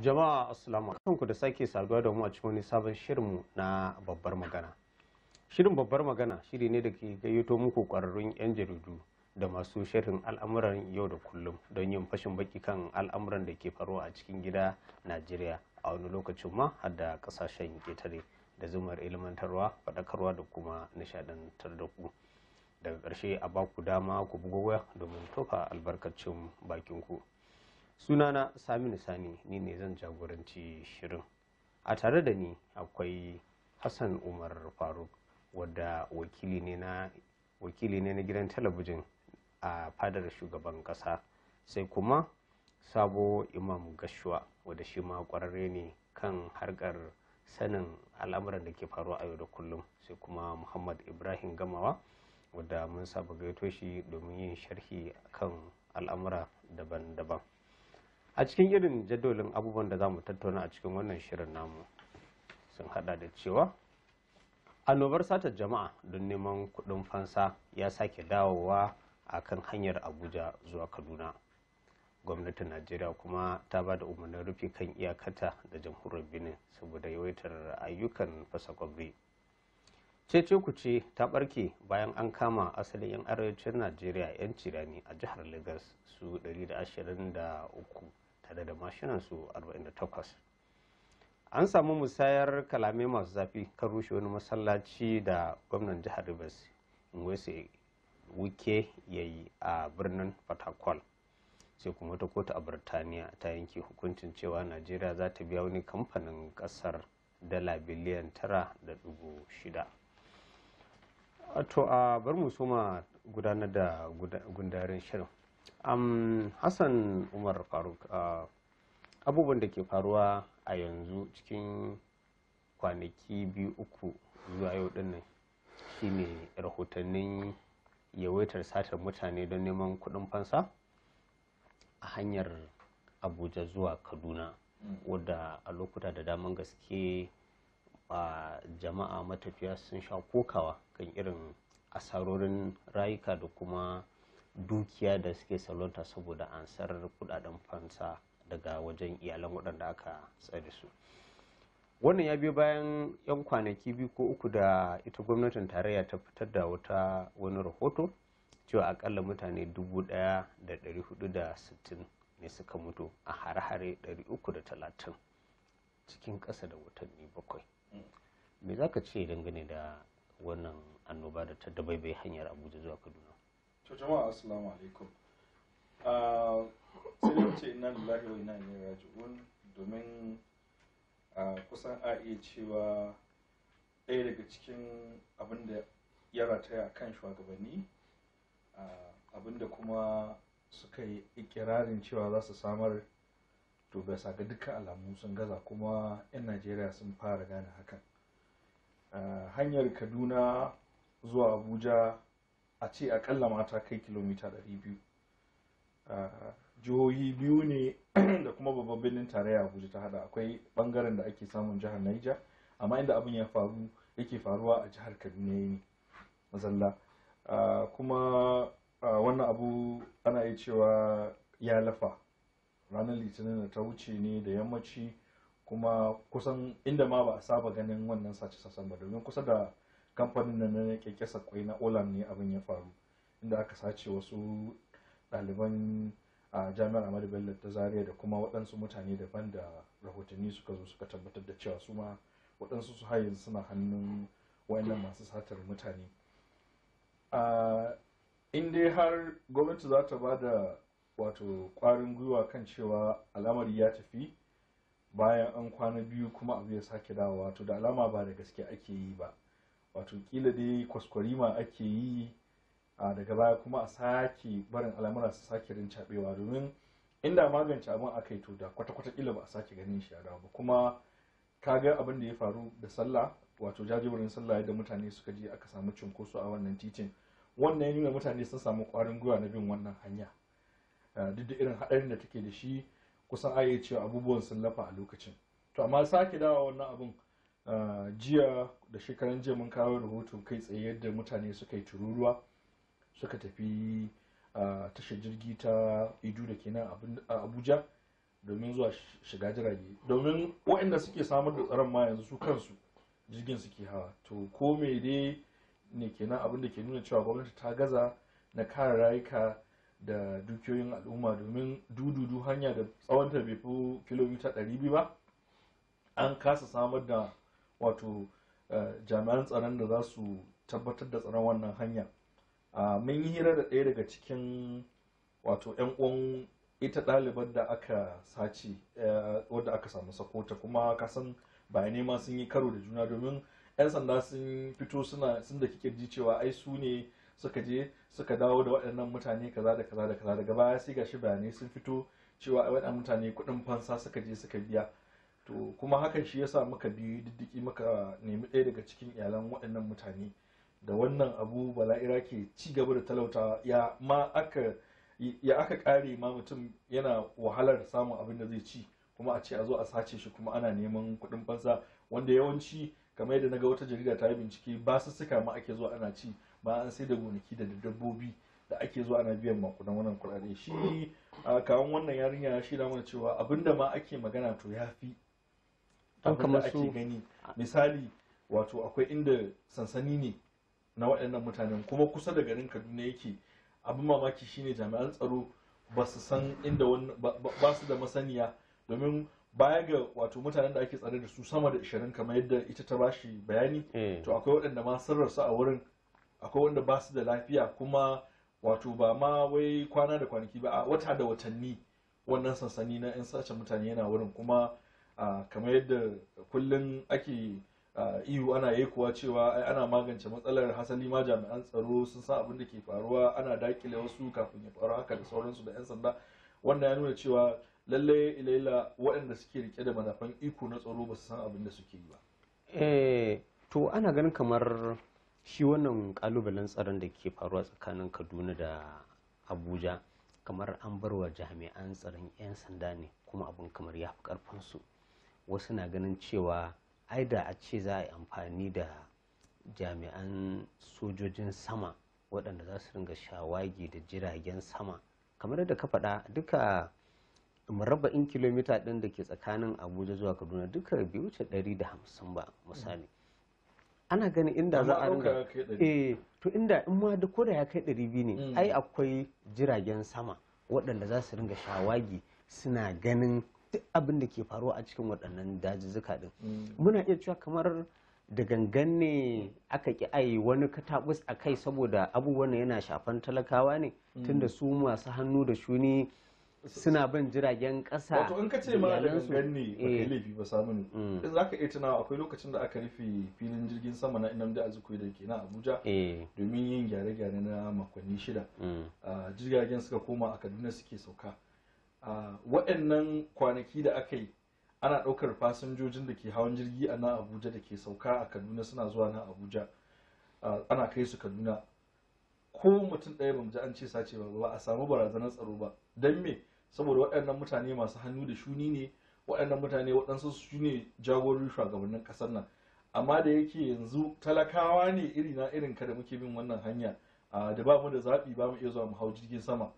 Jama'a assalamu alaikum ku da sake saduwa da mu a cikin wani sabon shirinmu na babbar magana. Shirin babbar magana shiri ne da ke gayyato muku kwararrun 'yan jaridu da masu shirin al'amuran yau da kullum don yin fashin baki kan al'amuran da ke faruwa a cikin gida Najeriya a wani lokacin ma har da ƙasashen ƙetare da zumar ilmantarwa faɗakarwa da kuma nishadantar da ku. daga ƙarshe a baku dama ku bugo waya domin tofa albarkacin bakin ku sunana saminu sani ni ne zan jagoranci shirin a tare da ni akwai hassan umar faruk wadda wakili ne na gidan talabijin a fadar shugaban kasa sai kuma sabo imam gashuwa wadda shi ma kwararre ne kan harkar sanin al'amuran da ke faruwa a yau da kullum sai kuma muhammad ibrahim gamawa wadda mun saba gaito shi domin yin sharhi kan al'amura daban-daban a cikin irin jadolin abubuwan da za mu tattauna a cikin wannan shirin namu sun hada da cewa annobar sata jama'a don neman kudin fansa ya sake dawowa a kan hanyar abuja zuwa kaduna gwamnatin najeriya kuma ta ba da umarnin rufe kan iyakata da jamhuriyar benin saboda yawaitar ayyukan fasa kwabri cece ce ta barke bayan an kama asalin 'yan arewacin najeriya 'yan cirani a jihar lagos su 123 tare da su 48 an samu musayar kalamai masu zafi kan rushe wani masallaci da gwamnan jihar rivers ngwese wike ya yi a birnin fatakwal sai kuma ta kotu a birtaniya ta yanke hukuncin cewa najeriya za ta biya wani kamfanin kasar dala biliyan tara da dubu shida ato a bar mu soma gudanar da gundarin shirin Um, Hassan Umar Faruk uh, abubuwan da ke faruwa a yanzu cikin kwanaki biyu uku zuwa yau dinnan shine rahotannin yawaitar satar mutane don neman kudin fansa a hanyar abuja zuwa kaduna hmm. wadda a lokuta da daman gaske a jama'a matafiya sun sha kokawa kan irin asarorin rayuka da kuma dukiya da suke salonta saboda ansar kudaden fansa daga wajen iyalan waɗanda aka tsare su wannan ya biyo bayan 'yan kwanaki biyu ko uku da ita gwamnatin tarayya ta fitar da wata wani rahoto cewa akalla mutane 1,460 ne suka mutu a hare-hare 330 cikin ƙasa da watanni bakwai me za ka ce dangane da wannan annoba da ta dabaibai hanyar abuja zuwa kaduna to jama'a assalamu alaikum ah, sai da wuce ina da wa ina ilaihi raji'un domin ah, kusan a iya cewa ɗaya daga cikin abin da ya a kan shugabanni ah, abin da kuma suka yi ikirarin cewa za su samar to bisa ga dukkan alamu sun gaza kuma 'yan najeriya sun fara gane hakan hanyar kaduna zuwa abuja a ce akalla mata kai kilomita 200 jihohi biyu ne da kuma babban birnin tarayya abuja ta hada akwai bangaren da ake samun jihar niger amma inda abin ya faru yake faruwa a jihar kaduna ya ne zalla kuma wannan abu ana iya cewa ya lafa ranar litinin da ta wuce ne da yammaci kuma kusan inda ma ba a saba ganin wannan sace-sacen ba domin kusa da kamfanin nan na kekesa kwai na olam ne abin ya faru inda aka sace wasu ɗaliban a jami'ar amadu bello ta zaria da kuma waɗansu mutane daban da rahotanni suka zo suka tabbatar da cewa su ma waɗansu su hayin suna hannun wayannan masu satar mutane in dai har gwamnati za ta ba da wato ƙwarin gwiwa kan cewa al'amari ya tafi bayan an kwana biyu kuma abu ya sake dawowa to da alama ba da gaske ake yi ba wato kila dai kwaskwarima ake yi a daga baya kuma a sake barin al'amura su sake rincaɓewa domin inda magance abin aka yi to da kwata-kwata kila ba a sake ganin shi a dawo ba kuma ka ga abin da ya faru da sallah wato jajibirin sallah yadda mutane suka je aka samu cunkoso a wannan titin wannan ya nuna mutane sun samu kwarin gwiwa na bin wannan hanya duk da irin haɗarin da take da shi kusan a cewa abubuwan sun lafa a lokacin to amma sake dawa wannan abin jiya da shekaran jiya mun kawo rahoto kai tsaye yadda mutane suka yi tururuwa suka tafi tashar jirgi ta idu da kenan a abuja domin zuwa shiga jirage domin waɗanda suke samar da tsaron ma yanzu su kansu jirgin suke hawa to ko me dai ne kenan abin da ke nuna cewa gwamnati ta gaza na kare rayuka da dukiyoyin al'umma domin dududu hanya da tsawonta bai fi kilomita 200 ba an kasa samar da wato eh, jami'an tsaron da za su tabbatar da tsaron wannan hanya ah, mun yi hira da ɗaya daga cikin wato 'yan uwan ita ɗalibar da aka sace eh, wadda aka samu sakota kuma kasan bayanai ma sun yi karo da juna domin 'yan sanda sun fito suna sun da kirji cewa ai su ne suka je suka dawo da waɗannan mutane kaza da kaza da kaza daga baya sai gashi bayanai sun fito cewa waɗannan mutane kuɗin fansa suka je suka biya to kuma hakan shi yasa muka bi diddiki muka nemi ɗaya daga cikin iyalan waɗannan mutane da wannan abu bala'ira ke ci gaba da talauta ya ma aka ya aka kare ma mutum yana wahalar samun abin da zai ci kuma a ce a zo a sace shi kuma ana neman kuɗin fansa wanda yawanci kamar yadda ga wata jarida ta yi bincike ba su suka ma ake zuwa ana ci ba an sai da gonaki da dabbobi da ake zuwa ana biyan makudan wannan kuɗaɗe shi kawon wannan yarinya ya da mana cewa abinda ma ake magana to ya fi abinda ake gani misali wato akwai inda sansani ne na waɗannan mutanen kuma kusa da garin kaduna yake abin mamaki shine jami'an tsaro ba su san inda ba su da masaniya domin baya ga wato mutanen da ake tsare da su sama da 20 kamar yadda ita ta bashi bayani eh. to akwai waɗanda ma sun a wurin akwai wanda ba su da lafiya kuma wato ba ma wai kwana da kwanaki ba a wata da watanni wannan sansani na 'yan sace mutane yana wurin kuma kamar yadda kullum ake ihu ana yi kuwa cewa ana magance matsalar hasali ma jami'an tsaro sun san abin da ke faruwa ana dakile wasu kafin ya faru haka da sauransu da 'yan sanda wannan ya nuna cewa lallai ilaila waɗanda suke rike da madafan iko na tsaro ba su san abin da suke yi ba eh, to ana ganin kamar shi wannan kalubalen tsaron da ke faruwa tsakanin kaduna da abuja kamar an bar wa jami'an tsaron 'yan sanda ne kuma abin kamar ya fi su wasu na ganin cewa ai da a ce za a yi amfani da jami'an sojojin sama waɗanda za su ringa shawagi da jiragen sama kamar yadda ka faɗa duka murabba'in kilomita ɗin da ke tsakanin abuja zuwa kaduna duka bai wuce ɗari da hamsin ba misali ana ganin inda za a ringa eh to inda in ma da koda ya kai ɗari biyu ne mm. ai akwai jiragen sama waɗanda za su ringa shawagi suna ganin duk abin da ke faruwa a cikin waɗannan dajuzzuka din mm. muna iya cewa kamar da gangan ne aka ki ai wani katabus a kai saboda abubuwan yana shafan talakawa ne mm. tunda su masu hannu da shuni suna bin jiragen ƙasa wato in ka ce ma da gangan ne ba kai eh. laifi ba samu mm. ne za ka iya tunawa akwai lokacin da aka rufe filin jirgin sama na a azikiwe da ke na abuja eh. domin yin gyare-gyare na makonni shida ah, jiragen suka koma a kaduna suke sauka waɗannan kwanaki da aka yi ana ɗaukar fasinjojin da ke hawan jirgi a nan abuja da ke sauka a kaduna suna zuwa nan abuja ana kai su kaduna ko mutum ɗaya ba mu ji an ce sace ba ba a samu barazanar tsaro ba don me saboda waɗannan mutane masu hannu da shuni ne waɗannan mutane waɗansu su ne jagorin shugabannin ƙasar nan amma da yake yanzu talakawa ne iri na irin kada muke bin wannan hanya da ba mu da zaɓi ba mu iya zuwa mu hau jirgin sama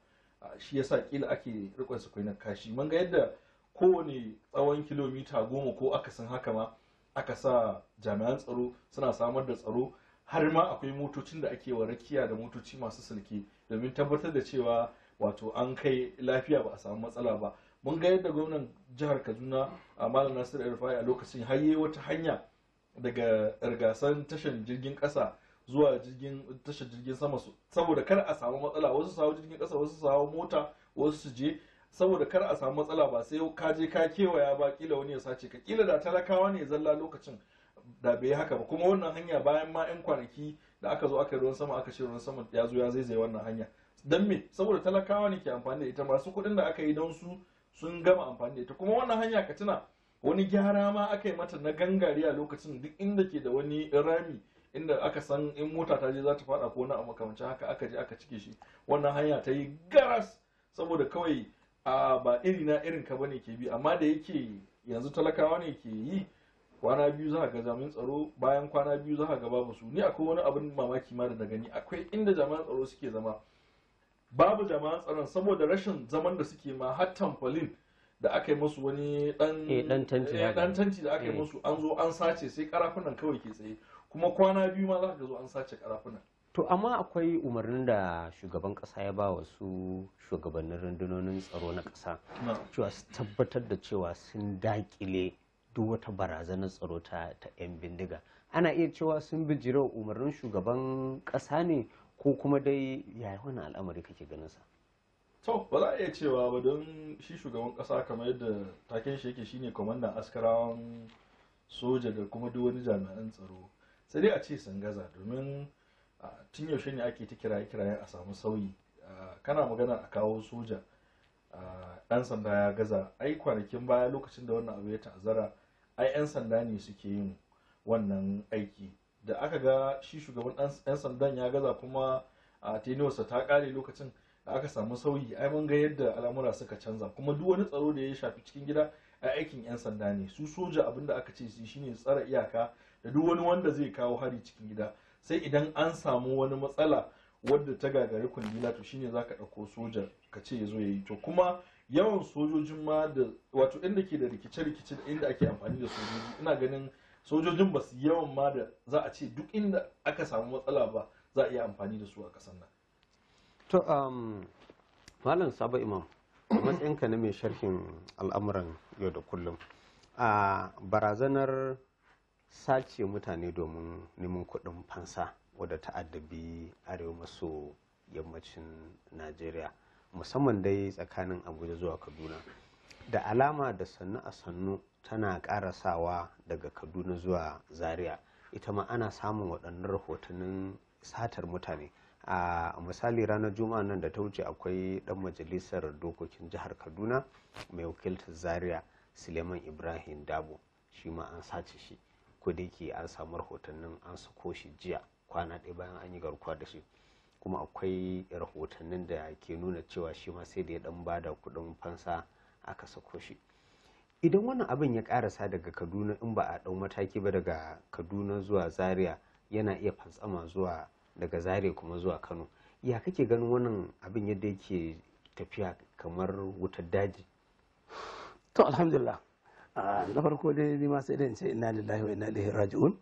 shi yasa kila ake rikon su kashi mun ga yadda kowane tsawon kilomita goma ko akasin haka ma aka sa jami'an tsaro suna samar da tsaro har ma akwai motocin da ake wa rakiya da motoci masu sulke domin tabbatar da cewa wato an kai lafiya ba a samu matsala ba mun ga yadda gwamnan jihar kaduna a malam Nasiru rufai a lokacin haye wata hanya daga rigasan tashan jirgin kasa zuwa jirgin tashar jirgin sama su saboda kar a samu matsala wasu su jirgin kasa wasu su mota wasu su je saboda kar a samu matsala ba sai ka je ka kewaya ba kila wani ya sace ka kila da talakawa ne zalla lokacin da bai haka ba kuma wannan hanya bayan ma yan kwanaki da aka zo aka yi ruwan sama aka ce ruwan sama ya zo ya zaizaye wannan hanya dan me saboda talakawa ne ke amfani da ita masu kuɗin da aka yi don su sun gama amfani da ita kuma wannan hanya ka tuna wani gyara ma aka yi mata na gangariya lokacin duk inda ke da wani rami inda aka san in mota ta je za ta fada ko wani abu makamancin haka aka je aka cike shi wannan hanya ta yi garas saboda kawai a ba iri na irin ka bane ke bi amma da yake yanzu talakawa ne ke yi kwana biyu za ga jami'an tsaro bayan kwana biyu za ga babu su ni akwai wani abin mamaki ma da gani akwai inda jami'an tsaro suke zama babu jami'an tsaron saboda rashin zaman da suke ma har tamfalin da aka yi musu wani dan eh, eh, tanti da aka yi eh. musu an zo an sace sai karafunan kawai ke tsaye kuma kwana biyu ma za ka zo an sace karafuna to amma akwai umarnin da shugaban kasa ya ba su shugabannin rundunonin tsaro na kasa cewa su tabbatar da cewa sun dakile duk wata barazanar tsaro ta ta yan bindiga ana iya cewa sun bijira umarnin shugaban kasa ne ko kuma dai yaya wani al'amari kake ganin sa to ba za a iya cewa ba don shi shugaban kasa kamar yadda taken shi yake shine kwamandan askarawan soja da kuma duk wani jami'an tsaro sai dai a ce sun gaza domin tun yaushe ne ake ta kiraye kirayen a samu sauyi kana magana a kawo soja ɗan sanda ya gaza ai kwanakin baya lokacin da wannan abu ya ta'azzara ai 'yan sanda ne suke yin wannan aiki da aka ga shi shugaban 'yan sandan ya gaza kuma a tenuwarsa ta kare lokacin da aka samu sauyi ai mun ga yadda al'amura suka canza kuma duk wani tsaro da ya shafi cikin gida a aikin 'yan sanda ne su soja abin da aka ce su shine tsara iyaka da duk wani wanda zai kawo hari cikin gida sai idan an samu wani matsala wadda ta gagari kwangila to shine za ka ɗauko soja ka ce ya zo ya yi to kuma yawan sojojin ma da wato inda ke da rikice-rikice da inda ake amfani da sojoji ina ganin sojojin ba su yawan ma da za a ce duk inda aka samu matsala ba za a iya amfani da su a ƙasar nan to um, malam sabo imam a matsayinka na mai sharhin al'amuran yau da kullum a barazanar sace mutane domin neman kuɗin fansa wadda ta addabi arewa maso yammacin najeriya musamman dai tsakanin abuja zuwa kaduna da alama da sannu a sannu tana karasawa daga kaduna zuwa zaria ita ma ana samun waɗannan rahotannin satar mutane a misali ranar juma'a nan da ta wuce akwai ɗan majalisar dokokin jihar kaduna mai wakiltar zaria suleiman ibrahim dabo shi ma an sace shi ko yake an samu rahotannin an sako shi jiya kwana ɗaya bayan an yi garkuwa da shi kuma akwai rahotannin da ke nuna cewa shi ma sai da ya dan bada kudin fansa aka sako shi idan wannan abin ya karasa daga kaduna in ba a dau mataki ba daga kaduna zuwa zaria yana iya fantsama zuwa daga zaria kuma zuwa kano ya kake ganin wannan abin yadda yake tafiya kamar wutar daji to alhamdulillah na farko dai ni ma sai dai ce ina lillahi wa inna ilaihi raji'un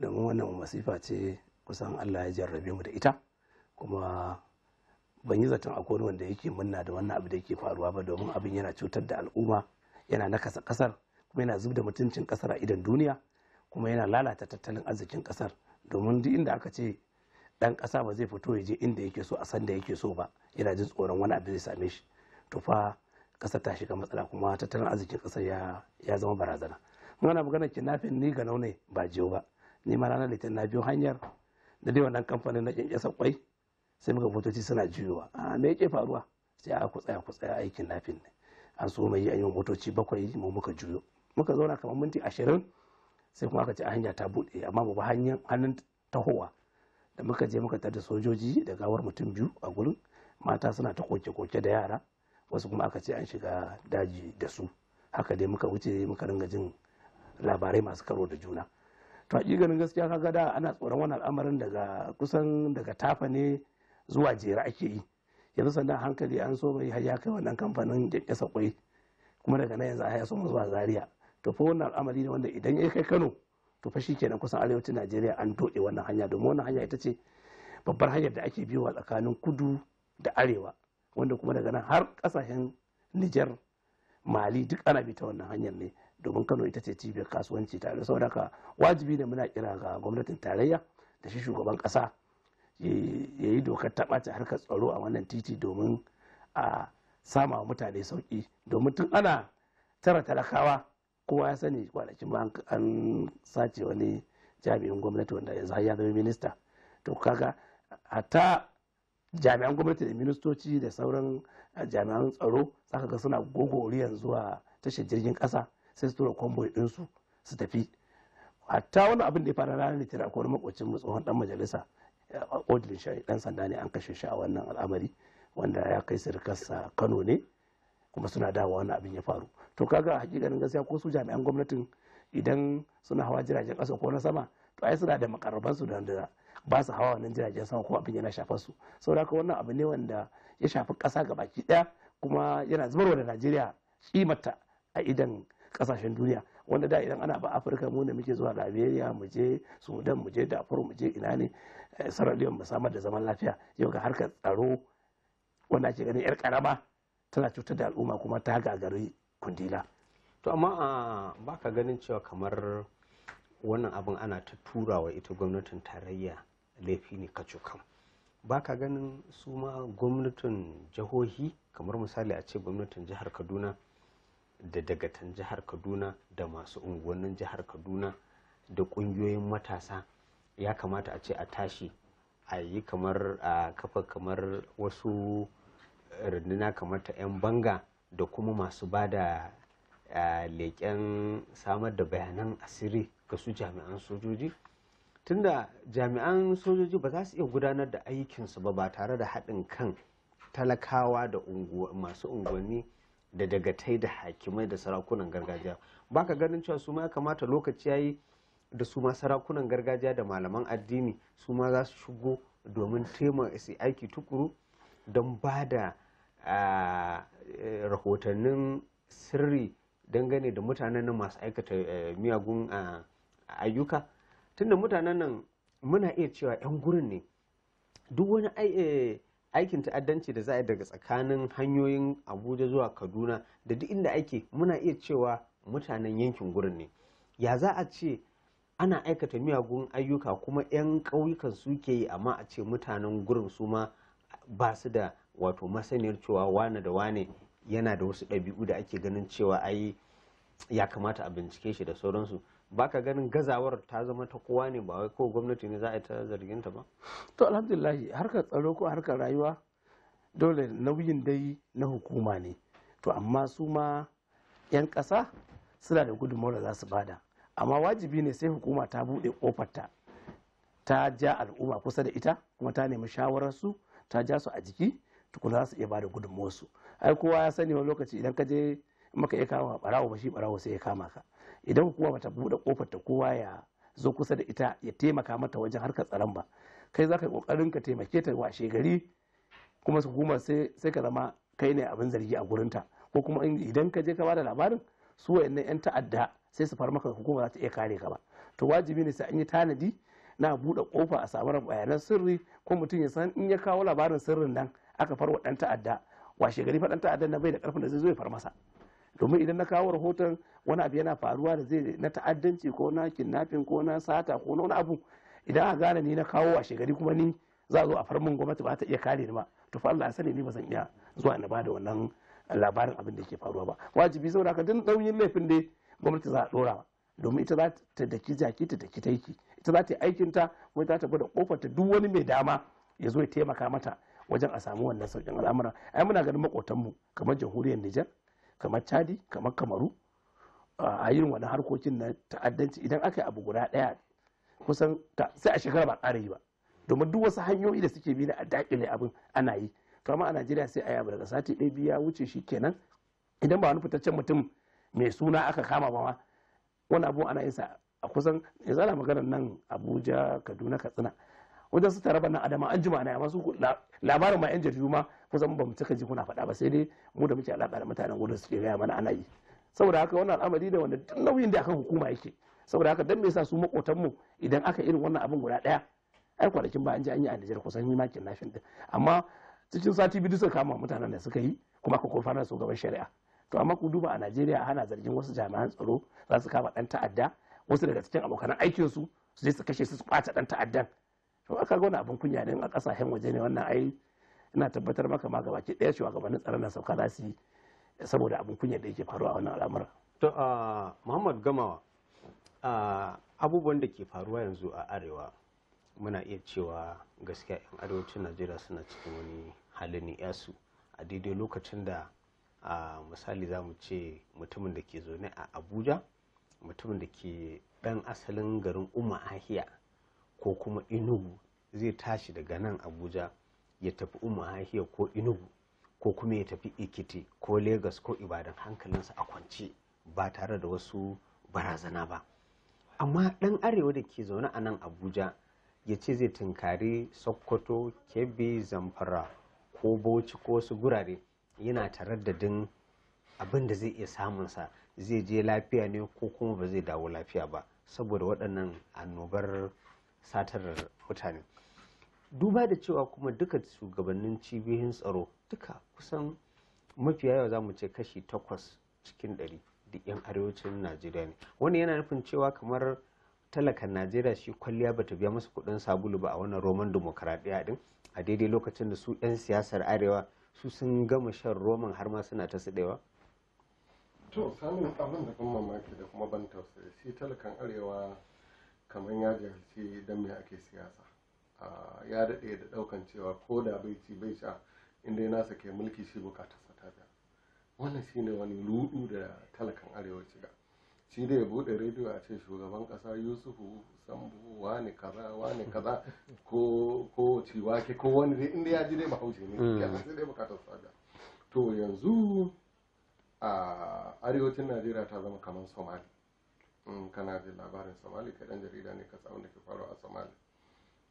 domin wannan masifa ce kusan Allah ya jarrabe mu da ita kuma ban yi zaton a wani wanda yake munna da wannan abu da yake faruwa ba domin abin yana cutar da al'umma yana nakasa kasar kuma yana zub da mutuncin kasar a idan duniya kuma yana lalata tattalin arzikin kasar domin duk inda aka ce dan kasa ba zai fito ya je inda yake so a san da yake so ba yana jin tsoron wani abu zai same shi to fa kasar ta shiga matsala kuma tattalin arzikin kasar ya zama barazana muna magana kinafin ni ga ne ba jiyo ba ni ma ranar litinin na biyo hanyar da dai wannan kamfanin na kyankyasa kwai sai muka motoci suna juyowa a me yake faruwa sai a kutsaya kutsaya aikin nafin ne an so mai yi motoci bakwai mu muka juyo muka zauna kamar minti ashirin sai kuma aka ce a hanya ta buɗe amma mu ba hanyar hannun tahowa da muka je muka da sojoji da gawar mutum biyu a gurin mata suna ta koke-koke da yara wasu kuma aka ce an shiga daji da su haka dai muka wuce muka ringa jin labarai masu karo da juna to ganin gaskiya ka da ana tsoron wani al'amarin daga kusan daga tafa ne zuwa jera ake yi yanzu sannan hankali an so mai ya kai wannan kamfanin kyankyasa kwai kuma daga nan yanzu a so mu zuwa zaria to fa wannan al'amari ne wanda idan ya kai kano to fa shi kenan kusan arewacin najeriya an doɗe wannan hanya domin wannan hanya ita ce babbar hanyar da ake biyowa tsakanin kudu da arewa wanda kuma daga nan har kasashen Nijar Mali duk ana bi ta wannan hanyar ne domin Kano ita ce cibiyar kasuwanci tare saboda haka wajibi ne muna kira ga gwamnatin tarayya da shi shugaban kasa ya yi dokar ta ɓace harkar tsaro a wannan titi domin a sama wa mutane sauki domin tun ana tara talakawa kowa ya sani kwanakin ma an sace wani jami'in gwamnati wanda yanzu har ya zama minista to kaga hatta jami'an gwamnati da ministoci da sauran eh, jami'an tsaro zaka ga suna gogoriyar zuwa tashar jirgin kasa sai su tura kwamboi ɗinsu su tafi hatta wani abin da ya fara ranar litinin akwai wani makwacin mu tsohon dan majalisa eh, odilin shari dan sanda ne an kashe shi a wannan al'amari wanda ya kai sirkarsa kano ne kuma suna dawa wani abin ya faru to kaga hakikanin gaskiya ko su jami'an gwamnatin idan suna hawa jiragen kasa ko na sama to ai suna da makarabansu da ba su hawa wannan jiragen sama kuma abin yana shafar su saboda haka wannan abu ne wanda ya shafi ƙasa ga baki ɗaya kuma yana zubarwa da najeriya kimata a idan ƙasashen duniya wanda da idan ana ba afirka mu ne muke zuwa liberia mu je sudan mu je dafur mu je ina ne eh, sierra mu samar da zaman lafiya yau ga harkar tsaro wanda ake ganin yar karama tana cutar da al'umma kuma ta gagari kundila to amma ah, ba ka ganin cewa kamar wannan abin ana ta turawa ita gwamnatin tarayya laifi ne cokam ba ka ganin su ma gwamnatin jihohi kamar misali a ce gwamnatin jihar kaduna da dagatan jihar kaduna da masu unguwannin jihar kaduna da ƙungiyoyin matasa ya kamata a ce a tashi a yi kamar a kafa kamar wasu runduna kamar ta 'yan banga da kuma masu ba da leƙen samar da bayanan asiri ga su jami'an sojoji tunda jami'an sojoji ba za su iya gudanar da aikinsu ba ba tare da haɗin kan talakawa da masu unguwanni da dagatai da hakimai da sarakunan gargajiya ba ka ganin cewa su ma ya kamata lokaci ya yi da su ma sarakunan gargajiya da malaman addini su ma za su shigo domin taimaka aiki tukuru don ba da rahotannin sirri dangane da mutanen masu aikata eh, miyagun ayyuka tunda mutanen nan muna iya cewa 'yan gurin ne duk wani eh, aikin ta'addanci da za a daga tsakanin hanyoyin abuja zuwa kaduna da duk inda ake muna iya cewa mutanen yankin gurin ne ya za a ce ana aikata miyagun ayyuka kuma 'yan ƙauyukan suke yi amma a ce mutanen gurin su ma ba su da wato masaniyar cewa wane da wane yana da wasu ɗabi'u da ake ganin cewa ai ya kamata a bincike shi da sauransu baka ganin gazawar ta zama ta kowa ne ba wai ko gwamnati ne za a yi ta zargin ta ba to alhamdulillah harkar tsaro ko harkar rayuwa dole nauyin dai na hukuma ne to amma su ma 'yan ƙasa suna da gudunmawar da za su bada amma wajibi ne sai hukuma ta buɗe kofar ta ja al'umma kusa da ita kuma ta nemi shawararsu ta ja su a jiki tukuna za su iya bada su. ai kowa ya sani wani lokaci idan ka je maka iya kama barawo ba shi barawo sai ya kama ka idan hukuma bata buɗe kofar ta kowa ya zo kusa da ita ya taimaka mata wajen harkar tsaron ba kai zaka ka yi ƙoƙarin ka taimake ta washe gari kuma kuma sai ka zama kai ne abin zargi a gurin ta ko kuma idan ka je ka bada labarin su wayannan yan ta'adda sai su far maka hukuma za ta iya kare ka ba to wajibi ne sai an yi tanadi na buɗe kofa a samu bayanan sirri ko mutum ya san in ya kawo labarin sirrin nan aka farwa ɗan ta'adda washe gari fa ɗan ta'adda na bai da ƙarfin da zai zo ya far masa domin idan na kawo rahoton wani abu yana faruwa da zai na ta'addanci ko na kidnapping ko na sata ko na wani abu idan a gane ni na kawo a shekari kuma ni za a zo a min gwamnati ba ta iya kare ni ba to fa Allah ya sani ni ba zan iya zuwa na bada wannan labarin abin da ke faruwa ba wajibi saboda ka duk dauyin laifin dai gwamnati za a dora ba domin ita za ta daki jaki ta daki taiki ita za ta yi aikin ta kuma ta gwada kofar ta duk wani mai dama ya zo ya taimaka mata wajen a samu wannan saukin al'amura ai muna ganin makotanmu kamar jamhuriyar Nijar kamar chadi kamar kamaru a yin wani harkokin na ta'addanci idan aka yi abu guda ɗaya kusan sai a shekara ba ƙara yi ba domin duk wasu hanyoyi da suke bi na a dakile abin ana yi to amma a najeriya sai a yi abu daga sati ɗaya biyu ya wuce shi kenan idan ba wani fitaccen mutum mai suna aka kama ba ma wani abu ana yin sa a kusan ya ana maganar nan abuja kaduna katsina wajen su taraba nan adama an jima na yamma su labarin ma yan jaridu ma kusan ba mu cika ji kuna faɗa ba sai dai mu da muke alaƙa da mutanen wurin su ke gaya mana ana yi saboda haka wannan al'amari da wanda duk nauyin da akan hukuma yake saboda haka dan me yasa su makotan mu idan aka irin wannan abin guda daya ai kwanakin ba an ji an yi a Nijar kusan yi makin nafin din amma cikin sati biyu suka kama mutanen da suka yi kuma aka kurfana su gaban shari'a to amma ku duba a Najeriya hana zargin wasu jami'an tsaro za su kama dan ta'adda wasu daga cikin abokan aikin su su je su kashe su su ɓata dan ta'addan to aka ga abin kunya ne a kasashen waje ne wannan ai ina tabbatar maka ma ke daya shugabannin tsaron nan sauka yi saboda abin kunya da yake faruwa a wannan al'amura to a muhammad gamawa abubuwan da ke faruwa yanzu a arewa muna iya cewa gaskiya 'yan arewacin najeriya suna cikin wani halin yasu a daidai lokacin da a misali za mu ce mutumin da ke zaune a abuja mutumin da ke dan asalin garin umma ahiya ko kuma inugu zai tashi daga nan abuja ya tafi umahahiyar ko inugu ko kuma ya tafi ikiti ko Legas ko ibadan hankalinsa a kwance ba tare da wasu barazana ba amma dan arewa da ke zaune a nan abuja ya ce zai tunkari sokoto kebbi zamfara ko bauchi ko wasu gurare yana taraddadin abin da zai iya samunsa zai je lafiya ne ko kuma ba zai dawo lafiya ba saboda waɗannan annobar satar mutane duba da cewa kuma duka shugabannin cibiyoyin tsaro duka kusan mafiya yawa za mu ce kashi takwas cikin ɗari da 'yan arewacin najeriya ne wani yana nufin cewa kamar talakan najeriya shi kwalliya bata biya masa kudin sabulu ba a wannan roman demokaradiyya din a daidai lokacin da su 'yan siyasar arewa su sun gama shan roman har ma suna ta ɗewa to samun abin da ban mamaki da kuma ban tausayi shi talakan arewa kamar ya jahilci don me ake siyasa ya daɗe da ɗaukan cewa ko da bai ci bai sha inda ya nasa ke mulki shi bukatarsa ta biya wannan shine wani ludu da talakan arewa shiga shi da ya bude rediyo a ce shugaban ƙasa yusufu sambu wani kaza wani kaza ko ciwa ciwake ko wani dai inda ya ji dai bahaushe ne ya sai dai bukatar sada to yanzu a arewacin najeriya ta zama kamar somali kana jin labarin somali kaɗan jarida ne ka samu da ke faruwa a somali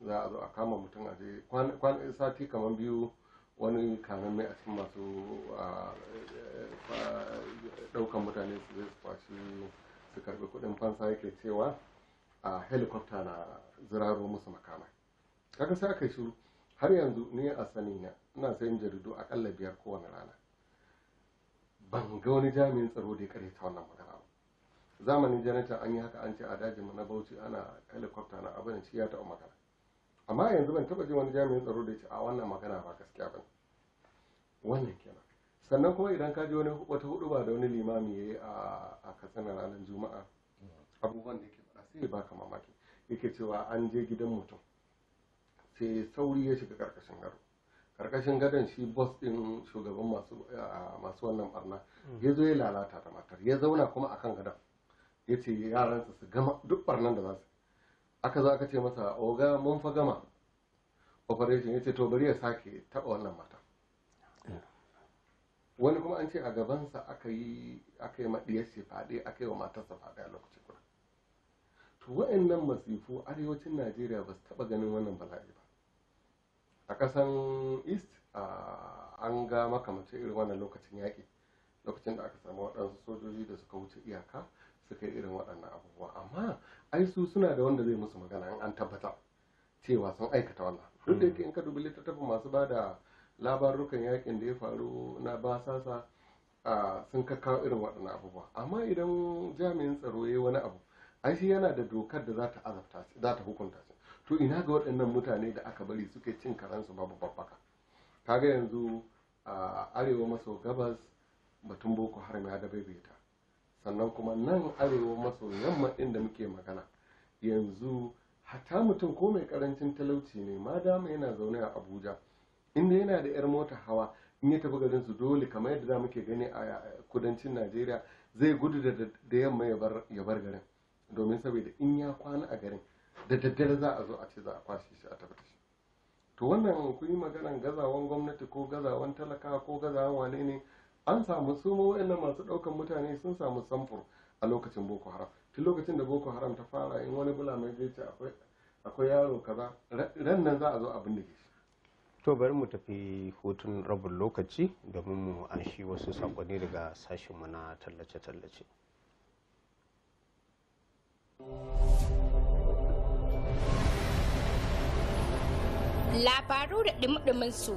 za a zo a kama mutum a je kwan sati kamar biyu wani kanan mai a cikin masu ɗaukan mutane su zai su kwashi su karɓi kuɗin fansa yake cewa a helikofta na ziraro musu makamai kaga sai aka yi shiru har yanzu ni a sani na ina sayan jaridu akalla biyar kowane rana ban ga wani jami'in tsaro da ya karyata wannan zamanin janata an yi haka an ce a dajin na bauchi ana helicopter na abin shi ya taɓa magana amma yanzu ban taɓa ji wani jami'in tsaro da ya ce a wannan magana ba gaskiya ba wannan kenan sannan kuma idan ka ji wani wata hudu ba da wani limami ya yi a katsina ranar juma'a abubuwan da yake faɗa sai baka mamaki yake cewa an je gidan mutum sai sauri ya shiga karkashin gado karkashin gadon shi bos din shugaban masu wannan barna mm. ya zo ya lalata ta matar ya zauna kuma akan gadon ya ce yaransa su gama duk barnan da za su aka za ka ce masa oga mun fa gama operation ya ce to bari ya sake taba wannan mata wani kuma an ce a gabansa aka yi aka yi maɗiyar shi faɗi aka yi wa matarsa faɗi a lokacin guda to wa'annan masifu arewacin najeriya ba su taɓa ganin wannan bala'i ba a ƙasan east an ga makamacin irin wannan lokacin yaƙi lokacin da aka samu waɗansu sojoji da suka wuce iyaka suka yi irin waɗannan abubuwa amma ai su suna da wanda zai musu magana in an tabbata cewa sun aikata wannan duk da yake in ka dubi littattafan masu ba da labarukan yakin da ya faru na basasa sun irin waɗannan abubuwa amma idan jami'in tsaro ya yi wani abu ai shi yana da dokar da za ta azabta ta hukunta su. to ina ga waɗannan mutane da aka bari suke cin karansu babu babbaka ga yanzu a arewa maso gabas batun boko haram ya da dabaibaita sannan kuma nan arewa maso yamma inda muke magana yanzu hata mutum ko mai karancin talauci ne ma dama yana zaune a abuja inda yana da yar mota hawa in ya tafi garin su dole kamar yadda za muke gani a kudancin najeriya zai gudu da yamma ya bar garin domin saboda in ya kwana a garin da daddare za a zo a ce za a kwashe shi a tafi shi to wannan ku yi maganan gazawan gwamnati ko gazawan talaka ko gazawan wane ne an samu su ma waɗannan masu ɗaukan mutane sun samu samfur a lokacin boko haram tun lokacin da boko haram ta fara in wani bula mai zai ce akwai yaro kaza ran nan za a zo a da ke to bari mu tafi hutun rabin lokaci domin mu an shi wasu saƙonni daga sashenmu na tallace-tallace. labaru da ɗumɗumin su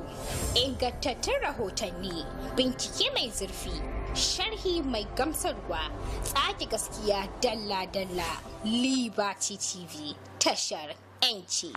ingantattun rahotanni bincike mai zurfi sharhi mai gamsarwa tsaki gaskiya dalla-dalla liberty tv tashar 'yanci.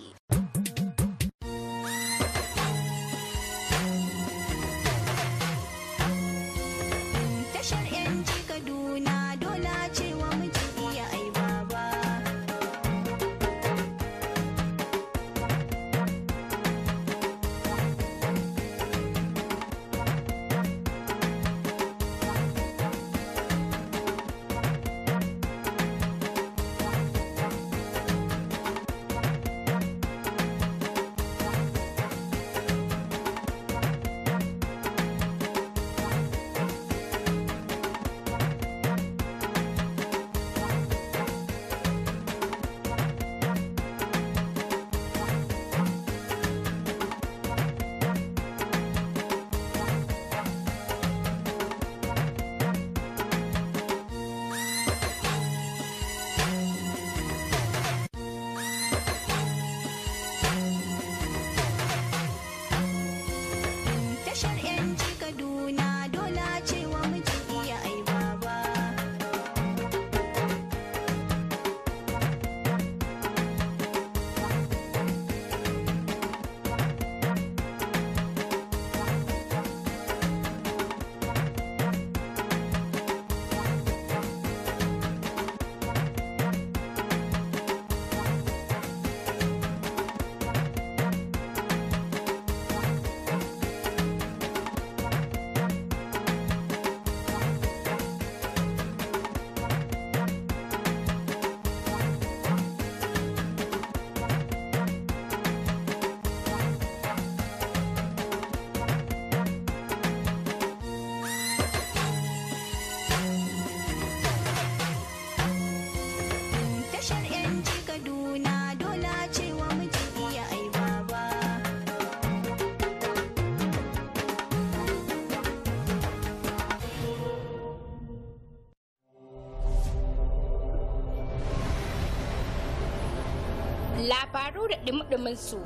dawo da su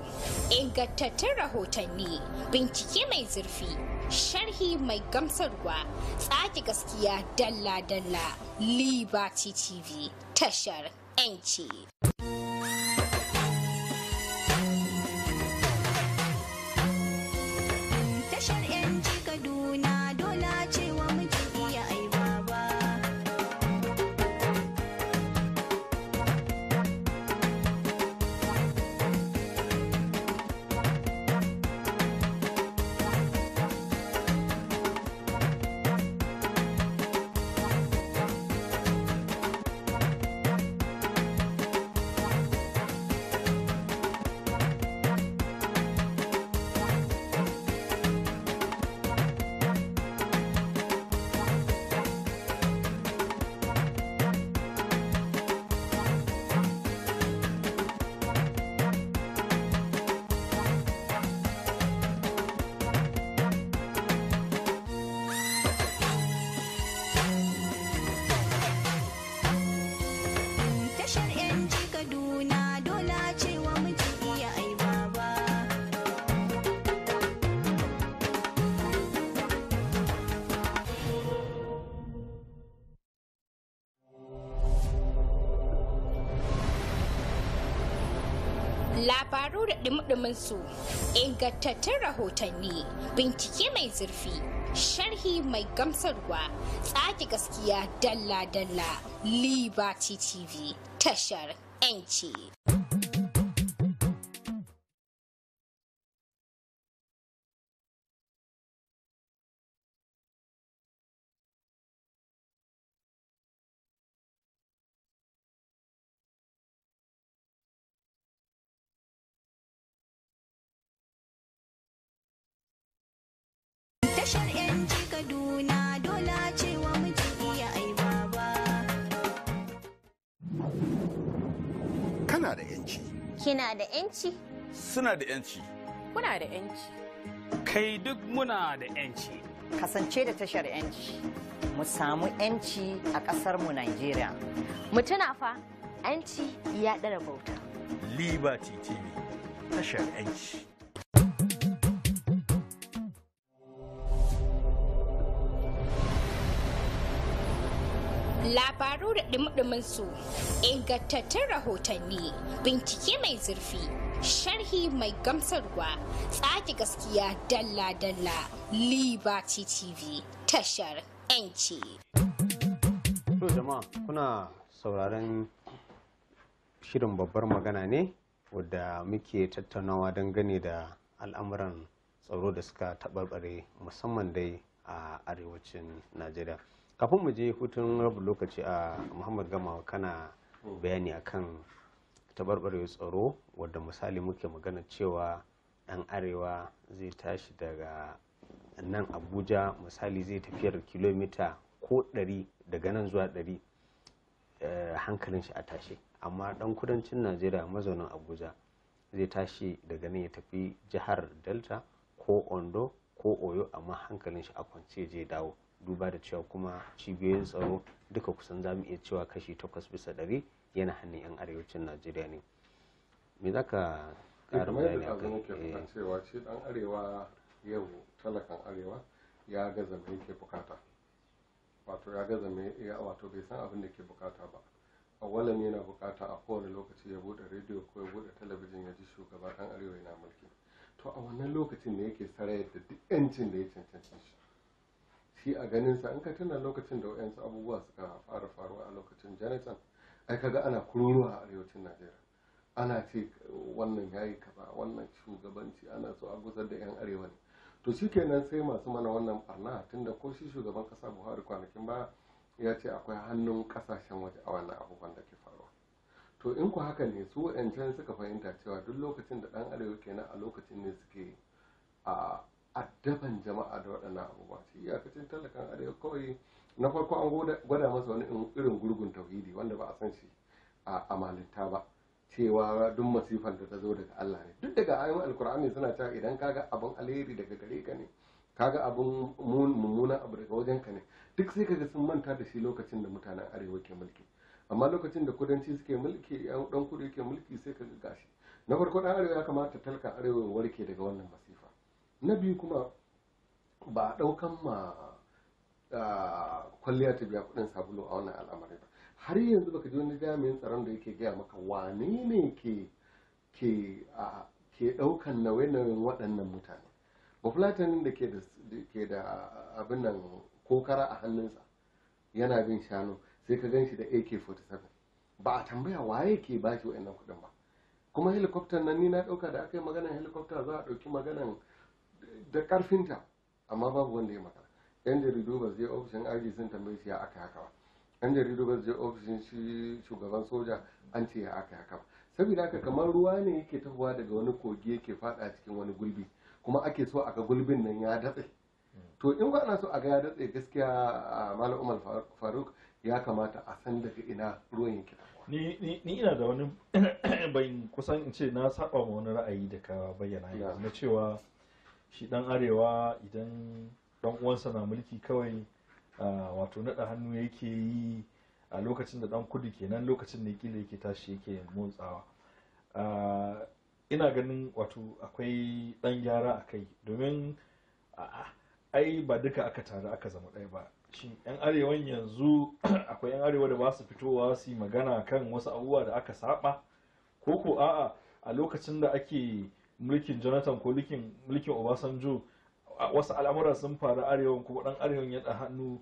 ingantattun rahotanni bincike mai zurfi sharhi mai gamsarwa tsaki gaskiya dalla-dalla liberty tv tashar 'yanci su ingantattun rahotanni bincike mai zurfi sharhi mai gamsarwa tsaki gaskiya dalla-dalla liberty tv tashar 'yanci. Kina da ‘yanci? Suna da ‘yanci. Kuna da ‘yanci. Kai duk muna da ‘yanci. Kasance da tashar ‘yanci. Mu samu ‘yanci a ƙasarmu Najeriya. Mu tuna fa, ‘yanci ya ɗara bauta. Liberty TV, tashar ‘yanci. labaru da ɗumɗumin su ingantattun rahotanni bincike mai zurfi sharhi mai gamsarwa tsaki gaskiya dalla-dalla liberty tv tashar 'yanci to jama'a kuna sauraron shirin babbar magana ne wadda muke tattaunawa dangane da al'amuran tsaro da suka taɓarɓare musamman dai a arewacin najeriya kafin mu je hutun rabu lokaci a muhammad Gama kana bayani akan tabarbarewa tsaro wadda misali muke magana cewa dan arewa zai tashi daga nan abuja misali zai tafiyar kilomita ko 100 daga nan zuwa 100 eh, hankalin shi a tashi amma dan kudancin najeriya mazaunin abuja zai tashi daga nan ya tafi jihar delta ko ondo ko oyo amma hankalin shi a kwance je dawo duba da cewa kuma cibiyoyin tsaro duka kusan za mu iya cewa kashi takwas bisa ɗari yana hannun 'yan arewacin najeriya ne me za ka ƙara bayani a kan eh. cewa shi dan arewa yau talakan arewa ya gaza me yake bukata wato ya gaza me wato bai san abin da ke bukata ba awalan yana bukata a kowane lokaci ya bude rediyo ko ya bude talabijin ya ji shugaba dan arewa yana mulki to a wannan lokacin ne yake sarayar da duk 'yancin da ya cancanci shi shi a sa, in ka tuna lokacin da wayansu abubuwa suka fara faruwa a lokacin jonathan ai kaga ana kururuwa a arewacin najeriya ana ce wannan yayi kaza wannan shugabanci ana so a gusar da yan arewa ne to shi kenan sai masu mana wannan barna tunda ko shi shugaban kasa buhari kwanakin ba ya ce akwai hannun kasashen waje a wannan abubuwan da ke faruwa to in ku haka ne su wa'yancan suka fahimta cewa duk lokacin da dan arewa kenan a lokacin ne suke a addaban jama'a da waɗannan abubuwa shi iyakacin talakan arewa kawai na farko an gwada masa wani irin gurgun tauhidi wanda ba a san shi a amalinta ba cewa duk masifan da ta zo daga Allah ne duk daga ayoyin alkur'ani suna cewa idan kaga abin alheri daga gare ka ne kaga abin mummuna abu daga wajen ka ne duk sai kaga sun manta da shi lokacin da mutanen arewa ke mulki amma lokacin da kudanci suke mulki yan dan kudu yake mulki sai kaga gashi na farko dan arewa ya kamata talkan arewa warke daga wannan masifa na biyu kuma ba a ɗaukan ma kwalliya ta biya kuɗin sabulu a wannan al'amari ba har yanzu baka ji wani jami'in tsaron da yake gaya maka wane ne ke ke ɗaukan nauye waɗannan mutane bafulatanin da ke da abin nan kokara a hannunsa yana bin shanu sai ka gan shi da ak-47 ba a tambaya waye ke ba shi nan kuɗin ba kuma helikoftan nan ni na ɗauka da aka yi maganan helikofta za a ɗauki maganan da karfinta amma babu wanda ya makara yan jaridu ba zai ofishin aji sun tambayi shi ya aka haka ba yan jaridu ba zai ofishin shi shugaban soja an ce ya aka haka ba saboda haka kamar ruwa ne yake tahowa daga wani kogi yake fada cikin wani gulbi kuma ake so a gulbin nan ya datse to in ba ana so a ga ya datse gaskiya malam umar faruk ya kamata a san daga ina ruwan yake ni ni ina da wani ban kusan in ce na saba ma wani ra'ayi da ka bayyana na cewa shi dan arewa idan dan uwansa na mulki kawai wato naɗa hannu yake yi a lokacin da dan kudu kenan lokacin da kila yake tashi yake motsawa ina ganin wato akwai dan gyara a kai domin ai ba duka aka taru aka zama ɗaya ba shin yan arewan yanzu akwai yan arewa da ba su fitowa su magana kan wasu abubuwa da aka saba ko ko a'a a lokacin da ake mulkin jonathan ko mulkin obasanjo wasu al'amuran sun faru arewan kuma dan arewan ya da hannu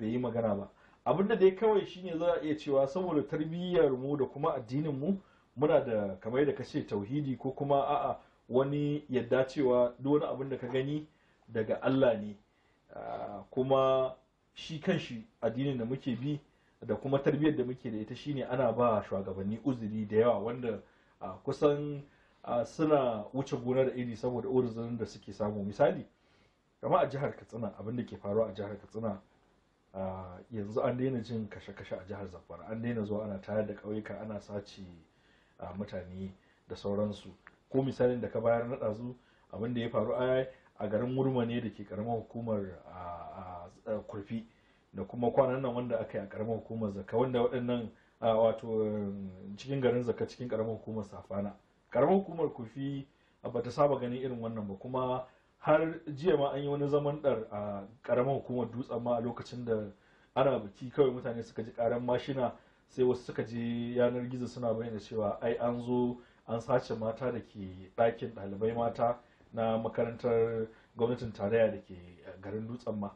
bai yi magana ba abin da dai kawai shine za a iya cewa saboda tarbiyyar mu da kuma addinin mu muna da kamar yadda kace tauhidi ko kuma a'a wani yadda cewa duk wani abin da ka gani daga Allah ne kuma shi kanshi addinin da muke bi da kuma tarbiyyar da muke da ita shine ana ba shugabanni uzuri da yawa wanda kusan suna wuce gona da iri saboda orizin da suke samu misali kama a jihar katsina abinda ke faruwa a jihar katsina yanzu an daina jin kashe-kashe a jihar zamfara an daina zuwa ana tayar da ƙauyuka ana sace mutane da sauransu ko misalin da ka bayar na ɗazu abin ya faru a garin ne da ke karamar hukumar kurfi da kuma kwanan nan wanda aka yi a karamar hukumar zaka wanda waɗannan wato cikin garin zaka cikin karamar hukumar safana karamar hukumar kofi ba ta saba ganin irin wannan ba kuma har jiya ma an yi wani zaman dar a karamar hukumar dutsen ma a lokacin da ana biki kawai mutane suka ji karen mashina sai wasu suka je yanar gizo suna bayyana cewa ai an zo an sace mata da ke ɗakin ɗalibai mata na makarantar gwamnatin tarayya da ke garin dutsen ma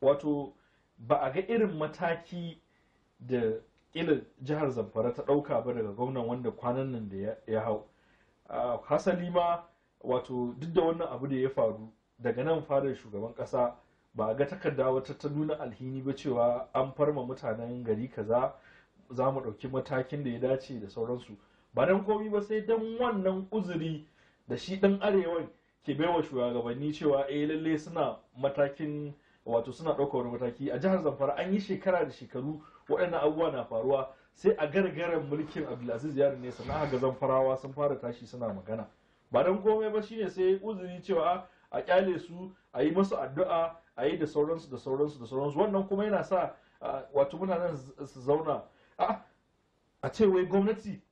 wato ba a ga irin mataki da kila jihar zamfara ta ɗauka ba daga gwamnan wanda kwanan nan da ya hau hasali ma wato duk da wannan abu da ya faru daga nan fadar shugaban ƙasa ba a ga takarda wata ta nuna alhini ba cewa an farma mutanen gari kaza za mu ɗauki matakin da ya dace da sauransu ba don komi ba sai dan wannan uzuri da shi ɗan arewa ke baiwa shugabanni cewa eh lalle suna matakin wato suna ɗaukar mataki a jihar zamfara an yi shekara da shekaru waɗannan abubuwa na faruwa sai a gargaren mulkin abdulaziz ziyarar ne sana'a aka zan farawa sun fara tashi suna magana ba don komai ba shine sai uzuri cewa a kyale su a yi masu addu'a a yi da sauransu da sauransu da sauransu wannan kuma yana sa wato muna nan su zauna a ce wai gwamnati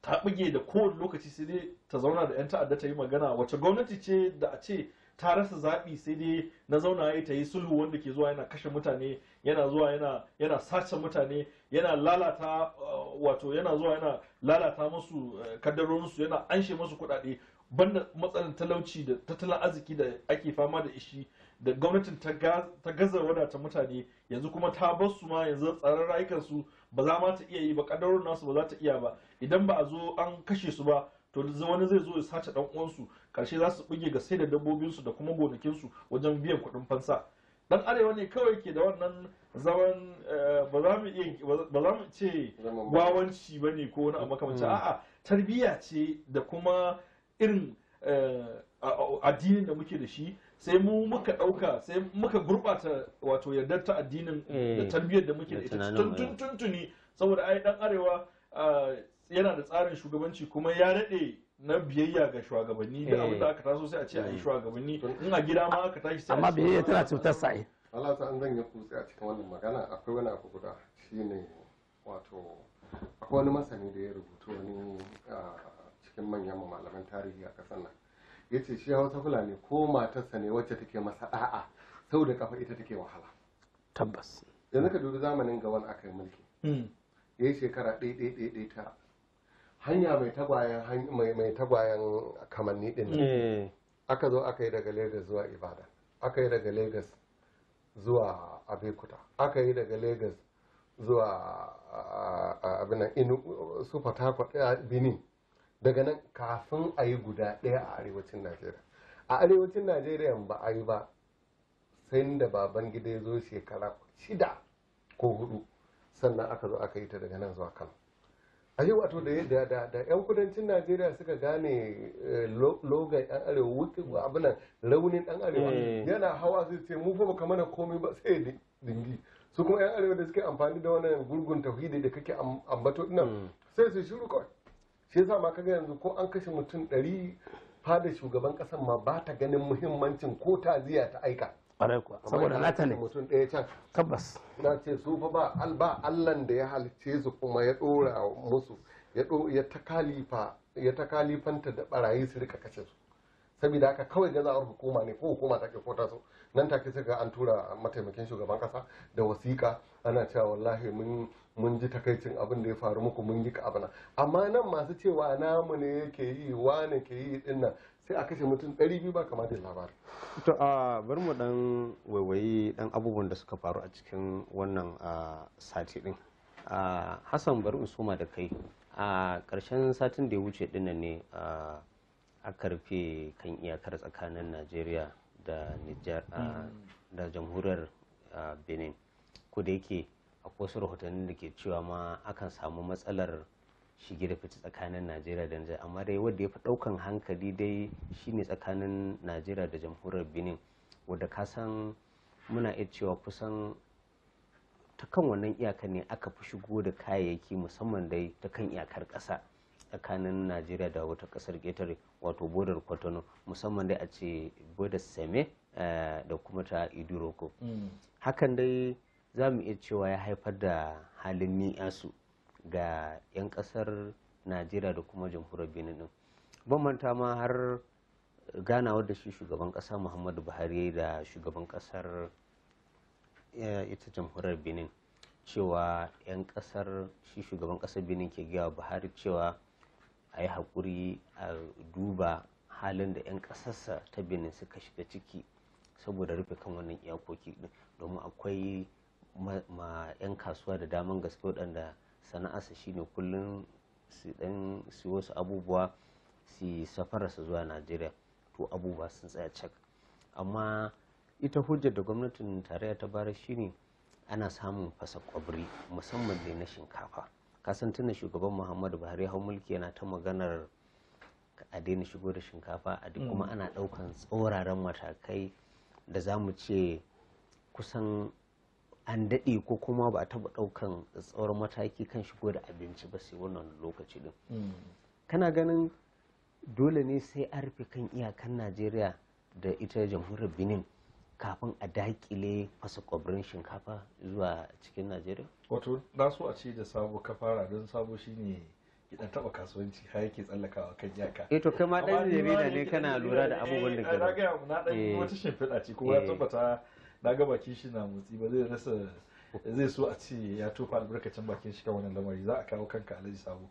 ta buge da kowane lokaci sai dai ta zauna da 'yan ta'adda ta yi magana wace gwamnati ce da a ce ta rasa zaɓi sai dai na zauna ya ta yi sulhu wanda ke zuwa yana kashe mutane yana zuwa yana sace mutane yana lalata uh, wato yana zuwa yana lalata masu uh, kaddarorinsu yana anshe masu kuɗaɗe banda matsalar talauci da tattalin arziki da ake fama da ishi da gwamnatin ta gaza wadata mutane yanzu kuma ta bar su ma yanzu tsaron rayukansu ba za ma ta iya yi ba kadarorin nasu ba za ta iya ba idan ba a zo an kashe su ba to wani zai zo ya sace dan uwansu karshe za su buge ga sai da dabbobinsu da kuma gonakinsu wajen biyan kuɗin fansa dan arewa ne kawai ke da wannan zaman eh, ba za mu iya ba za mu ce wawanci ba ne ko wani abu makamacin mm. a'a tarbiyya ce da kuma irin eh, addinin da muke da shi sai mu muka ɗauka sai muka gurbata wato yardar ta addinin mm. da tarbiyyar da muke da ita tun tuntuni eh. saboda ai dan arewa yana da tsarin shugabanci kuma ya daɗe na biyayya ga shugabanni da abin da eh. aka taso sai a ce a yi hmm. shugabanni in a gida ma aka tashi sai amma biyayya tana cutar sa'i Allah ta an zanya kutse a cikin wannan magana akwai wani abu guda shine wato akwai wani masani da ya rubuta wani cikin manyan malaman tarihi a kasar nan ya ce shi hausa fulani ko matarsa ne wacce take masa a'a sau da kafa ita take wahala tabbas yanzu ka dubi zamanin gawan aka yi mulki hmm. ya yi shekara ɗaya ɗaya ɗaya ta hanya mai tagwayen mai tagwayen kamanni din eh. aka zo aka yi daga Lagos zuwa Ibadan aka yi daga Lagos zuwa Abeokuta aka yi daga Lagos zuwa abinan inu su Benin daga nan kafin a yi guda ɗaya a arewacin Najeriya a arewacin Najeriya ba a yi ba sai da baban gida ya zo shekara shida ko hudu sannan aka zo aka yi ta daga nan zuwa Kano a yi wato da da yan kudancin najeriya suka gane eh, logan yan arewa wuce abinan raunin yan arewa eh. yana hawa su ce mu fa baka mana komai ba sai dingi su kuma yan arewa da suke amfani da wannan gurgun tauhidi da kake ambato dinnan hmm. sai su shiru kawai shi yasa ma kaga yanzu ko an kashe mutum ɗari fada shugaban kasan ma ba ta ganin muhimmancin ko ta ta aika kwarai kuwa saboda nata ne mutum ɗaya can tabbas na ce su fa ba alba allan da ya halice su kuma ya ɗora musu ya ta kalifanta da barayi su rika kashe su saboda haka kawai gazawar hukuma ne ko hukuma take ko so nan take sai ga an tura mataimakin shugaban kasa da wasiƙa ana cewa wallahi mun mun ji takaicin abin da ya faru muku mun yi abana amma nan masu cewa namu ne yake yi wane ke yi dinnan. sai a kashe mutum ɗari ba kamata ya labari. to a bar mu dan waiwayi dan abubuwan da suka faru a cikin wannan sati din hassan bari in soma da kai a ƙarshen satin da ya wuce dinnan ne a karfe kan iyakar tsakanin najeriya da nijar da jamhuriyar benin ku da yake akwai wasu rahotanni da ke cewa ma akan samu matsalar shige da fice tsakanin najeriya da nijar amma dai wadda ya fi ɗaukan hankali dai shine tsakanin najeriya da jamhuriyar benin wadda ka san muna iya cewa kusan ta kan wannan iyaka ne aka fi shigo da kayayyaki musamman dai ta kan iyakar ƙasa tsakanin najeriya da wata ƙasar ƙetare wato bodar kwatano musamman dai a ce bodar same eh, da kuma ta iduroko mm. hakan dai za mu iya cewa ya haifar da halin ni'asu ga 'yan kasar najeriya da kuma jamhuriyar benin din ban manta ma har ganawar da shi shugaban kasa muhammadu buhari da shugaban kasar ita jamhuriyar benin cewa 'yan kasar shi shugaban kasar benin ke gaya buhari cewa a yi haƙuri a duba halin da 'yan ƙasarsa ta benin suka shiga ciki saboda rufe kan wannan iyakoki domin akwai ma 'yan kasuwa da daman gaske waɗanda sana'arsa shine kullum su dan su wasu abubuwa su safararsa zuwa najeriya to abubuwa sun tsaya cak amma ita hujjar da gwamnatin tarayya ta bara shine ana samun fasa kwabri musamman da na shinkafa kasan tunda shugaban muhammadu buhari hau mulki yana ta maganar a daina shigo da shinkafa a duk kuma mm. ana daukan tsoraren matakai da za mu ce kusan an daɗe ko kuma ba taɓa ɗaukan tsawon mataki kan shigo da abinci ba sai wannan lokaci din mm. kana ganin dole ne sai an rufe kan iyakan najeriya da ita jamhuriyar benin kafin a daƙile fasa ƙwabirin shinkafa zuwa cikin najeriya wato na so a ce da sabo ka fara don sabo shine idan taba kasuwanci har yake tsallakawa kan iyaka eh to kai ma dan jarida ne kana lura da eh, abubuwan da ke na ga na eh. wata shimfiɗa ce kuma ya eh. tabbata na ga bakin shi na motsi ba zai rasa zai so a ce ya tofa albarkacin bakin shi kan wannan lamari za a kawo kanka alhaji sabo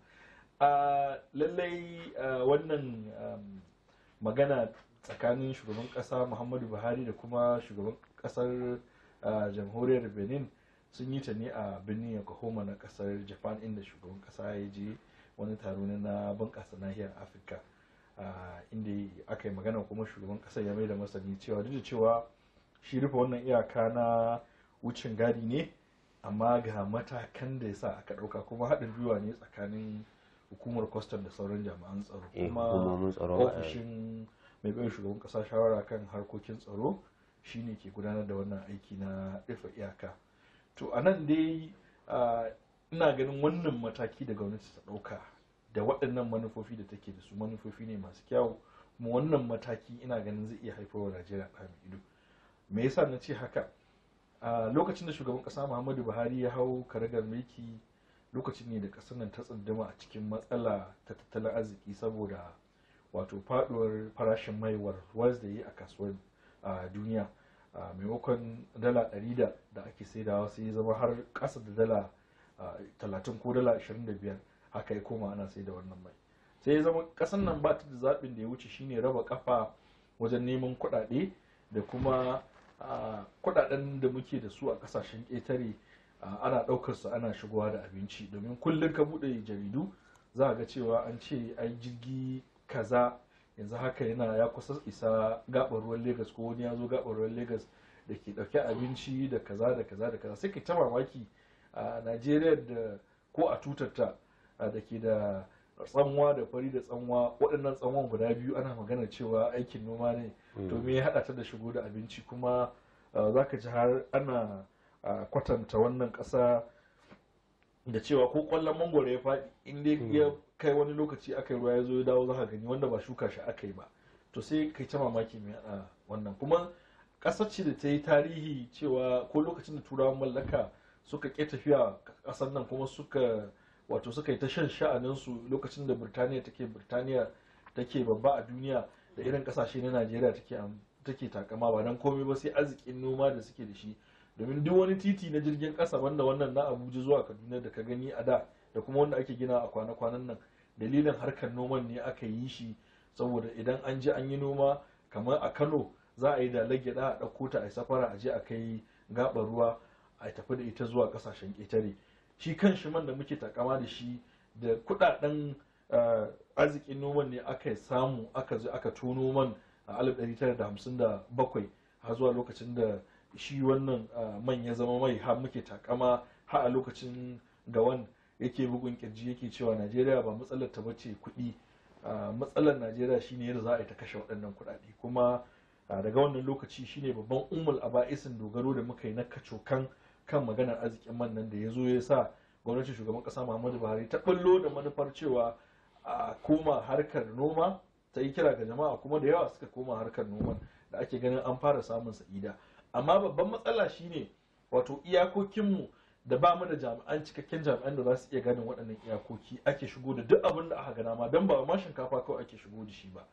lallai wannan um, magana tsakanin shugaban kasa muhammadu buhari da kuma shugaban kasar jamhuriyar benin sun yi ta ne a birnin yokohama na kasar japan inda shugaban kasa ya je wani taro na bunƙasa nahiyar afirka inda aka yi magana kuma shugaban kasar ya mai da masani cewa duk da cewa shi rufe wannan iyaka na wucin gadi ne amma ga matakan da ya sa aka ɗauka kuma haɗin gwiwa ne tsakanin hukumar kwastam da sauran jami'an tsaro eh, kuma eh. ofishin mai bayan shugaban ƙasa shawara kan harkokin tsaro shine ke gudanar da wannan aiki na rufe iyaka to a nan dai ina ganin wannan mataki da gwamnati ta ɗauka da waɗannan manufofi da take da su manufofi ne masu kyawu kuma wannan mataki ina ganin zai iya haifar wa najeriya ɗa ido me yasa na ce haka a lokacin da shugaban kasa muhammadu buhari ya hau karagar mulki lokacin ne da kasar nan ta tsunduma a cikin matsala ta tattalin arziki saboda wato faduwar farashin maiwar wanda a yi a kasuwar duniya maimakon dala 100 da ake saidawa sai ya zama har kasa da dala 30 ko dala 25 haka ya koma ana sai da wannan mai sai ya zama ƙasar nan ba ta da zaɓin da ya wuce shine raba kafa wajen neman kuɗaɗe da kuma kudaden da muke da su a kasashen ƙetare ana ɗaukar su ana shigowa da abinci domin kullum ka buɗe jaridu za a ga cewa an ce ai jirgi kaza yanzu haka yana ya kusa isa gaɓar ruwan lagos ko wani ya zo gabar ruwan lagos da ke ɗauke abinci da kaza da kaza da kaza sai ka ta mamaki a najeriya da ko a tutarta da ke da tsanwa da fari da tsanwa waɗannan tsanwan guda biyu ana magana cewa aikin noma ne Domin mm. ya haɗa ta da shigo da abinci kuma uh, za ka ji har ana uh, kwatanta wannan ƙasa da cewa ko ƙwallon mangoro ya faɗi in dai mm. ya kai wani lokaci aka yi ruwa ya zo ya dawo za ka gani wanda ba shuka shi aka yi ba to sai kai ta mamaki mai haɗa wannan kuma ƙasar ce da ta yi tarihi cewa ko lokacin da turawan mallaka suka ƙi tafiya ƙasar nan kuma suka wato suka yi ta shan sha'aninsu lokacin da birtaniya take birtaniya take babba a duniya da irin kasashe na najeriya take takama ba dan komai ba sai arzikin noma da suke da shi domin duk wani titi na jirgin kasa wanda wannan na abuja zuwa kaduna da ka gani a da da kuma wanda ake gina a kwana-kwanan nan dalilin harkar noman ne aka yi shi saboda idan an je an yi noma kamar a kano za a yi da da a ɗauko ta a safara a je a kai gaɓar ruwa a tafi da ita zuwa ƙasashen ƙetare shi kan shi man da muke takama da shi da kuɗaɗen Eh, arzikin noman ne aka samu aka zo aka tono man a 1957 har zuwa lokacin da shi wannan eh, man ya zama mai har muke takama har a lokacin gawan yake bugun kirji yake cewa najeriya ba matsalar ta bace kuɗi eh, matsalar najeriya shine yadda za a yi ta kashe waɗannan kuɗaɗe kuma daga wannan lokaci shine babban umul aba'isin dogaro da muka yi na kacokan kan maganar arzikin man nan da ya zo ya sa gwamnatin shugaban ƙasa muhammadu buhari ta ɓallo da manufar cewa a koma harkar noma ta yi kira ga jama'a kuma da yawa suka koma harkar noman da ake ganin an fara samun sa'ida amma babban matsala shine wato iyakokinmu da ba mu da jami'an cikakken jami'an da za su iya ganin waɗannan iyakoki ake shigo da duk abin da aka ga dama don ba ma shinkafa kawai ake shigo da shi ba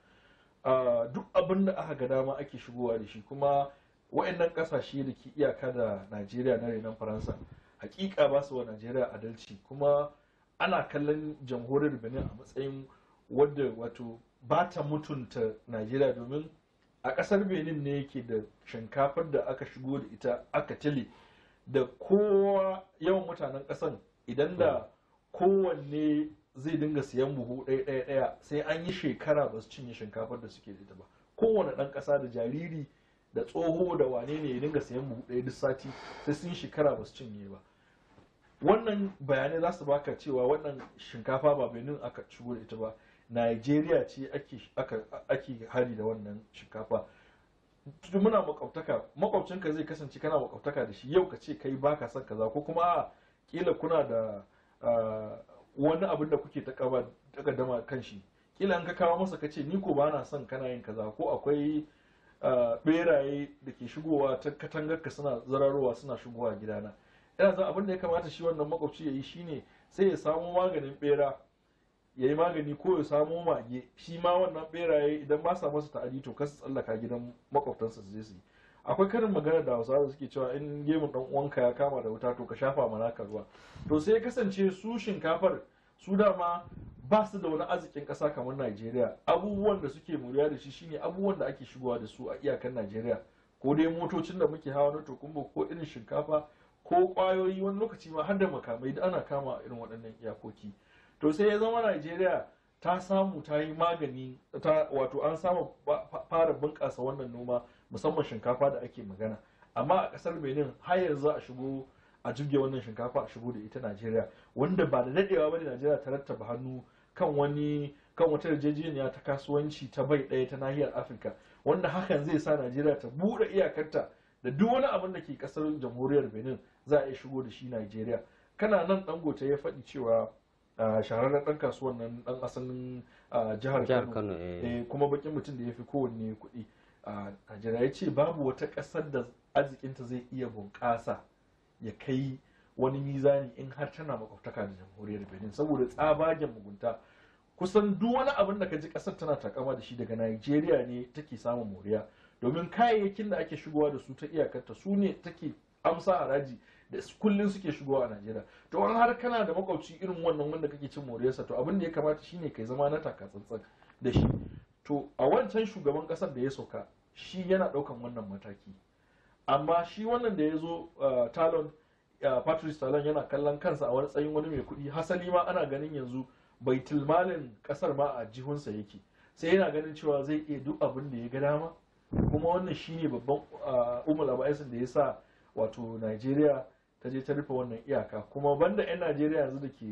duk abin da aka ga dama ake shigowa da shi kuma waɗannan ƙasashe da ke iyaka da najeriya na renon faransa hakika ba su wa najeriya adalci kuma ana kallon jamhuriyar benin a matsayin wadda wato ba ta mutunta najeriya domin a kasar benin ne yake da shinkafar da aka shigo da ita aka tile da kowa yawan mutanen kasan idan da kowanne zai dinga siyan buhu ɗaya ɗaya ɗaya sai an yi shekara ba su cinye shinkafar da suke da ita ba kowane ɗan ƙasa da jariri da tsoho da wane ne ya dinga siyan buhu ɗaya duk sati sai sun shekara ba su cinye ba wannan bayanai za su baka cewa wannan shinkafa ba benin aka ciwo da ita ba najeriya ce ake hari da wannan shinkafa muna makwabtaka makwabcinka zai kasance kana makwabtaka da shi yau ka ce kai baka son kaza ko kuma kila kuna da wani abin da kuke takaddama kan shi kila an ka kawo masa ka ce ni ko ba na son kana yin kaza ko akwai beraye da ke shigowa ta katangar ka suna zararowa suna shigowa gidana yana zan abin da ya kamata shi wannan makwabci ya yi shine sai ya samo maganin bera ya yi magani ko ya samo mage shi ma wannan beraye idan ba sa masa ta'adi to kasu tsallaka gidan makwabtansa su je su yi akwai karin magana da hausawa suke cewa in gemun dan uwanka ya kama da wuta to ka shafa mana ka ruwa to sai ya kasance su shinkafar su dama ba su da wani arzikin kasa kamar Najeriya abubuwan da suke muriya da shi shine abubuwan da ake shigowa da su a iyakan Najeriya ko dai motocin da muke hawa na tokumbo ko irin shinkafa ko kwayoyi wani lokaci ma har da makamai da ana kama irin waɗannan iyakoki to sai ya zama najeriya ta samu ta yi magani wato an samu fara bunƙasa wannan noma musamman shinkafa da ake magana amma a ƙasar benin har yanzu a shigo a jirge wannan shinkafa a shigo da ita najeriya wanda ba da daɗewa ba ne najeriya ta rattaba hannu kan wani kan wata yarjejeniya ta kasuwanci ta bai ɗaya ta nahiyar afirka wanda hakan zai sa najeriya ta buɗe iyakarta da duk wani abin da ke ƙasar jamhuriyar benin za a shigo da shi Najeriya kana nan dangote ya faɗi cewa shahararren dan kasuwan nan dan asalin jihar Kano eh. Eh, kuma bakin mutum da ya fi kowanne kuɗi a Najeriya ya ce babu wata ƙasar da arzikinta zai iya bunƙasa ya kai wani mizani in har tana makwabtaka da jamhuriyar Benin saboda tsabagen mugunta kusan duk wani abin da ka ji ƙasar tana takama da shi daga Najeriya ne take samun moriya domin kayayyakin da ake shigowa da su ta iyakarta su ne take amsa haraji da kullun suke shigowa a Najeriya to wani har kana da makwabci irin wannan wanda kake cin moriyarsa to abin da ya kamata shine kai zama na taka tsantsan da shi to a wancan shugaban kasar da ya sauka shi yana daukan wannan mataki amma shi wannan da ya zo eh, talon eh, patrice talon yana kallon kansa a wani tsayin wani mai kuɗi hasali ma ana ganin yanzu bai tilmalin kasar ma a jihunsa yake sai yana ganin cewa zai iya duk abin da ya ga dama kuma wannan ne babban eh, umar abaisin da ya sa wato nigeria ta je ta rufe wannan iyaka kuma banda 'yan najeriya yanzu da ke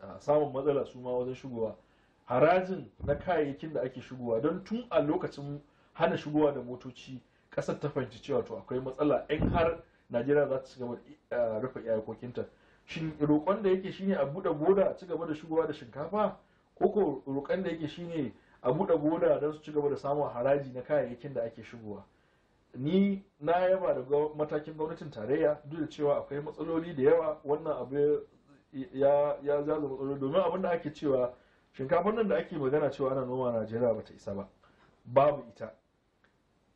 ah, samun matsala su ma wajen shigowa harajin na kayayyakin da ake shigowa don tun a lokacin hana shigowa da motoci kasar ta fahimci cewa to akwai matsala in har najeriya za ta ci gaba ah, rufe iyakokinta shin roƙon da yake shine a buɗe boda a ci da shigowa da shinkafa ko ko roƙon da yake shine a buɗe boda don su ci gaba da samun haraji na kayayyakin da ake shigowa ni na yaba da matakin gwamnatin tarayya duk da cewa akwai matsaloli da yawa wannan abu ya ya zaza matsaloli domin abin da ake cewa shinkafar nan da ake magana cewa ana noma Najeriya ba ta isa ba babu ita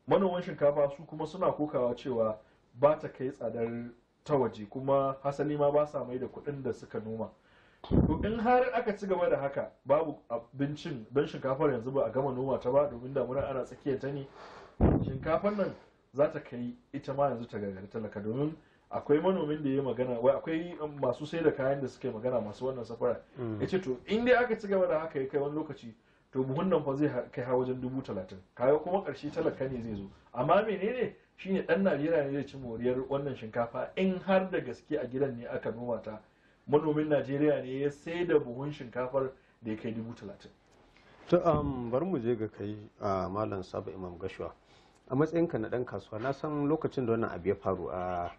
manoman shinkafa su kuma suna kokawa cewa ba ta kai tsadar ta waje kuma hasali ma ba sa mai da kuɗin da suka noma to in har aka ci gaba da haka babu abincin don shinkafar yanzu ba a gama noma ta ba domin damuna ana tsakiyar ta ne shinkafar nan za ta kai ita ma yanzu ta gargadi talaka domin akwai manomin da ya magana wai akwai masu sai da kayan da suke magana masu wannan safara mm. ya ce to in dai aka ci gaba da haka ya kai wani lokaci to buhun nan fa zai kai ha wajen dubu talatin kayo kuma ƙarshe talaka ne zai zo amma menene shine dan najeriya ne zai ci moriyar wannan shinkafa in har da gaske a gidan ne aka noma ta manomin najeriya ne ya sai da buhun shinkafar da ya kai dubu talatin. to um, bari mu je ga kai a uh, malam sabu imam gashuwa a matsayinka na ɗan kasuwa na san lokacin da wannan abu ya faru a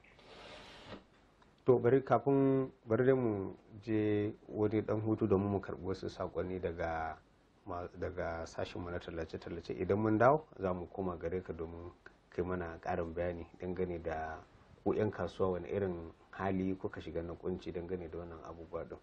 to bari kafin bari da mu je wani ɗan hutu domin mu karɓi wasu saƙonni daga daga mu na tallace-tallace idan mun dawo za mu koma gare ka domin kai mana ƙarin bayani dangane da ku 'yan kasuwa wani irin hali kuka shiga na kunci dangane da wannan abubuwa ɗin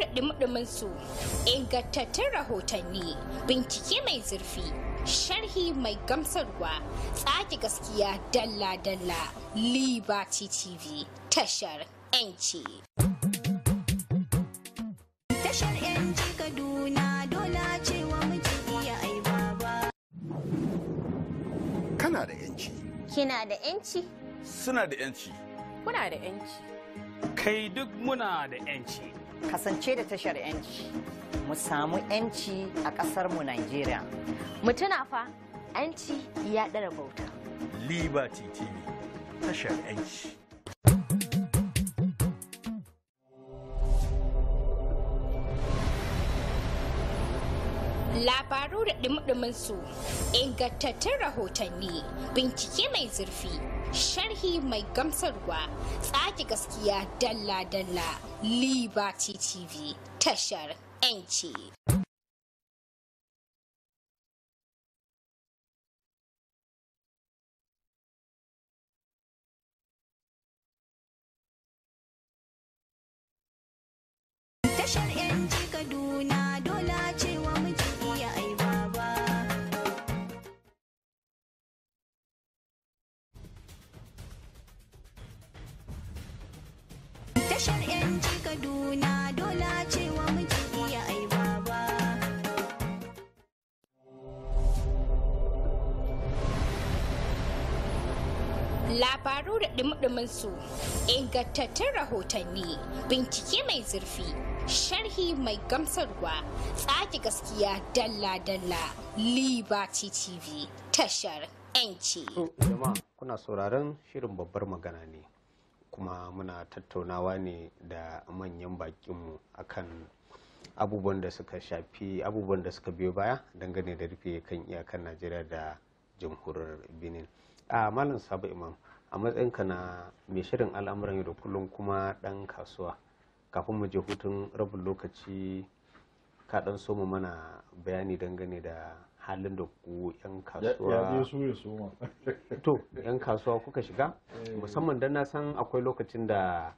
da ɗumɗumin su ingantattun rahotanni bincike mai zurfi sharhi mai gamsarwa tsaki gaskiya dalla-dalla liberty tv tashar 'yanci tashar 'yanci kaduna dola cewa miji iya ai kana da 'yanci kina da 'yanci suna da 'yanci kuna da 'yanci kai duk muna da 'yanci kasance da tashar 'yanci mu samu 'yanci a ƙasarmu Najeriya. Mu tuna fa 'yanci ya ɗara bauta. Liberty TV tashar 'yanci. Labaru da ɗimɗiminsu ingantattun rahotanni, bincike mai zurfi. sharhi mai gamsarwa tsaki gaskiya dalla-dalla liberty tv tashar 'yanci. kaduna dole wa muke iya ai baba labaru da su ingantattun rahotanni bincike mai zurfi sharhi mai gamsarwa tsaki gaskiya dalla-dalla liberty tv tashar 'yanci. kuna sauraron shirin babbar magana ne kuma muna tattaunawa ne da manyan bakinmu akan abubuwan da suka shafi abubuwan da suka biyo baya dangane da rufe kan iyakan najeriya da jamhuriyar benin a malam sabu imam a matsayinka na mai shirin al'amuran yau da kullum kuma dan kasuwa kafin mu je hutun rabin lokaci ka dan soma mana bayani dangane da halin da ku 'yan kasuwa Ya su ma. to 'yan kasuwa kuka shiga eh. musamman don na san akwai lokacin da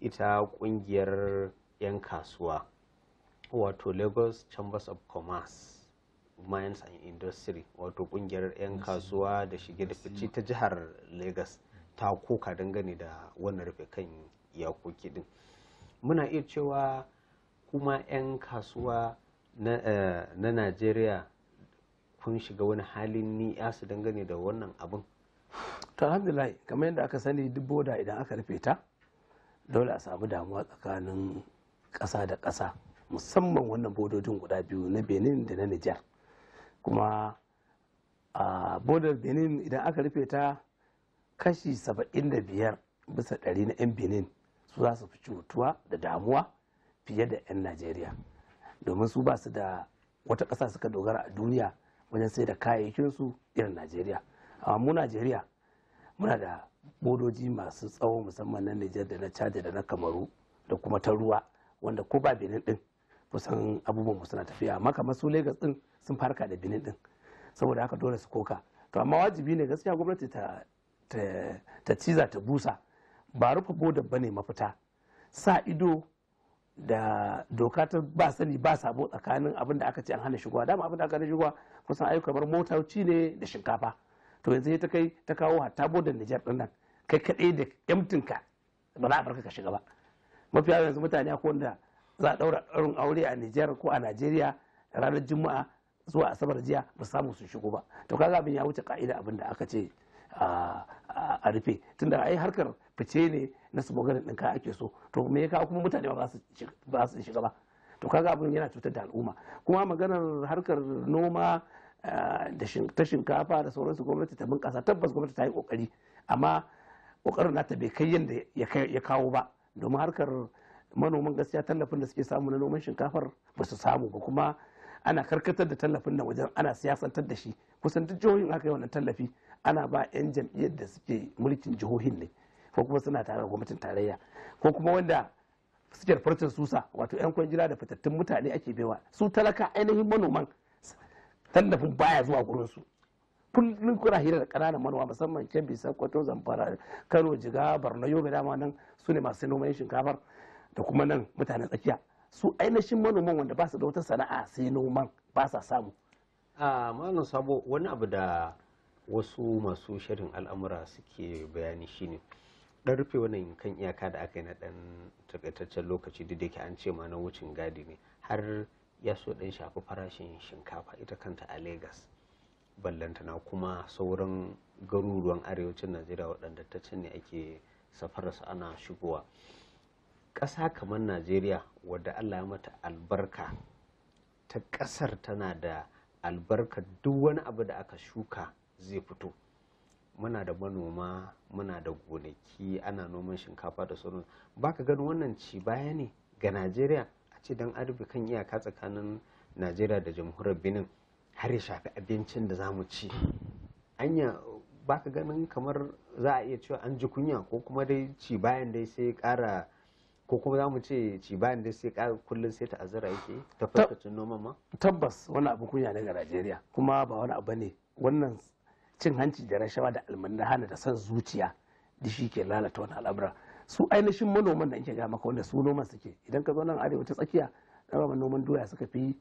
ita kungiyar 'yan kasuwa wato lagos chambers of commerce mines and industry wato kungiyar 'yan kasuwa da shige da fice ta jihar lagos ta koka dangane da wannan rufe kan iyakoki din muna iya cewa kuma 'yan kasuwa na eh, najeriya kun shiga wani halin ni'a su dangane da wannan abin to alhamdulillah kamar yadda aka sani duk boda idan aka rufe ta dole a samu damuwa tsakanin ƙasa da ƙasa musamman wannan bodojin guda biyu na benin da na nijar kuma a bodar benin idan aka rufe ta kashi saba'in da biyar bisa ɗari na 'yan benin su za su fi cutuwa da damuwa fiye da 'yan najeriya domin su ba su da wata ƙasa suka dogara a duniya wajen sai da kayayyakinsu irin najeriya amma mu najeriya muna da bodoji masu tsawo musamman na nijar da na caja da na kamaru da kuma ta ruwa wanda ko ba benin din kusan abubuwan suna tafiya amma kamar su lagos din sun farka da benin din saboda haka dole su koka to amma wajibi ne gaskiya gwamnati ta ta ciza ta busa ba rufe bodan bane mafita sa ido da doka ta ba sani ba sabo tsakanin abin da aka ce an hana shigowa dama abin da aka hana shigowa kusan ayyuka kamar motoci ne da shinkafa to yanzu ta kai ta kawo hatta bodan Nijar din nan kai kaɗai da yamtinka ba za a barka ka shiga ba mafi yawan yanzu mutane akwai wanda za a ɗaura ɗaurin aure a Nijar ko a Najeriya ranar Juma'a zuwa Asabar jiya ba samu su shigo ba to kaga abin ya wuce ka'ida abin da aka ce a rufe tunda ai harkar fice ne na smogarin din ka ake so to me ya kawo kuma mutane ba su shiga ba to kaga abin yana cutar da al'umma kuma maganar harkar noma ta shinkafa da sauransu gwamnati ta bunƙasa tabbas gwamnati ta yi ƙoƙari amma ƙoƙarin nata bai kai yadda ya kawo ba domin harkar manoman gaskiya tallafin da suke samu na noman shinkafar ba su samu ba kuma ana karkatar da tallafin nan wajen ana siyasantar da shi kusan duk jihohin aka yi wannan tallafi ana ba 'yan jam'iyyar da suke mulkin jihohin ne ko kuma suna tare da gwamnatin tarayya ko kuma wanda suke farcin susa wato 'yan kwanjila da fitattun mutane ake baiwa su talaka ainihin manoman tallafin baya zuwa gurin su kullum kuna hira da ƙananan manoma musamman kebbi sokoto zamfara kano jiga borno yobe dama nan su ne masu noman shinkafar da kuma nan mutanen tsakiya su ainihin manoman wanda ba su da wata sana'a sai noman ba sa samu a ah, malam sabo wani abu da wasu masu shirin al'amura suke bayani shine dan rufe wannan kan iyaka da aka yi na dan takaitaccen lokaci duk da ke an ce ma na wucin gadi ne har ya so dan shafi farashin shinkafa ita kanta a Legas ballantana kuma sauran garuruwan arewacin Najeriya waɗanda ta can ne ake safararsa ana shigowa ƙasa kamar Najeriya wadda Allah ya mata albarka ta ƙasar tana da albarka duk wani abu da aka shuka zai fito muna da manoma muna da gonaki ana noman shinkafa da sauran baka gani wannan ci baya ne ga najeriya a ce don arbi kan iyaka tsakanin najeriya da jamhuriyar benin har ya shafi abincin da za mu ci anya baka ganin kamar za a iya cewa an ji kunya ko kuma dai ci bayan dai sai kara ko kuma za mu ce ci bayan dai sai kara kullum sai ta azara yake ta fuskacin noma ma tabbas wani abu kunya ne ga najeriya kuma ba wani abu ne wannan cin hanci da rashawa da hana da son zuciya da shi ke lalata wani al'amura su ainihin manoman da ake ga maka wanda su noman suke idan ka zo nan arewa ta tsakiya na noman doya suka fi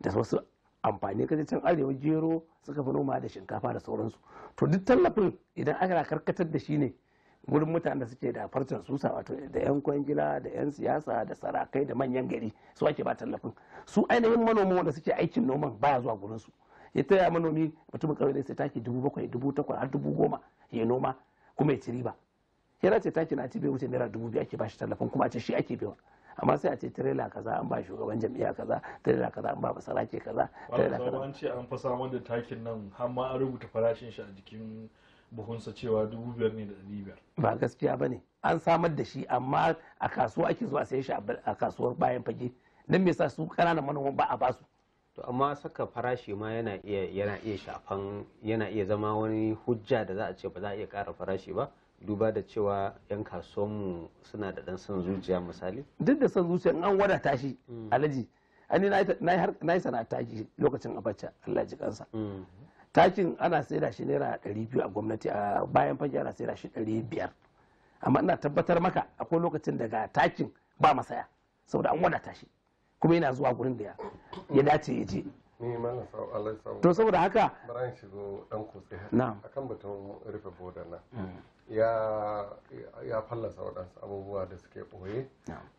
da wasu amfani kaje can arewa gero suka fi noma da shinkafa da sauransu to duk tallafin idan aka karkatar da shi ne wurin mutanen da suke da farcen susa wato da yan kwangila da yan siyasa da sarakai da manyan gari su ake ba tallafin su ainihin manoman wanda suke aikin noman baya zuwa gurinsu su ya taya manomi mutumin ƙauye sai taki dubu bakwai dubu takwas har dubu goma ya noma kuma ya ci riba ya dace taki na ci bai wuce naira dubu biyu ake bashi tallafin kuma a ce shi ake biyan amma sai a ce tirela kaza an ba shugaban jam'iyya kaza tirela kaza an ba basarake kaza tirela kaza an ce an fa samar da takin nan har ma an rubuta farashin shi a jikin buhunsa cewa dubu biyar ne da ɗari biyar. ba gaskiya ba ne an samar da shi amma a kasuwa ake zuwa sai shi a kasuwar bayan fage don me sa su ƙananan manoman ba a basu to amma saka farashi ma yana iya yana iya shafan yana iya zama wani hujja da za a ce ba za a iya ƙara farashi ba duba da cewa 'yan kasuwanmu suna da ɗan son zuciya misali duk da son zuciya an wada tashi. Mm. alaji ani na yi sana taki lokacin abacha Allah ji kansa mm. takin ana saida shi naira ɗari a gwamnati a bayan fage ana saida shi ɗari biyar amma ina tabbatar maka akwai lokacin daga takin ba masaya saboda an wadata shi kuma yana zuwa gurin da ya dace ya je to saboda haka bayan shigo dan akan batun rufe boda na mm. ya fallasa waɗansu abubuwa da suke ɓoye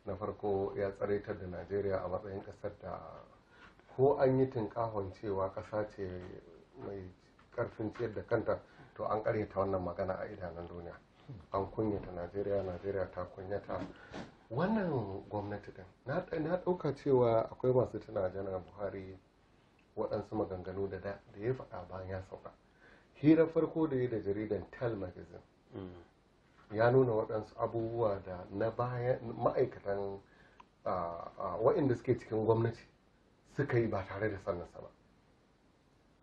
na farko ya tsaraitar da najeriya a matsayin ƙasar da ko an yi tinkahon cewa ƙasa ce mai ƙarfin ciyar da kanta to an ƙaryata wannan magana a idanun duniya an kunyata najeriya najeriya ta kunyata wannan gwamnati ɗin na ɗauka cewa akwai masu tana janar buhari waɗansu maganganu da ya faɗa bayan ya sauka hira farko da ya da jaridan tel magazine ya nuna waɗansu abubuwa da na bayan ma'aikatan waɗanda suke cikin gwamnati suka yi ba tare da sannan ba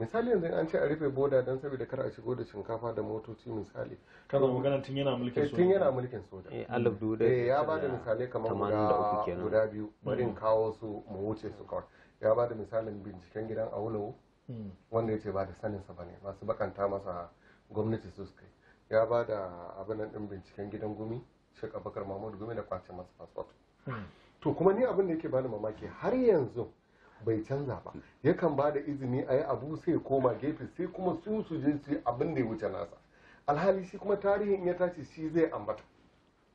misali yanzu an ce a rufe boda don saboda kar a shigo da shinkafa da motoci misali kana magana tun yana mulkin eh, soja tun yana mulkin soja eh alif duda eh ya bada misalai kamar guda guda biyu barin mm. kawo su mu wuce su kawai ya bada misalin binciken gidan aulawo mm. wanda ya ce ba da saninsa ba ne masu bakanta masa gwamnati su suka ya ba da abin din binciken gidan gumi Sheikh abakar mahmud gumi da kwace masa fasfot mm. to kuma ni abin da yake bani mamaki har yanzu bai canza ba yakan ba da izini a yi abu sai koma gefe sai kuma sun su je su abin da ya wuce nasa alhali shi kuma tarihin ya tashi shi zai ambata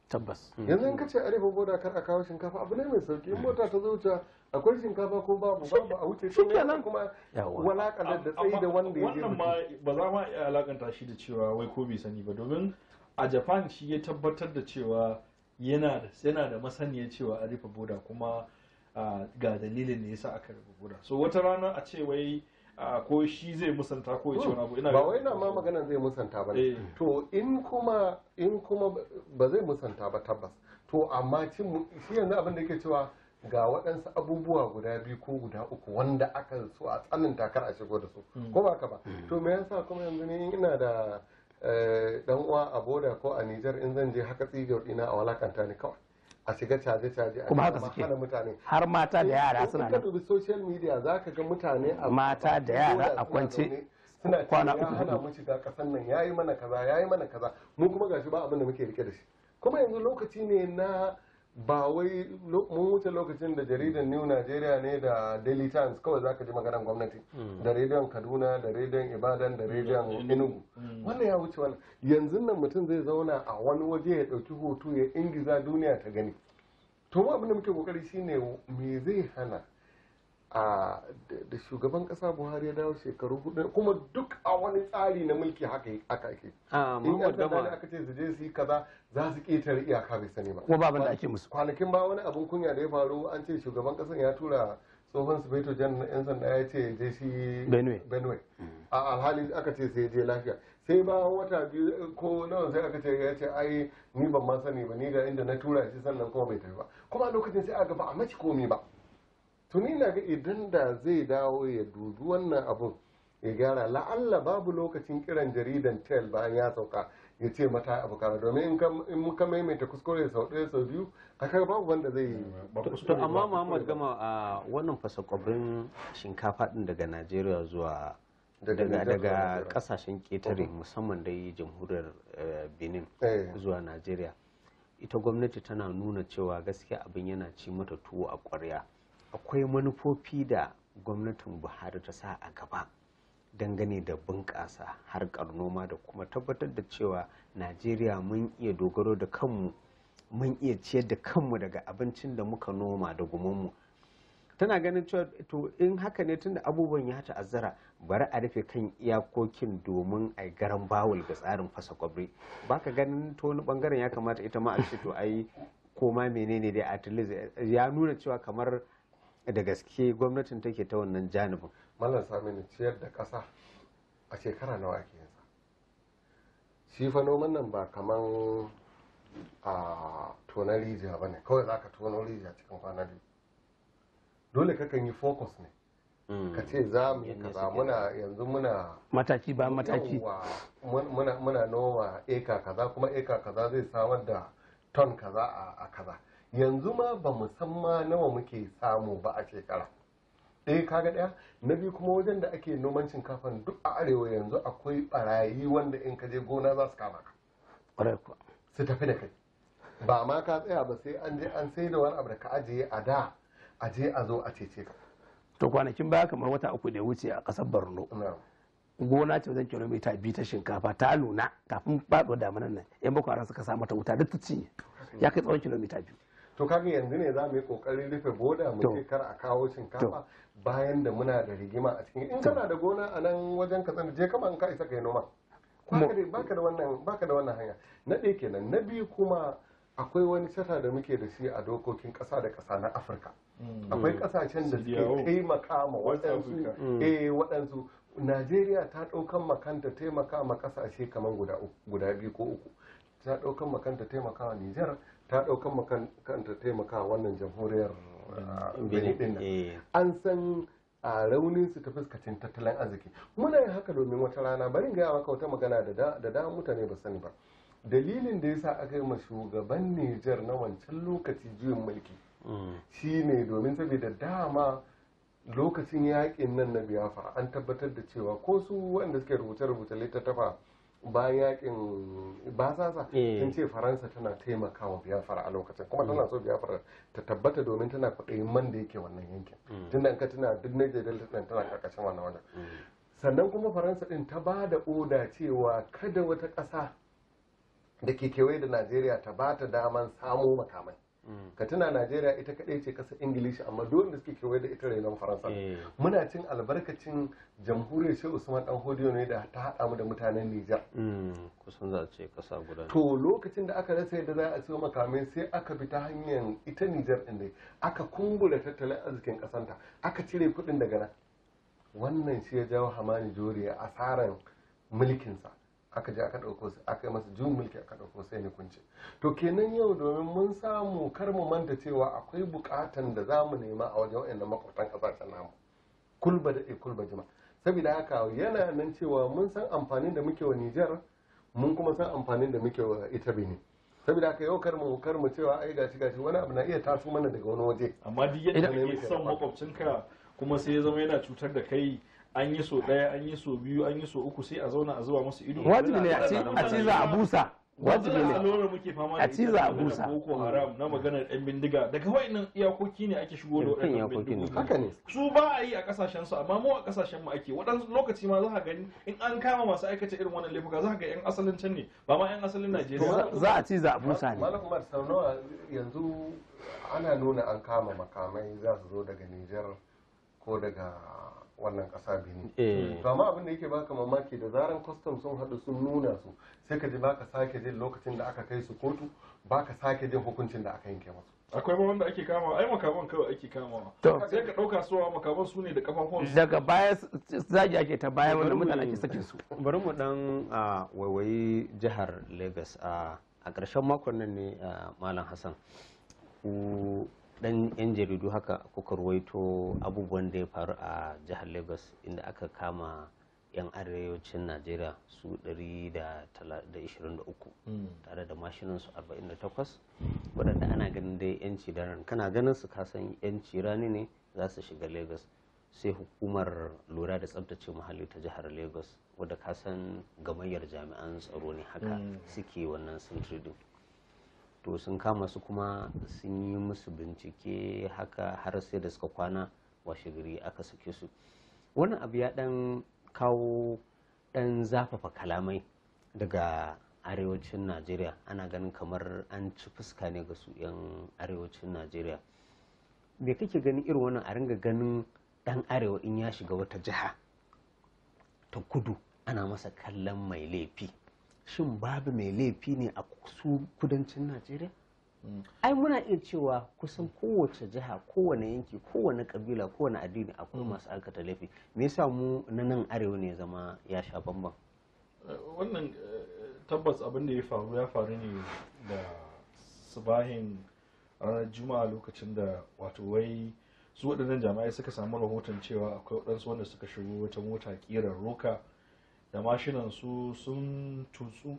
tabbas yanzu in kace arewa boda kar a kawo shinkafa abu ne mai sauki in mota ta zo wuce akwai shinkafa ko babu babu a wuce shi ne kuma walakalar da tsayi da wanda ya je wannan ba za ma iya alakanta shi da cewa wai ko bai sani ba domin a japan shi ya tabbatar da cewa yana da masaniyar cewa arifa boda kuma ga dalilin da yasa aka rubu gona so wata rana a ce wai ko shi zai musanta ko ya ce wani abu ina ba wai ma magana zai musanta ba eh. to in kuma in kuma ba zai musanta ba tabbas to amma cin shi yanzu abin da yake cewa ga waɗansu abubuwa guda biyu ko guda uku wanda aka so a tsanin takar a shigo da su hmm. ko ba ka ba hmm. to me yasa kuma yanzu ne ina da dan eh, uwa a boda ko a Nijar in zan je haka tsigar dina a walakanta ni kawai a shiga caje-caje kuma haka suke har mata da yara eh, suna nan dubi social media za ka ga mutane a mata da yara a kwance kwana uku hana mu shiga kasan nan yayi mana kaza ya yi mana kaza mu kuma gashi ba abin da muke rike da shi kuma yanzu lokaci ne na ba wai mun wuce lokacin da jaridan new nigeria ne da daily times kawai zaka ji maganar gwamnati hmm. da rediyon kaduna da rediyon ibadan da rediyon hmm. enugu wannan ya wuce wannan yanzu nan mutum zai zauna a wani waje ya dauki hoto ya ingiza duniya ta gani to abin da muke kokari shine me zai hana a da shugaban kasa buhari ya dawo shekaru hudu kuma duk a wani tsari na mulki haka aka ake in yan sanda ne aka ce su je su yi kaza za su ƙetare iyaka bai sani ba kuma baban da ake musu kwanakin ba wani abin kunya da ya faru an ce shugaban kasan ya tura tsohon su beto jan yan sanda ya ce je shi benue mm. a alhali aka ce sai je lafiya sai ba wata biyu ko nawa sai aka ce ya ce ai ni ban ma sani ba ni ga inda na tura shi sannan kuma bai tafi ba kuma lokacin sai aka ba a mace komi ba tuni na ga idan da zai dawo ya dubi wannan abun ya gyara la'alla babu lokacin kiran jaridan tel bayan ya sauka ya ce mata abu kaza domin in muka maimaita kuskure sau ɗaya sau biyu kakar babu wanda zai yi amma muhammad gama a wannan fasakwabin shinkafa din daga najeriya zuwa daga kasashen ketare musamman dai jamhuriyar eh, benin eh. zuwa najeriya ita gwamnati tana nuna cewa gaskiya abin yana ci mata tuwo a kwarya. akwai manufofi da gwamnatin buhari ta sa a gaba dangane da bunƙasa harkar noma da kuma tabbatar da cewa najeriya mun iya dogaro da kanmu mun iya ciyar da kanmu daga abincin da muka noma da gumanmu tana ganin cewa to in haka ne tunda abubuwan ya ta'azzara bari a rufe kan iyakokin domin a garan bawul ga tsarin fasa kwabri ba ka ganin to wani bangaren ya kamata ita ma a ce to ai koma menene dai a ya nuna cewa kamar da gaske gwamnatin take ta wannan janibin malam saminu ciyar da ƙasa a shekara nawa ake yin sa shi fa noman nan ba kaman a tonar rijiya ba ne kawai za ka tona rijiya cikin kwana biyu dole kakan yi focus ne hmm. ka ce za mu yi kaza muna yanzu muna mataki ba mataki muna noma eka kaza kuma eka kaza zai samar da ton kaza a kaza yanzu ma ba musamman nawa muke samu ba a shekara ɗaya eh, kaga ɗaya na biyu kuma wajen da ake noman shinkafan duk a arewa yanzu akwai barayi wanda in ka je gona za su kama ka su tafi da kai ba ma ka tsaya ba sai an je an sai da wani abu da ka ajiye a da a je a zo a cece ka to kwanakin baya kamar wata uku da ya wuce a ƙasar borno gona ce wajen kilomita biyu ta shinkafa ta nuna kafin faɗo damanan nan yan bakwara suka sa mata wuta duk ta cinye ya kai tsawon kilomita biyu to kaga yanzu ne za mu yi kokarin rufe boda mu ce kar a kawo shinkafa bayan da muna da rigima a cikin in kana da gona a nan wajen ka je kama in ka isa kai noma baka da wannan baka da wannan hanya na ɗaya kenan na biyu kuma akwai wani sata da muke da shi a dokokin ƙasa da ƙasa na afirka mm. akwai ƙasashen da suke taimaka ma waɗansu mm. eh waɗansu najeriya ta ɗaukan makanta taimaka ma ƙasashe kamar guda biyu ko uku ta ɗaukan makanta taimaka ma nijar ta ɗaukan kanta taimaka wannan jamhuriyar benin eh. an san a raunin su ta fuskacin tattalin arziki muna yin haka domin wata rana barin gaya maka wata magana da da mutane ba sani ba dalilin da ya yasa aka yi ma shugaban Nijar na wancan lokaci juyin mulki mm. shine domin saboda dama lokacin yakin nan na biyafa. an tabbatar da cewa ko su wanda suke rubuce-rubuce littattafa bayan yakin basasa eh. sun ce faransa tana taimakawa biyafara a lokacin kuma tana so biyafara ta tabbata domin tana kwaɗayin man da yake wannan yankin hmm. tun da tana duk niger delta tana karkashin wannan wannan hmm. sannan kuma faransa ɗin ta ba da oda cewa kada wata ƙasa da ke kewaye da najeriya ta ba ta daman samo makamai Mm. ka tuna najeriya ita kadai ce kasar ingilishi amma duk da suke kewaye da ita rainon faransa eh. muna cin albarkacin jamhuriyar shehu usman dan hodiyo ne da ta hada mu da mutanen nijar mm. kusan za ce kasa guda to lokacin da aka rasa yadda za a ci makamai sai aka bi ta hanyar ita nijar din aka kumbura tattalin arzikin kasanta aka cire kuɗin daga nan wannan shi ya jawo hamani jori asaran mulkinsa aka je aka ɗauko aka yi masa jin mulki aka ɗauko sai ne kunce to kenan yau domin mun samu kar mu manta cewa akwai buƙatan da za mu nema a wajen wa'annan makwabtan ƙasashen namu kulba da kulba jima saboda haka yana nan cewa mun san amfanin da muke wa Nijar mun kuma san amfanin da muke wa ita Benin saboda haka yau kar mu kar mu cewa ai gashi gashi wani abu na iya taso mana daga wani waje amma duk yadda kake son makwabcinka kuma sai ya zama yana cutar da kai an yi so daya an yi so biyu an yi so uku sai a zauna a zuba musu ido wajibi ne a ci za a busa wajibi ne a ci za a busa boko haram na maganar yan bindiga daga wayannan iyakoki ne ake shigo da wadannan bindiga. haka ne su ba a yi a kasashen su amma mu a kasashen mu ake wadan lokaci ma za ka gani in an kama masu aikata irin wannan laifuka za ka ga yan asalin can ne ba ma yan asalin Najeriya za a ci za a busa ne malam Umar Saunawa yanzu ana nuna an kama makamai za su zo daga Nijar ko daga wannan kasa benin eh. to amma abin da yake baka mamaki da zaran kwastam sun haɗu sun nuna su sai ka ji baka sake jin lokacin da aka kai su kotu baka sake jin hukuncin da aka yanke masu akwai ma wanda ake kama ai makaman kawai ake kama to sai ka dauka suwa makaban su ne da kafafuwan daga baya zagi ake ta baya wanda mutane ake sakin su bari mu dan waiwayi jihar Lagos a ƙarshen makon nan ne malam Hassan dan yan jaridu haka kuka ruwaito abubuwan da ya faru a jihar lagos inda aka kama yan arewacin najeriya su 123 hmm. tare da mashinansu 48 waɗanda ana ganin dai yanci da ran kana ganin su kasan yanci rani ne za su shiga lagos sai hukumar lura da tsabtace muhalli ta jihar lagos wadda kasan gamayyar jami'an tsaro ne haka hmm. suke wannan sintiri to sun kama su kuma sun yi musu bincike haka har sai da suka kwana washe gari aka suke su Wani abu ya dan kawo dan zafafa kalamai daga arewacin najeriya ana ganin kamar an ci fuska ne ga su 'yan arewacin najeriya me kake ganin irin wannan a ringa ganin dan arewa in ya shiga wata jiha ta kudu ana masa kallon mai laifi shin babu mai laifi ne a su kudancin najeriya mm. ai muna iya cewa kusan kowace jiha kowane yanki kowane kabila kowane addini akwai mm. masu aikata laifi me yasa mu na nan arewa ne zama ya sha bamban eh, wannan eh, tabbas abin da ya faru ya faru ne da subahin ranar juma'a lokacin da wato wai su waɗannan jama'ai suka samu rahoton cewa akwai waɗansu wanda suka shigo wata mota ƙirar roka da mashinan sun tutsu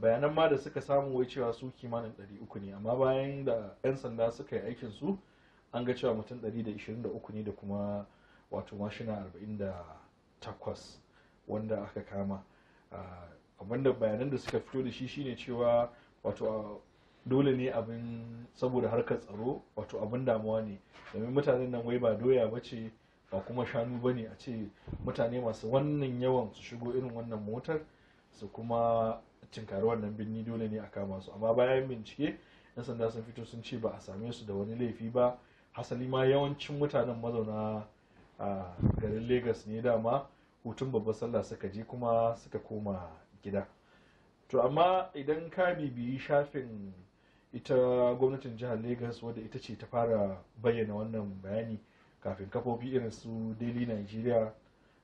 bayanan ma da suka samu wai cewa su kimanin 300 ne amma bayan da 'yan sanda suka yi aikin su an ga cewa mutum 123 ne da kuma wato mashina 48 wanda aka kama abinda bayanan da suka fito da shi shine cewa wato dole ne abin saboda harkar tsaro wato abin damuwa ne domin mutanen nan wai ba doya ba ce ba kuma shanu ba ne a ce mutane masu wannan yawan su shigo irin wannan motar su kuma cinkari wannan birni dole ne a kama su amma bayan bincike 'yan sanda sun fito sun ce ba a same su da wani laifi ba hasali ma yawancin mutanen mazauna a garin Legas ne dama hutun babbar sallah suka je kuma suka koma gida to amma idan ka bibiyi shafin ita gwamnatin jihar Legas wadda ita ce ta fara bayyana wannan bayani kafin kafofi irin su daily nigeria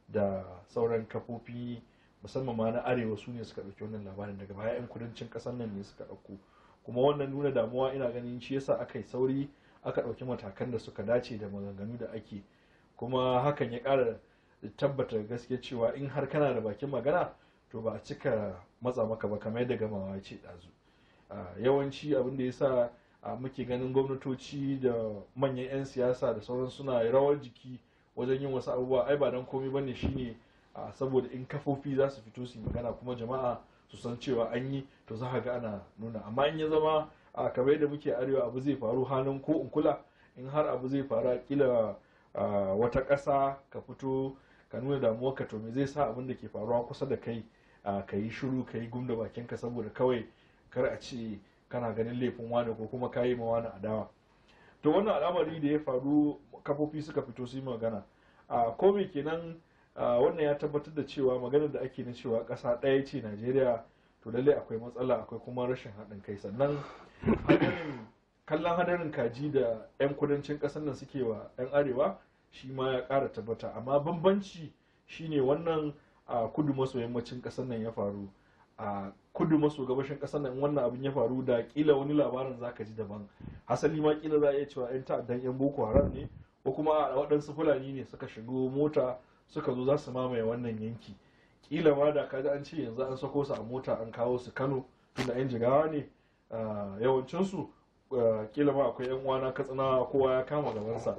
da sauran kafofi musamman ma na arewa su ne suka ɗauki wannan labarin daga baya 'yan kudancin ƙasar nan ne suka ɗauko kuma wannan nuna damuwa ina ganin shi yasa aka yi sauri aka ɗauki matakan da suka dace da maganganu da ake kuma hakan ya ƙara tabbata gaskiya cewa in har kana da bakin magana to ba a cika matsa maka ba kamar yadda gamawa ce ɗazu ah, yawanci abin da ya sa muke ganin gwamnatoci da manyan 'yan siyasa da sauran suna rawar jiki wajen yin wasu abubuwa ai ba don komai bane shine saboda in kafofi za su fito su magana kuma jama'a su san cewa an yi to za ga ana nuna amma in ya zama a kamar yadda muke arewa abu zai faru halin ko in kula in har abu zai faru a kila wata ƙasa ka fito ka nuna damuwa ka to me zai sa abin da ke faruwa kusa da kai ka yi shiru ka yi gumda bakinka saboda kawai kar a ce kana ganin laifin wani ko kuma kayi ma wani adawa to wannan al'amari da ya faru kafofi suka fito su yi magana a komi kenan wannan ya tabbatar da cewa maganar da ake na cewa kasa ɗaya ce najeriya to lallai akwai matsala akwai kuma rashin haɗin kai sannan kallon hadarin kaji da 'yan kudancin ƙasar nan suke wa 'yan arewa shi ma ya ƙara tabbata amma bambanci shine wannan a kudu maso yammacin ƙasar nan ya faru a kudu maso gabashin kasar nan wannan abin ya faru da kila wani labarin zaka ji daban hasali ma kila za a iya cewa yan ta'addan yan boko haram ne ko kuma waɗansu fulani ne suka shigo mota suka zo za su mamaye wannan yanki kila ma da kaji an ce yanzu an sako su a mota an kawo su kano tunda yan jigawa ne yawancinsu kila ma akwai yan uwana katsina kowa ya kama gabansa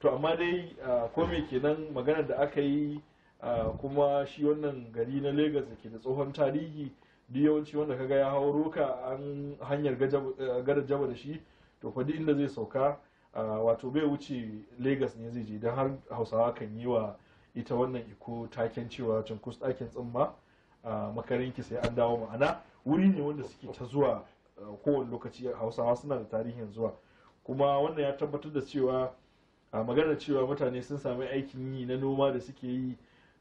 to amma dai ko me kenan maganar da aka yi kuma shi wannan gari na Legas da ke da tsohon tarihi duk yawanci wanda kaga ya hau roka an hanyar gara eh, jaba da shi to fa inda zai sauka wato bai wuce Legas ne zai je don har hausawa kan yi wa ita wannan iko taken cewa cunkus ɗakin tsimma makarinki sai an dawo ma'ana wuri ne wanda suke ta zuwa kowane lokaci hausawa suna da tarihin zuwa kuma wannan ya tabbatar da cewa a maganar cewa mutane sun sami aikin yi na noma da suke yi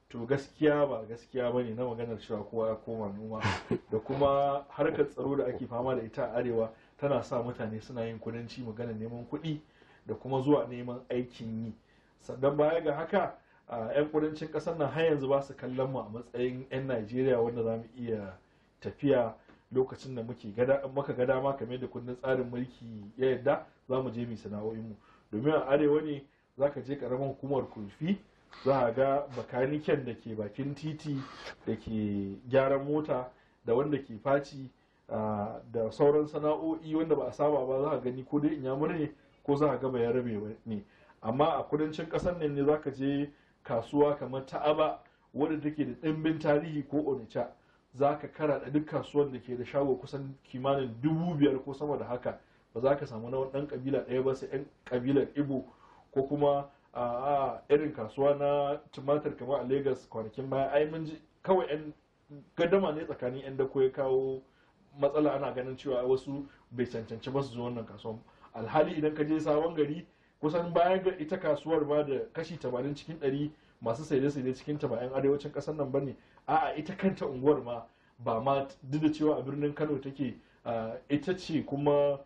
to gaskiya ba gaskiya ba ne na maganar cewa kowa ya koma noma da kuma harkar tsaro da ake fama da ita a arewa tana sa mutane suna yin kudanci magana neman kuɗi da kuma zuwa neman aikin yi sannan baya ga haka a yan kudancin ƙasar nan har yanzu ba su kallon mu a matsayin yan najeriya wanda za mu iya tafiya lokacin da muke maka gada ma kamar da kundin tsarin mulki ya yadda za mu je mu mu domin a arewa ne za ka je ƙaramin hukumar kurfi za a ga bakaniken da ke bakin titi da ke gyaran mota da wanda ke faci da sauran sana'o'i wanda ba a saba ba za a gani ko dai inya ne ko za a ga ya rabe ne amma a kudancin kasar nan ne za ka je kasuwa kamar ta'aba wadda take da ɗimbin tarihi ko onica za ka kara da duk kasuwar da ke da shago kusan kimanin dubu biyar ko sama da haka ba za ka samu na ɗan ƙabila ɗaya ba sai ɗan ƙabilar ibo ko kuma a irin kasuwa na tumatir kama a lagos kwanakin baya ai mun ji kawai yan gadama ne tsakanin yan dako ya kawo matsala ana ganin cewa wasu bai cancanci ba su zo wannan kasuwan alhali idan ka je sabon gari kusan bayan ga ita kasuwar ba da kashi 80 cikin ɗari masu saide-saide cikin ta bayan arewacin kasar nan ba ne. a'a ita kanta unguwar ma ba ma duk da cewa a birnin kano take ita ce kuma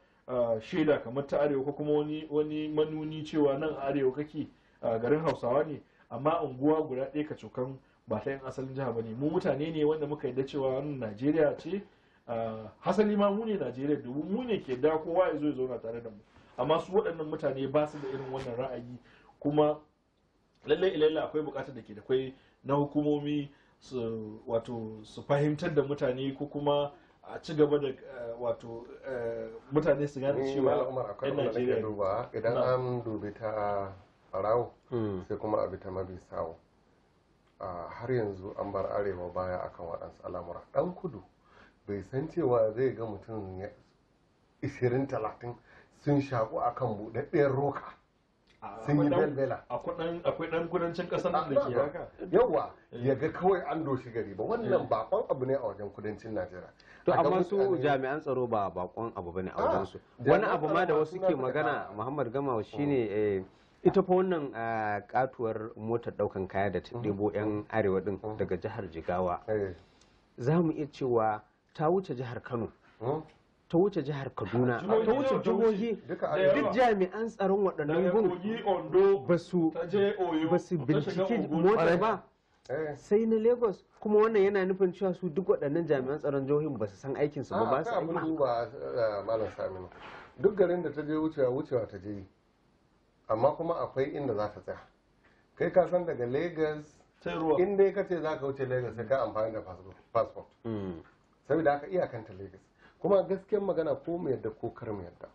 shaida kamar ta arewa ko kuma wani manuni cewa nan arewa kake garin hausawa ne amma unguwa guda ɗaya ka cokan ba ta yin asalin jiha ba ne mu mutane ne wanda muka yi dacewa wannan najeriya ce hasali ma mu ne najeriya domin mu ne ke da kowa ya zo ya zauna tare da mu amma su waɗannan mutane ba su da irin wannan ra'ayi kuma lallai ilalla akwai buƙatar da ke da kwai na hukumomi su wato su fahimtar da mutane ko kuma a ci gaba da wato mutane su gane eh, cewa yan najeriya idan an dubi ta barawo mm. sai kuma a ta mabi sawo har yanzu an bar arewa baya akan waɗansu al'amura ɗan kudu bai san cewa zai ga mutum ishirin talatin sun shaku akan buɗaɗɗiyar roka sun yi belbela akwai ɗan kudancin ƙasar da ke haka yawa eh. ya ga kawai an doshi gari ba wannan eh. bakon abu ne a wajen kudancin najera to amma su jami'an tsaro ba bakon abu ne a wajen su wani abu ma da wasu ke magana muhammad gama shine mm. eh, ita fa wannan ah, katuwar motar daukan kaya da ta mm-hmm. ɗebo 'yan mm-hmm. arewa din mm-hmm. daga jihar jigawa eh. za mu iya cewa ta wuce jihar kano ta wuce jihar kaduna ta wuce jihohi duk jami'an tsaron waɗannan gun ba su bincike motar ba eh. sai na lagos kuma wannan yana nufin cewa su duk waɗannan jami'an tsaron jihohin ba su san aikinsu ba ba su ah, aiki eh, duk garin da ta je wucewa wucewa ta je yi. amma kuma akwai inda za ka tsaya kai ka san daga lagos in dai ka ce za ka wuce lagos sai ka amfani da passport hmm. saboda haka iyakanta lagos kuma gaskiyar magana ko mu yadda ko kar mu yadda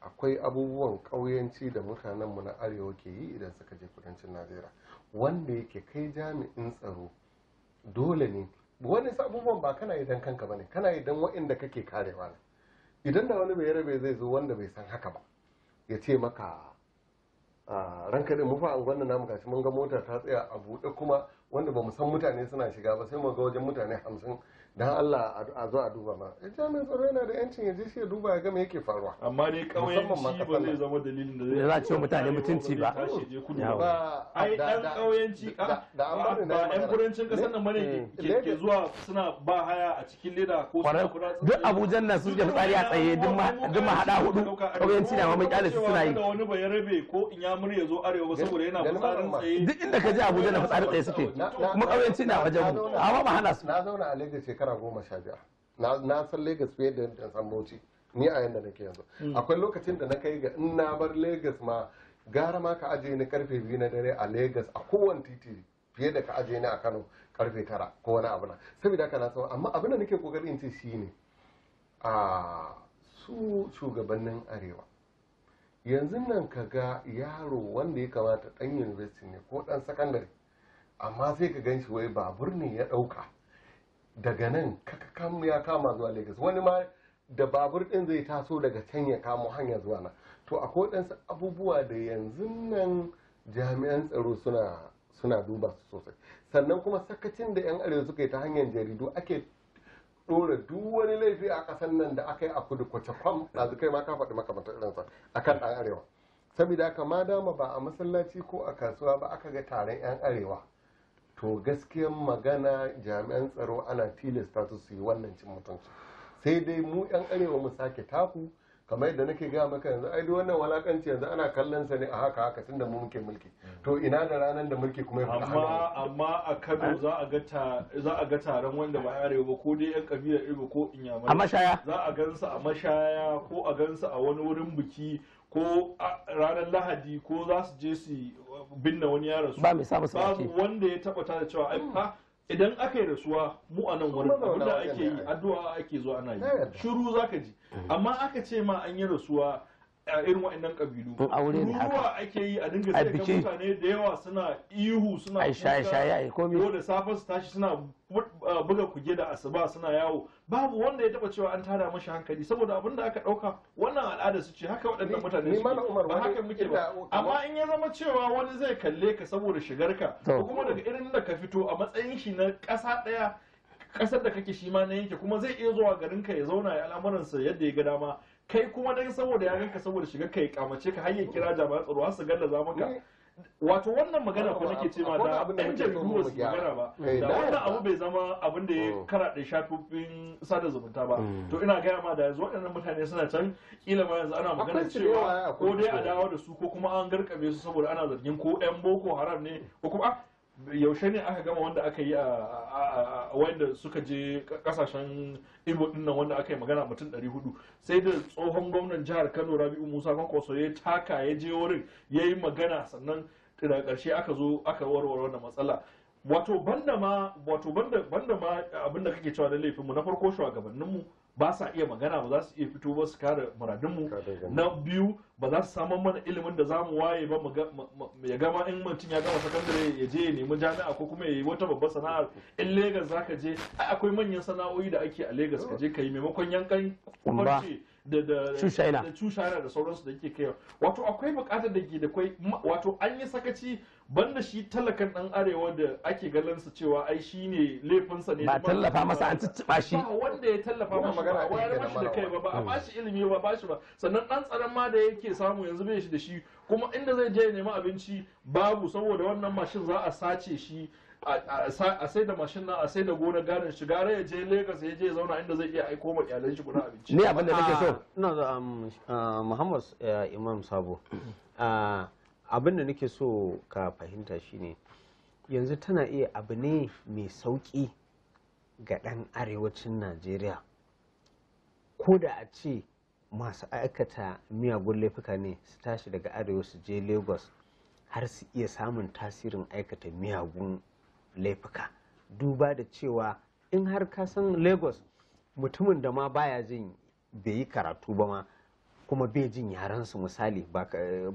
akwai abubuwan ƙauyenci da mutanen mu na arewa ke yi idan suka je kudancin najeriya wanda yake kai jami'in tsaro dole ne wani abubuwan ba kana idan kanka bane kana idan waɗanda kake karewa ne idan da wani bai rabe zai zo wanda bai san haka ba ya ce maka ranka kaɗai mu fa an gwanna namu gashi mun ga mota ta tsaya a buɗe kuma wanda ba mu san mutane suna shiga ba sai mu ga wajen mutane hamsin dan Allah a zo a duba ma eh, jami'in tsaro yana da yancin ya je shi ya duba ya gama yake faruwa amma dai kauyanci ba zai zama dalilin da zai ce mutane mutunci ba ai dan kauyanci ah, ba yan kudancin kasar nan bane eh, ke zuwa suna ba haya a cikin leda ko suna kura duk abujan nan su je fitsari a tsaye duk ma hada hudu kauyanci na mamun kyale su suna yi da wani bai rabe ko in ya murya zo arewa saboda yana fitsarin tsaye duk inda ka je Abuja na fitsarin tsaye suke kuma ƙauyenci na wajen mu amma ba hana su na zauna a lagos shekara shekara goma sha biyar na san Legas fiye da yadda san Bauchi ni a yadda nake yanzu mm. akwai lokacin da na kai ga in na bar Legas ma gara ma ka ajiye ni karfe biyu na dare a Legas a kowane titi fiye da ka ajiye ni a Kano karfe tara ko wani abu na saboda haka na san amma abin da nake kokarin in shi ne a su shugabannin arewa yanzu nan ka ga yaro wanda ya kamata dan university ne ko dan sakandare amma sai ka gan shi wai babur ne ya dauka daga nan kamu ya kama zuwa lagos wani ma da babur din zai taso daga can ya kama hanya zuwa nan to akwai waɗansu abubuwa da yanzu nan jami'an tsaro suna suna duba su sosai sannan kuma sakacin da 'yan arewa suka yi ta hanyar jaridu ake dora duk wani laifi a ƙasar nan da aka yi a kudu kwace kwam ɗazu kai ma ka faɗi makamantar irinsa a kan ɗan arewa saboda haka ma dama ba a masallaci ko a kasuwa ba aka ga taron 'yan arewa to gaskiyan magana jami'an tsaro ana tilasta su su yi wannan cin mutunci sai dai mu yan arewa mu sake taku kamar yadda nake gaya maka yanzu ai wannan walakanci yanzu ana kallon sa ne a haka haka tunda mu muke mulki to ina da ranar da mulki kuma ya amma amma a Kano eh? za a ga za a ga taron wanda ba arewa ba ko dai yan kabilar Igbo ko Inyamuri a mashaya za a gansa a mashaya ko a gansa a wani wurin biki ko ranar Lahadi ko za su je su binne wani ya rasu ba mai samu sauki babu wanda ya taba ta cewa ai fa idan aka yi rasuwa mu a nan wurin abin da ake yi addu'a ake zuwa ana yi eh. shiru zaka ji eh. amma aka ce ma an yi rasuwa a irin waɗannan ƙabilu in aure ne haka ake yi a dinga sai mutane da yawa suna ihu suna ai ai komai ko da safe su tashi suna buga kuge da asuba suna yawo babu wanda ya taba cewa an tada mashi hankali saboda abin da aka dauka wannan al'ada su ce haka waɗannan mutane su ba haka muke ba amma in ya zama cewa wani zai kalle ka saboda shigarka ko kuma daga irin da ka fito a matsayin shi na ƙasa ɗaya kasar da kake shi ma na yanke kuma zai iya zuwa garin ka ya zauna ya al'amuransa yadda ya ga dama kai kuma dan saboda ya ganka saboda shiga kai kamace ka hanyar kira jami'an tsaro har su gallaza maka eh. wato wannan magana ko nake cewa da abin jaridu ba su magana ba eh, da wannan abu bai zama abin da ya mm. karaɗe shafofin sada zumunta ba mm. to ina gaya ma da yanzu waɗannan mutane suna can kila ma yanzu ana magana cewa ko dai a dawo da su ko kuma an garkame su saboda ana zargin ko yan boko haram ne ko kuma ah, yaushe ne aka gama wanda aka yi a wanda suka je kasashen ibo dinnan wanda aka yi magana mutum 400 sai da tsohon gwamnan jihar kano rabi'u musa kwankwaso ya taka ya je wurin ya yi magana sannan da karshe aka zo aka warware wannan matsala wato banda ma wato banda ma abinda kake cewa da laifinmu na farko shugabanninmu ba sa iya magana ba za su iya fito ba su kare mu. na biyu ba za su samu mana ilimin da zamu waye ba ya gama in mutum ya gama sakandare ya je ya nemi jami'a ko kuma ya yi wata babbar sana'ar in Legas za ka je akwai manyan sana'o'i da ake a Legas ka je ka yi maimakon yankan kwarce da da da da sauransu da ke kaiwa wato akwai bukatar da ke da kai wato an yi sakaci banda shi talakan dan arewa da ake ganin su cewa ai shi ne laifinsa ne ba tallafa masa an cicciba shi ba wanda ya tallafa masa ba ya mashi da kai ba ba a hmm. bashi ilimi ba bashi ba sannan dan tsaron ma da yake samu yanzu bai shi da shi kuma inda zai je ya nemi abinci babu saboda wannan mashin za a sace shi a sai da mashin nan a sai da gona garin shiga rai ya je Lagos ya je zauna inda zai iya aiko ma iyalan shi kudin abinci ni abin da nake so ina ah, da um, uh, Muhammad uh, Imam Sabo ah, abin da nake so ka fahimta shine yanzu tana iya abu ne mai sauƙi ga ɗan arewacin najeriya ko da a ce masu aikata miyagun laifuka ne su tashi daga arewa su je lagos har su iya samun tasirin aikata miyagun laifuka duba da cewa in har ka san lagos mutumin da ma baya jin bai yi karatu ba ma kuma bai jin yarensu misali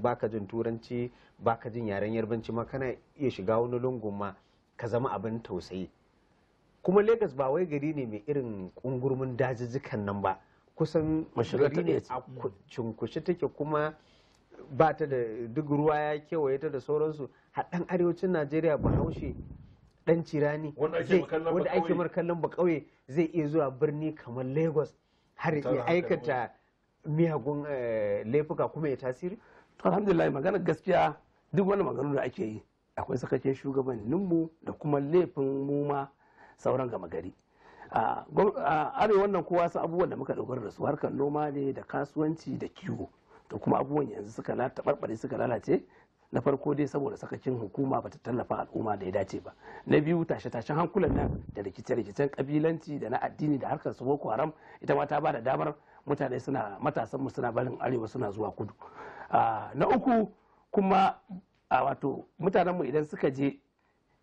baka jin turanci baka jin yaren yarbanci ma kana iya shiga wani lungun ma ka zama abin tausayi kuma Legas ba wai gari ne mai irin kungurmin dajijikan nan ba kusan gari ne a cunkushe take kuma ba ta da duk ruwa ya kewaye ta da sauransu haɗan arewacin najeriya bahaushe dan cirani wanda ake mar kallon ba kauye zai iya zuwa birni kamar lagos har ya aikata miyagun eh, laifuka kuma ya tasiri alhamdulillah magana gaskiya duk wani maganu da ake yi akwai sakacin shugabanninmu da kuma laifin mu ma sauran gama gari arewa nan kowa su abubuwan da muka dogara da su harkar noma ne da kasuwanci da kiwo to kuma abubuwan yanzu suka taɓarɓare suka lalace na farko dai saboda sakacin hukuma ba ta tallafa al'umma da ya dace ba na biyu tashe-tashen hankulan nan da rikice-rikicen kabilanci da na addini da harkar su boko haram ita ma ta ba da damar mutane suna matasan mu suna barin arewa suna zuwa kudu ah, na uku kuma a ah, wato mutanen mu idan suka je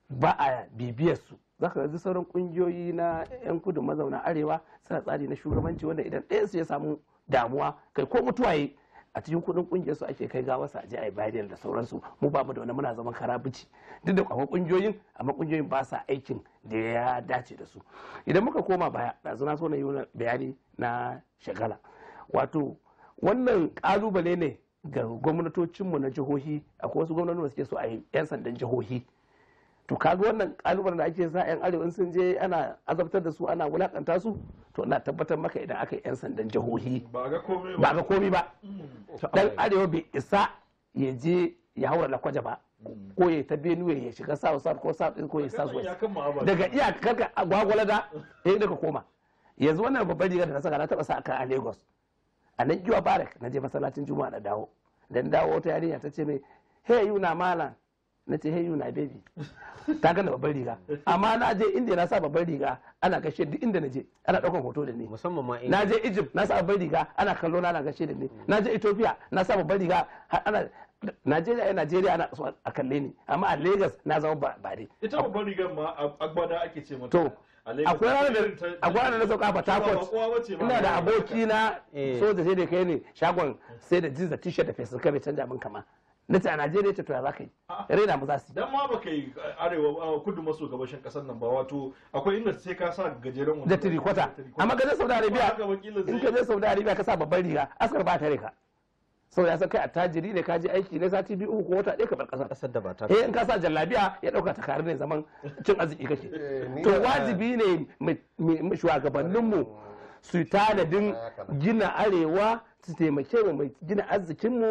ba a bibiyar su zaka ga sauran kungiyoyi na yan kudu mazauna arewa suna tsari na shugabanci wanda idan ɗayan su ya samu damuwa kai ko mutuwaye a cikin kudin kungiyar su ake kai gawarsa a je a yi da sauransu mu ba mu da wani muna zaman karabici duk da akwai kungiyoyin amma kungiyoyin ba sa aikin da ya dace da su idan muka koma baya ɗazu na so na yi bayani na shagala wato wannan kalubale ne ga gwamnatocinmu na jihohi akwai wasu gwamnati da suke so a yi 'yan sandan jihohi to kaga wannan kalubar da ake sa yan arewa sun je ana azabtar da su ana wulakanta su to ina tabbatar maka idan aka yan sandan jihohi ba ga komai ba dan mm. arewa bai isa ya je ya haura kwaja ba mm. ko ya ta benue ya shiga south south ko south ko ya south daga iya ka gwagwala da eh daga koma yanzu wannan babbar rigar da na saka na taba sa aka a lagos a nan giwa barak na je masallacin juma'a na dawo dan dawo wata yarinya ta ce mai hey yuna malam na ce hey na baby ta gana babbar riga amma na je inda na sa babbar riga ana kashe duk inda na je ana daukan hoto da ni musamman ma na je Egypt na sa babbar riga ana kallo na ana kashe da ni na je Ethiopia na sa babbar riga ana Najeriya ya eh, Najeriya ana so a kalle ni amma a Lagos na zama ba bare ita babbar rigar ma agbada ake ce mata to akwai ranar da akwai ranar da sauka Port Harcourt ina da aboki na da eh. sai da kai ne shagon sai da jeans da t-shirt da face kai bai canja min kama na ce a najeriya ce to ya za yi ah. raina mu za su dan ma baka yi arewa kudu maso gabashin kasar nan ba wato akwai inda sai ka sa gajeren wani da tirikota amma ka je saudi arabia in ka je saudi arabia ka sa babban riga askar ba tare ka sau ya kai attajiri ne ka je aiki ne sati biyu uku ko wata ɗaya ka bar ƙasar da ba ta eh in ka sa jallabiya ya ɗauka ta kare ne zaman cin arziki kake eh, to wajibi ne mu shugabanninmu su tanadin gina arewa su taimake mu mai gina arzikinmu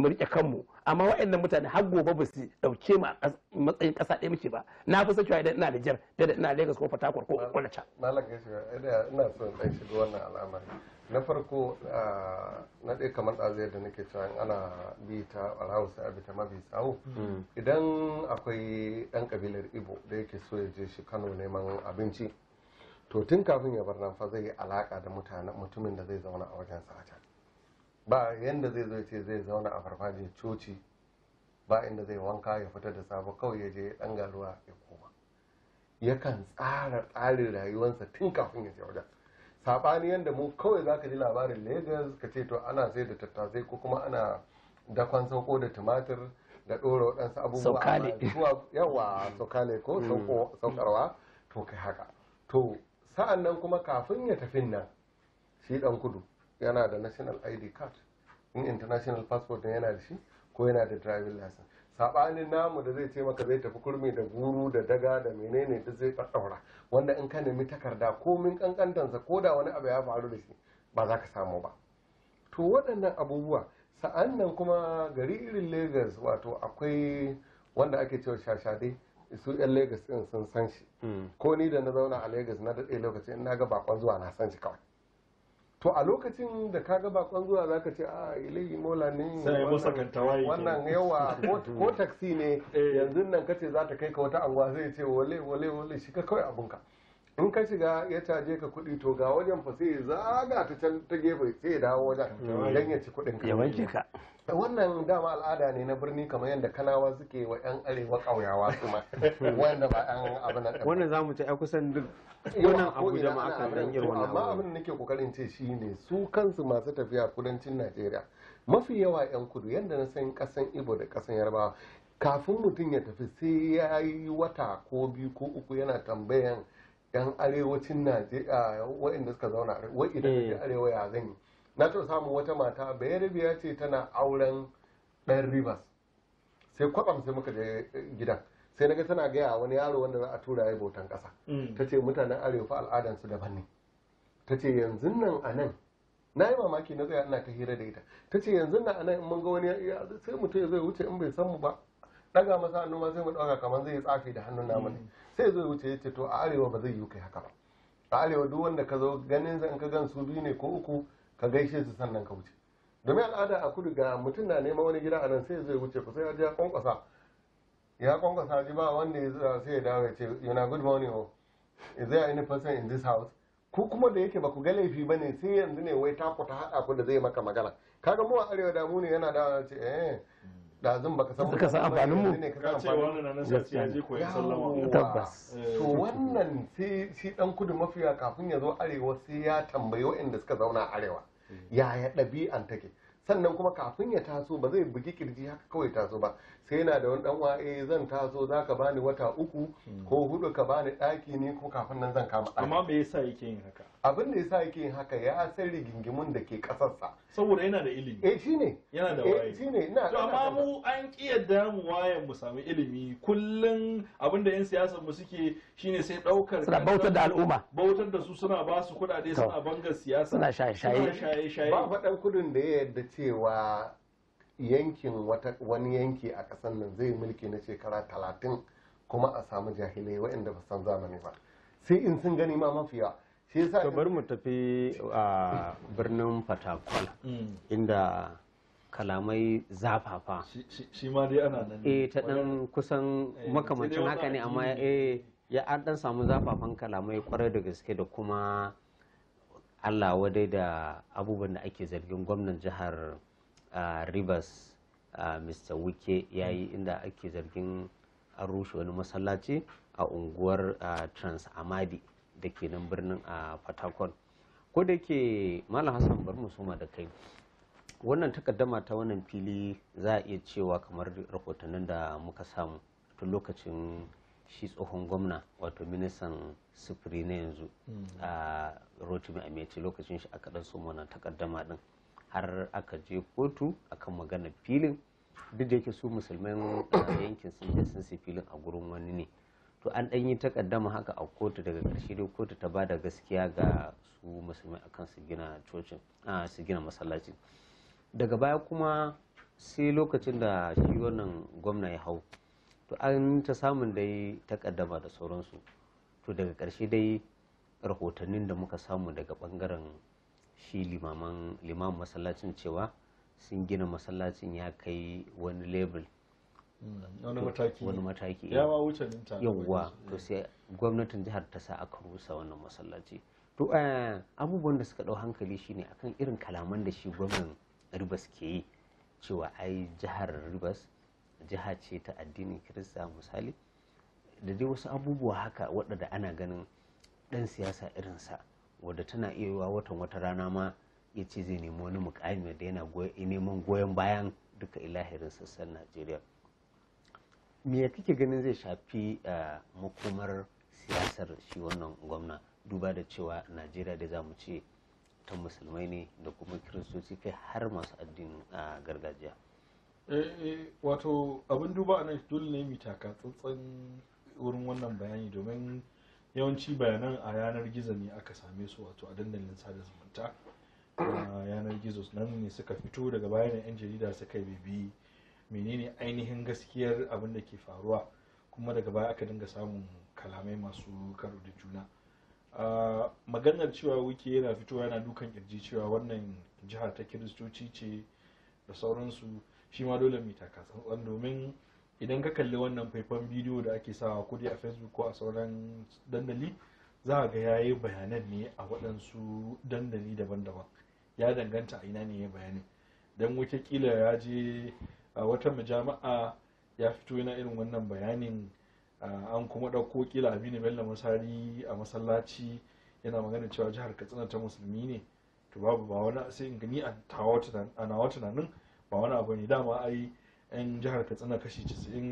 mu rike kanmu amma waɗannan mutane har gobe ba su dauke mu a matsayin ƙasa ɗaya muke ba na fi sakewa idan ina jar da ina Lagos ko Port ko Kwalacha malam shi ina ina son dan shiga wannan alamar na farko na ɗaya kamar ɗaziyar da nake cewa ana bi ta alhausa abi ta mabi tsawo hmm. idan akwai ɗan ƙabilar ibo da yake so ya je shi kano neman abinci to tun kafin ya bar nan fa zai yi alaka da mutumin da zai zauna a wajen sata, ba yanda zai zo ce zai zauna a farfajiyar coci ba inda zai wanka ya fita da sabo kawai ya je ya dan garuwa ya koma yakan tsara tsarin rayuwarsa tun kafin ya je wajen saɓani yadda mu kawai za ka ji labarin lagos ka ce to ana sai da tattasai ko kuma ana dakon sauko da tumatir da ɗora waɗansu abubuwa yawa sokale ko mm. saukarwa to kai haka to sa'an nan kuma kafin ya tafi nan shi dan kudu yana da national id card in international passport ne yana da shi ko yana da driving license sabanin namu da zai ce maka zai tafi kurmi da guru da daga da menene duk zai ɗaɗɗaura wanda in ka nemi takarda ko min kankantansa ko da wani abu ya faru da shi ba za ka samu ba to waɗannan abubuwa sa'an nan kuma gari irin lagos wato akwai wanda ake cewa shashade su yan Legas din sun san shi hmm. ko ni da na zauna a Legas na daɗe lokaci in na ga bakon zuwa na san shi kawai to a lokacin da ka ga bakon zuwa za ka ce a ilayi mola ne wannan yawa ko taxi ne eh. yanzu nan ka ce za ta kai ka wata anguwa zai ce wale wale wale shi ka kawai abinka in ka shiga ya caje ka kuɗi to ga wajen fa sai zaga ta can ta gefe sai ya dawo wajen don ya ci kuɗin ka wannan dama al'ada ne na birni kamar yadda kanawa suke wa yan arewa kauyawa su ma wanda ba yan abin nan wannan zamu ce ai kusan duk wannan abu jama'a kan dan irin wannan amma abin da nake kokarin ce shine su kansu masu tafiya kudancin Najeriya mafi yawa yan kudu yadda na san kasan Ibo da kasan Yarbawa kafin mutum ya tafi sai ya yi wata ko biyu ko uku yana tambayan yan arewacin Najeriya waɗanda suka zauna wai idan eh. arewa ya zan yi na taɓa samun wata mata bayarabiya ce tana auren ɗan rivers sai kwaɓam sai muka je eh, gidan sai naga tana gaya wani yaro wanda za a tura ya bautan ƙasa mm. ta ce mutanen arewa al'adan al'adansu daban ne ta ce yanzu nan a nan na yi mamaki na ina ta hira da ita ta ce yanzu nan a nan in mun ga wani sai mutum ya zai wuce in bai san mu ba daga masa hannu ma sai mu ɗauka kamar zai tsafi da hannun namu ne mm. sai zai wuce ya ce to a arewa ba zai yi kai haka ba a arewa duk wanda ka zo ganin zan ka gan su biyu ne ko uku ka gaishe su sannan ka wuce domin al'ada a kudu ga mutum na neman wani gida a nan sai zai wuce kusa ya ji ya kwankwasa ya kwankwasa ji ba wanda ya zuwa sai ya dawo ya ce yana good morning o oh. is there any person in this house ku kuma da yake ba ku ga laifi ba ne sai yanzu ne wai taku ta haɗa ku da zai maka magana kaga mu a arewa damu ne yana dawo ya ce eh da zan baka san ka san amfanin mu ka ya je koyi sallama tabbas to wannan sai shi dan kudu mafiya kafin ya zo arewa sai ya tambayi waɗanda suka zauna arewa yaya ɗabi'an take sannan kuma kafin ya taso ba zai bugi kirji haka kawai taso ba sai yana da wani dan wa'e eh, zan taso za ka bani wata uku ko hudu ka bani ɗaki ne ko kafin nan zan kama amma me yasa yake yin haka abin da ya sa yake yin haka ya san rigingimun da ke kasarsa saboda yana da ilimi eh ne yana da eh, waye ne ina to amma mu an da mu wayan mu samu ilimi kullun abin da yan siyasar mu suke shine sai daukar suna bautar da al'umma bautar da su suna ba su kuɗaɗe suna bangar siyasa suna shaye shaye ba faɗan kudin da ya yadda cewa yankin wani yanki a ƙasar nan zai mulki na shekara talatin kuma a samu jahilai waɗanda ba san zamani ba sai in sun gani ma mafiya shi yasa bari mu tafi a birnin fatakwal mm. inda kalamai zafafa shi ma dai ana nan eh ta dan kusan eh, makamancin haka ne amma eh ya an dan samu zafafan kalamai kwarai da gaske da kuma Allah wadai da abubuwan da ake zargin gwamnan jihar Rivers Mr. Wike yayi inda ake zargin an rushe wani masallaci a unguwar Trans Amadi. da ke nan birnin a fatakon ko da yake malam hassan bar mu soma da kai wannan takaddama ta wannan fili za a iya cewa kamar rahotannin da muka samu tun lokacin shi tsohon gwamna wato ministan sufuri na yanzu hmm. a rotimi a mece lokacin shi aka ɗan soma wannan takaddama din har aka je kotu akan magana filin duk da yake su musulman yankin sun je sun sai filin a gurin wani ne to an ɗan yi takaddama haka a kotu daga ƙarshe dai kotu ta da gaskiya ga su musulmai akan su gina cocin su gina masallaci daga baya kuma sai lokacin da shi wannan gwamna ya hau to an ta samun dai takaddama da sauransu to daga ƙarshe dai rahotannin da muka samu daga ɓangaren shi limaman limamin masallacin cewa sun gina masallacin ya kai wani label Mm. wani mataki wani mataki ya eh. ma wuce yawwa to eh. sai gwamnatin jihar ta sa aka rusa wannan masallaci to eh, abubuwan da suka dau hankali shine akan irin kalaman da shi gwamnan ribas ke yi cewa ai jihar ribas jiha ce ta addinin kirista misali da dai wasu abubuwa haka waɗanda ana ganin ɗan siyasa irin sa wadda tana iya yiwa watan wata rana ma ya ce zai nemi wani mukami da yana neman goyon bayan duka ilahirin sassan najeriya me kake ganin zai shafi eh, makomar siyasar shi wannan gwamna duba da cewa najeriya da za mu ce ta musulmai ne da kuma kiristoci kai har masu addinin gargajiya eh, eh, wato abin duba nan dole ne mai taka tsantsan wurin wannan bayani domin yawanci bayanan a yanar gizo ne aka same su wato a dandalin sada zumunta yanar gizo nan ne suka fito daga bayanan yan jarida suka bibi menene ainihin gaskiyar abin da ke faruwa kuma daga baya aka dinga samun kalamai masu karo da juna ah, maganar cewa wiki yana fitowa yana dukan kirji cewa wannan jihar ta kiristoci ce da sauransu shi ma dole mai taka tsantsan domin idan ka kalli wannan faifan bidiyo da ake sawa kudi a facebook ko a sauran dandali za a ga ya yi bayanan ne a waɗansu dandali daban-daban ya danganta a ina ne ya bayanin don wata kila ya je a wata majama'a ya fito yana irin wannan bayanin an kuma ɗauko kila aminu bello Masari a masallaci yana magana cewa jihar katsina ta musulmi ne to babu ba wani sai in gani a nawa tunanin ba wani abu ne dama ai yan jihar katsina kashi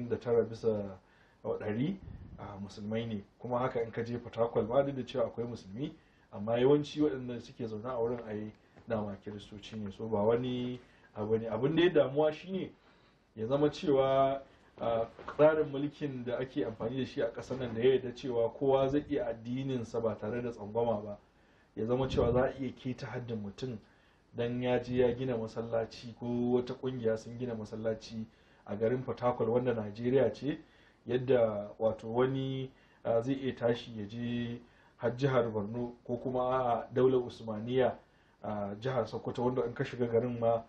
da tara bisa ɗari a musulmai ne kuma haka in ka je fatakwal ba duk da cewa akwai musulmi amma yawanci waɗanda suke zaune a wurin ai dama kiristoci ne so ba wani abu ne abin da ya damuwa shine ya zama cewa tsarin mulkin da ake amfani da shi a ƙasar nan da ya yarda cewa kowa zai iya addininsa ba tare da tsangwama ba ya zama cewa za a iya keta haddin mutum dan ya je ya gina masallaci ko wata ƙungiya sun gina masallaci a garin fatakwal wanda najeriya ce yadda wato wani zai iya tashi ya je har jihar borno ko kuma a daular usmaniya a jihar sokoto wanda in ka shiga garin ma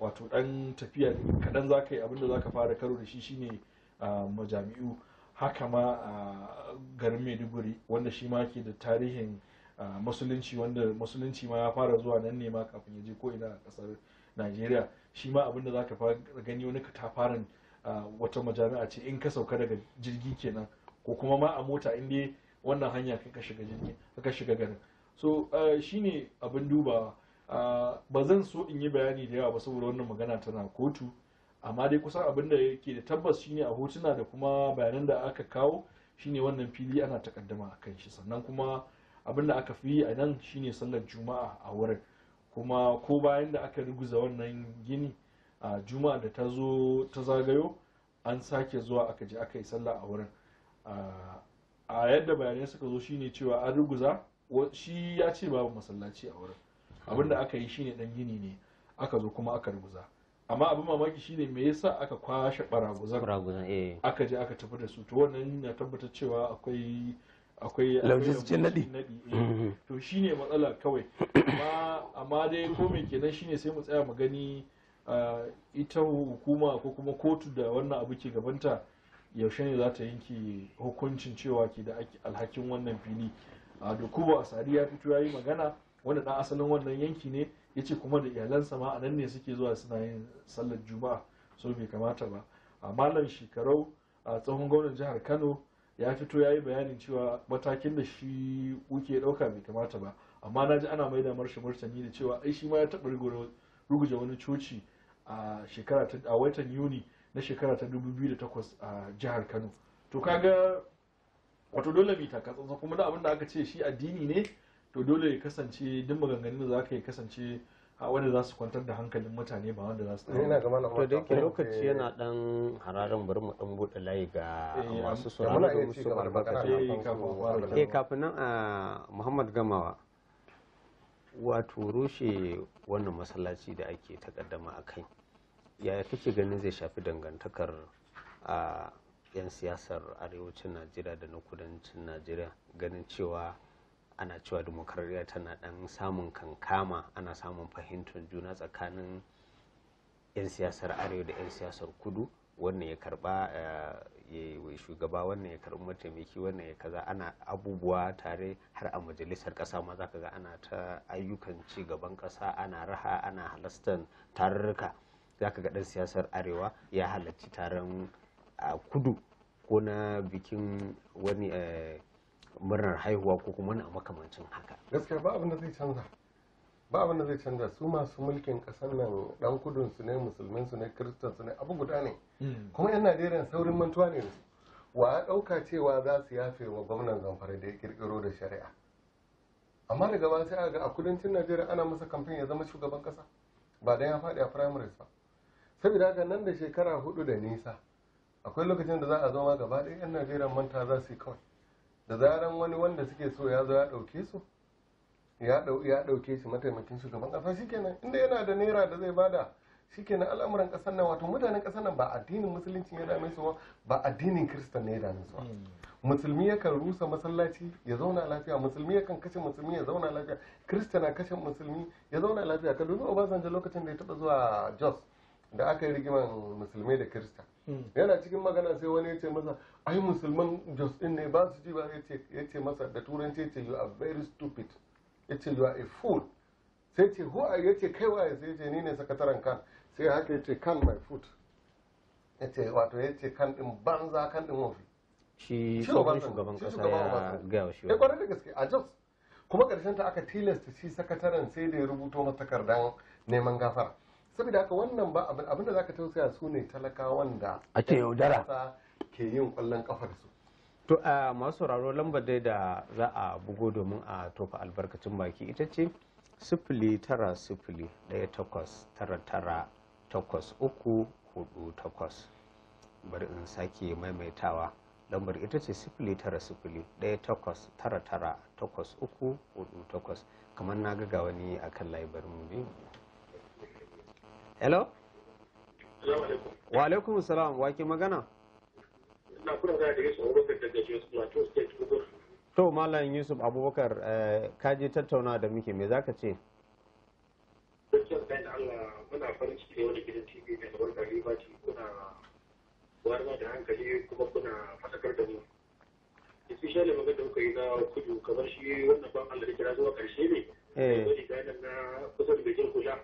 wato ɗan tafiya kaɗan za ka yi abinda za ka fara karo da shi shine majami'u haka ma a garin maiduguri wanda shi ma ke da tarihin musulunci wanda musulunci ma ya fara zuwa nan ne ma kafin ya je ko ina a ƙasar najeriya shi ma abinda za ka gani wani katafaren wata majami'a ce in ka sauka daga jirgi kenan ko kuma ma a mota in dai wannan hanya kai ka shiga jirgi ka shiga garin so shine abin dubawa ba zan so in yi bayani da yawa ba saboda wannan magana tana kotu amma dai kusan abin da yake da tabbas shine a hotuna da kuma bayanan da aka kawo shine wannan fili ana takaddama a kan shi sannan kuma abin da aka fi a nan shine sallar juma'a a wurin kuma ko bayan da aka ruguza wannan gini a juma'a da ta zo ta zagayo an sake zuwa aka je aka yi sallah a wurin a yadda bayanai suka zo shine cewa an ruguza shi ya ce babu masallaci a wurin abin da aka yi shine dan gini ne aka zo kuma aka ruguza amma abin mamaki shine me yasa aka kwashe baraguzan eh. aka je aka tafi da su to wannan na tabbatar cewa akwai akwai laujiscin nadi eh. to shine matsala kawai amma dai ko me kenan shine sai mu tsaya mu gani ah, ita hukuma ko kuma kotu da wannan abu ke gabanta yaushe ne za ta yanke hukuncin cewa ke da alhakin wannan fili ah, a dokubo a sadi ya fito ya yi magana wanda dan asalin wannan yanki ne ya ce kuma da iyalansa ma a nan ne suke zuwa suna yin sallar juma'a so bai kamata ba a malam shekarau a tsohon gwamnan jihar kano ya fito ya yi bayanin cewa matakin da shi wuke ɗauka bai kamata ba amma na ji ana mai da marshe martani da cewa ai shi ma ya taɓa ruguje wani coci a shekara ta a watan yuni na shekara ta 2008 a jihar kano to kaga wato dole bi ta kuma da abin da aka ce shi addini ne to dole ya kasance duk maganganun da za ka yi kasance a wanda za su kwantar da hankalin mutane ba wanda za su tsaye yana gama na to da yake lokaci eh, yana dan hararin bari mu dan bude layi ga eh, masu sauraro da musu eh, eh kafin nan a Muhammad Gamawa wato rushe wannan masallaci da ake takaddama a kai yaya kake ganin zai shafi dangantakar a 'yan siyasar arewacin najeriya da na kudancin najeriya ganin cewa ana cewa demokaradiyya tana dan samun kankama ana samun fahimtar juna tsakanin 'yan siyasar arewa da 'yan siyasar kudu wannan ya karba eh, ya shugaba wannan ya karbi mataimaki wannan ya kaza ana abubuwa tare har a majalisar kasa ma zaka ga ana ta ayyukan ci gaban kasa ana raha ana halastan tarurruka zaka ga dan siyasar arewa ya halarci taron kudu ko na bikin wani eh, murnar haihuwa ko kuma wani makamancin haka gaskiya ba abin da zai canza ba abin da zai canza su masu mulkin kasar nan dan kudun su ne musulmin su ne kristan su ne abu guda ne hmm. kuma yan najeriya saurin mantuwa ne wa a ɗauka cewa za su yafe wa gwamnan zamfara da ya kirkiro da shari'a amma daga ba sai ga a kudancin najeriya ana masa kamfen ya zama shugaban kasa ba dan ya faɗi a primaries ba saboda haka nan da shekara hudu da nisa akwai lokacin da za a zama gaba ɗaya yan najeriya manta za su yi kawai da zaran wani wanda suke so ya zo ya ɗauke su ya ɗauke shi mataimakin shugaban ƙasa shikenan inda yana da naira da zai bada shikenan al'amuran ƙasar nan wato mutanen ƙasar nan ba addinin musulunci ya dame su ba addinin kirista ne ya dame su hmm. musulmi yakan rusa masallaci ya zauna lafiya musulmi yakan kashe musulmi ya zauna lafiya kirista na kashe musulmi ya zauna lafiya ka dubi obasanjo lokacin da ya taɓa zuwa jos da aka yi rigiman musulmi da kirista hmm. yana cikin magana sai wani ya ce masa ai musulman jos in ne ba su ji ba ya ce masa da turanci ya ce you are very stupid ya ce you are a fool sai ce who are ya ce kai waye sai ce ni ne sakataren kan sai haka ya ce kan my foot ya ce wato ya ce kan din banza kan din wofi shi shugaban kasa ya gaya shi ya kwarar da gaske a jos kuma karshen ta aka tilasta shi sakataren sai da ya rubuto masa takardan neman gafara saboda haka wannan ba abin abinda zaka tausaya su ne talakawan da ake yaudara ke yin kwallon kafar su to a masu sauraro lambar dai da za a bugo domin a tofa albarkacin baki ita ce sifili tara sifili ɗaya takwas tara tara takwas uku hudu takwas bari in sake maimaitawa lambar ita ce sifili tara sifili ɗaya takwas tara tara takwas uku hudu takwas kamar na ga wani akan layi bari mu biyu hello wa alaikum salam wa ke magana na kuna da daga shi abubakar daga jos plateau state kudu to malam yusuf abubakar eh, ka tattauna da muke me ka ce da allah eh. muna hmm. farin ciki da wani gidan tv mai albarka liberty kuna warma da hankali kuma kuna fatakar da mu especially magana da kuka yi na kudu kamar shi wannan ban allah da kira zuwa karshe ne da wani ganin na kusa da gajin kula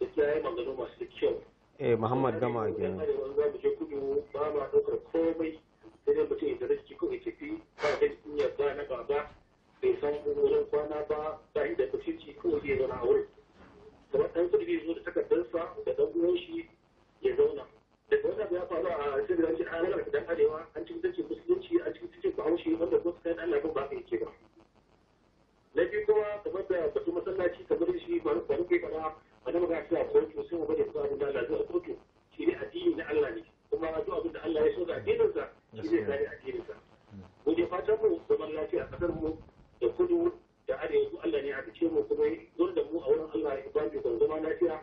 duk ya yi maganganu masu kyau eh muhammad gama ke nan za mu je kudu ba ma ɗaukar komai sai dai mutum idan riski ko tafi ba da kunya ba na baba bai san wurin kwana ba ba inda ci ko zai zauna a wurin kamar ɗan kudu zai zo da takardarsa da ɗan uwan shi ya zauna daga wannan ya faru a cikin rashin alaƙar da dan arewa an cikin tace musulunci an cikin tace bahaushe wanda ko su kai ɗan lafin ba ka yake ba na biyu kuma kamar da batun masallaci kamar shi ba ku kai faɗa sannan magana cewa kotu sai mu bada zuwa da Allah kotu shi ne addini na Allah ne kuma duk abin da Allah ya so da addinin sa shi zai gane addinin sa mu je fatan mu zaman lafiya kasar mu da kudu da arewa Allah ne aka ce mu kuma dole da mu a wurin Allah ya ba mu zama lafiya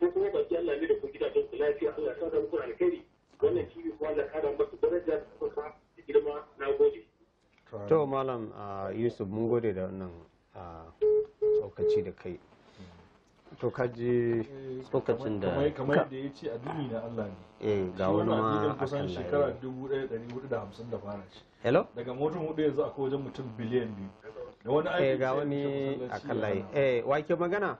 ko kuma baki Allah ne da ku gidajen ku lafiya Allah ya sa ku alkhairi wannan cibi kuma Allah kada masa daraja da kuka da girma na gode to malam ah, yusuf mun gode da wannan lokaci ah, da kai to kaji lokacin da kamar yadda ya ce a duni na Allah ne eh ga wani ma a kusan shekara 1450 da fara shi hello daga mutum hudu yanzu akwai wajen mutum biliyan biyu da wani eh, aiki ga wani a layi eh wake magana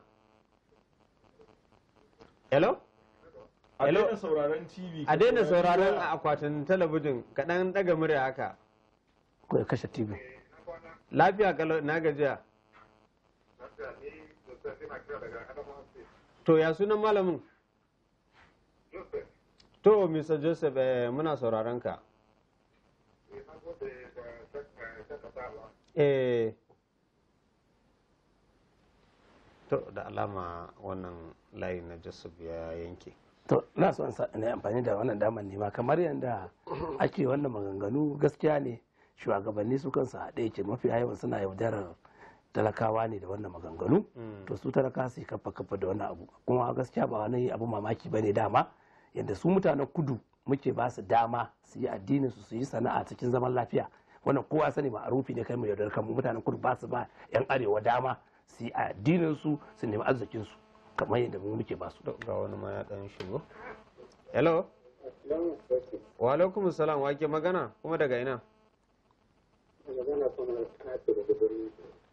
hello a daina sauraron tv a daina sauraron akwatin talabijin kadan daga murya haka ko ya kashe tv lafiya na gajiya to ya sunan malamin to mr joseph eh, muna sauraron ka eh to da alama wannan layi na joseph ya yanke to na so na amfani da wannan damar nema kamar yadda ake wannan maganganu gaskiya ne shugabanni su kansu haɗe ce mafi yawan suna yaudarar talakawa ne da wannan maganganu mm. to su talaka suyi kafa kafa da wannan abu kuma gaskiya ba wani abu mamaki ba ne dama yadda su mutanen kudu muke ba su dama su yi addinin su su yi sana'a cikin zaman lafiya wannan kowa sani ba rufi ne kai mu yaudar kan mutanen kudu ba su ba yan arewa dama su yi addinin su su nemi arzikin su kamar yadda mu muke ba su ga wani ma ya dan shigo hello wa alaikum salam wake magana kuma daga ina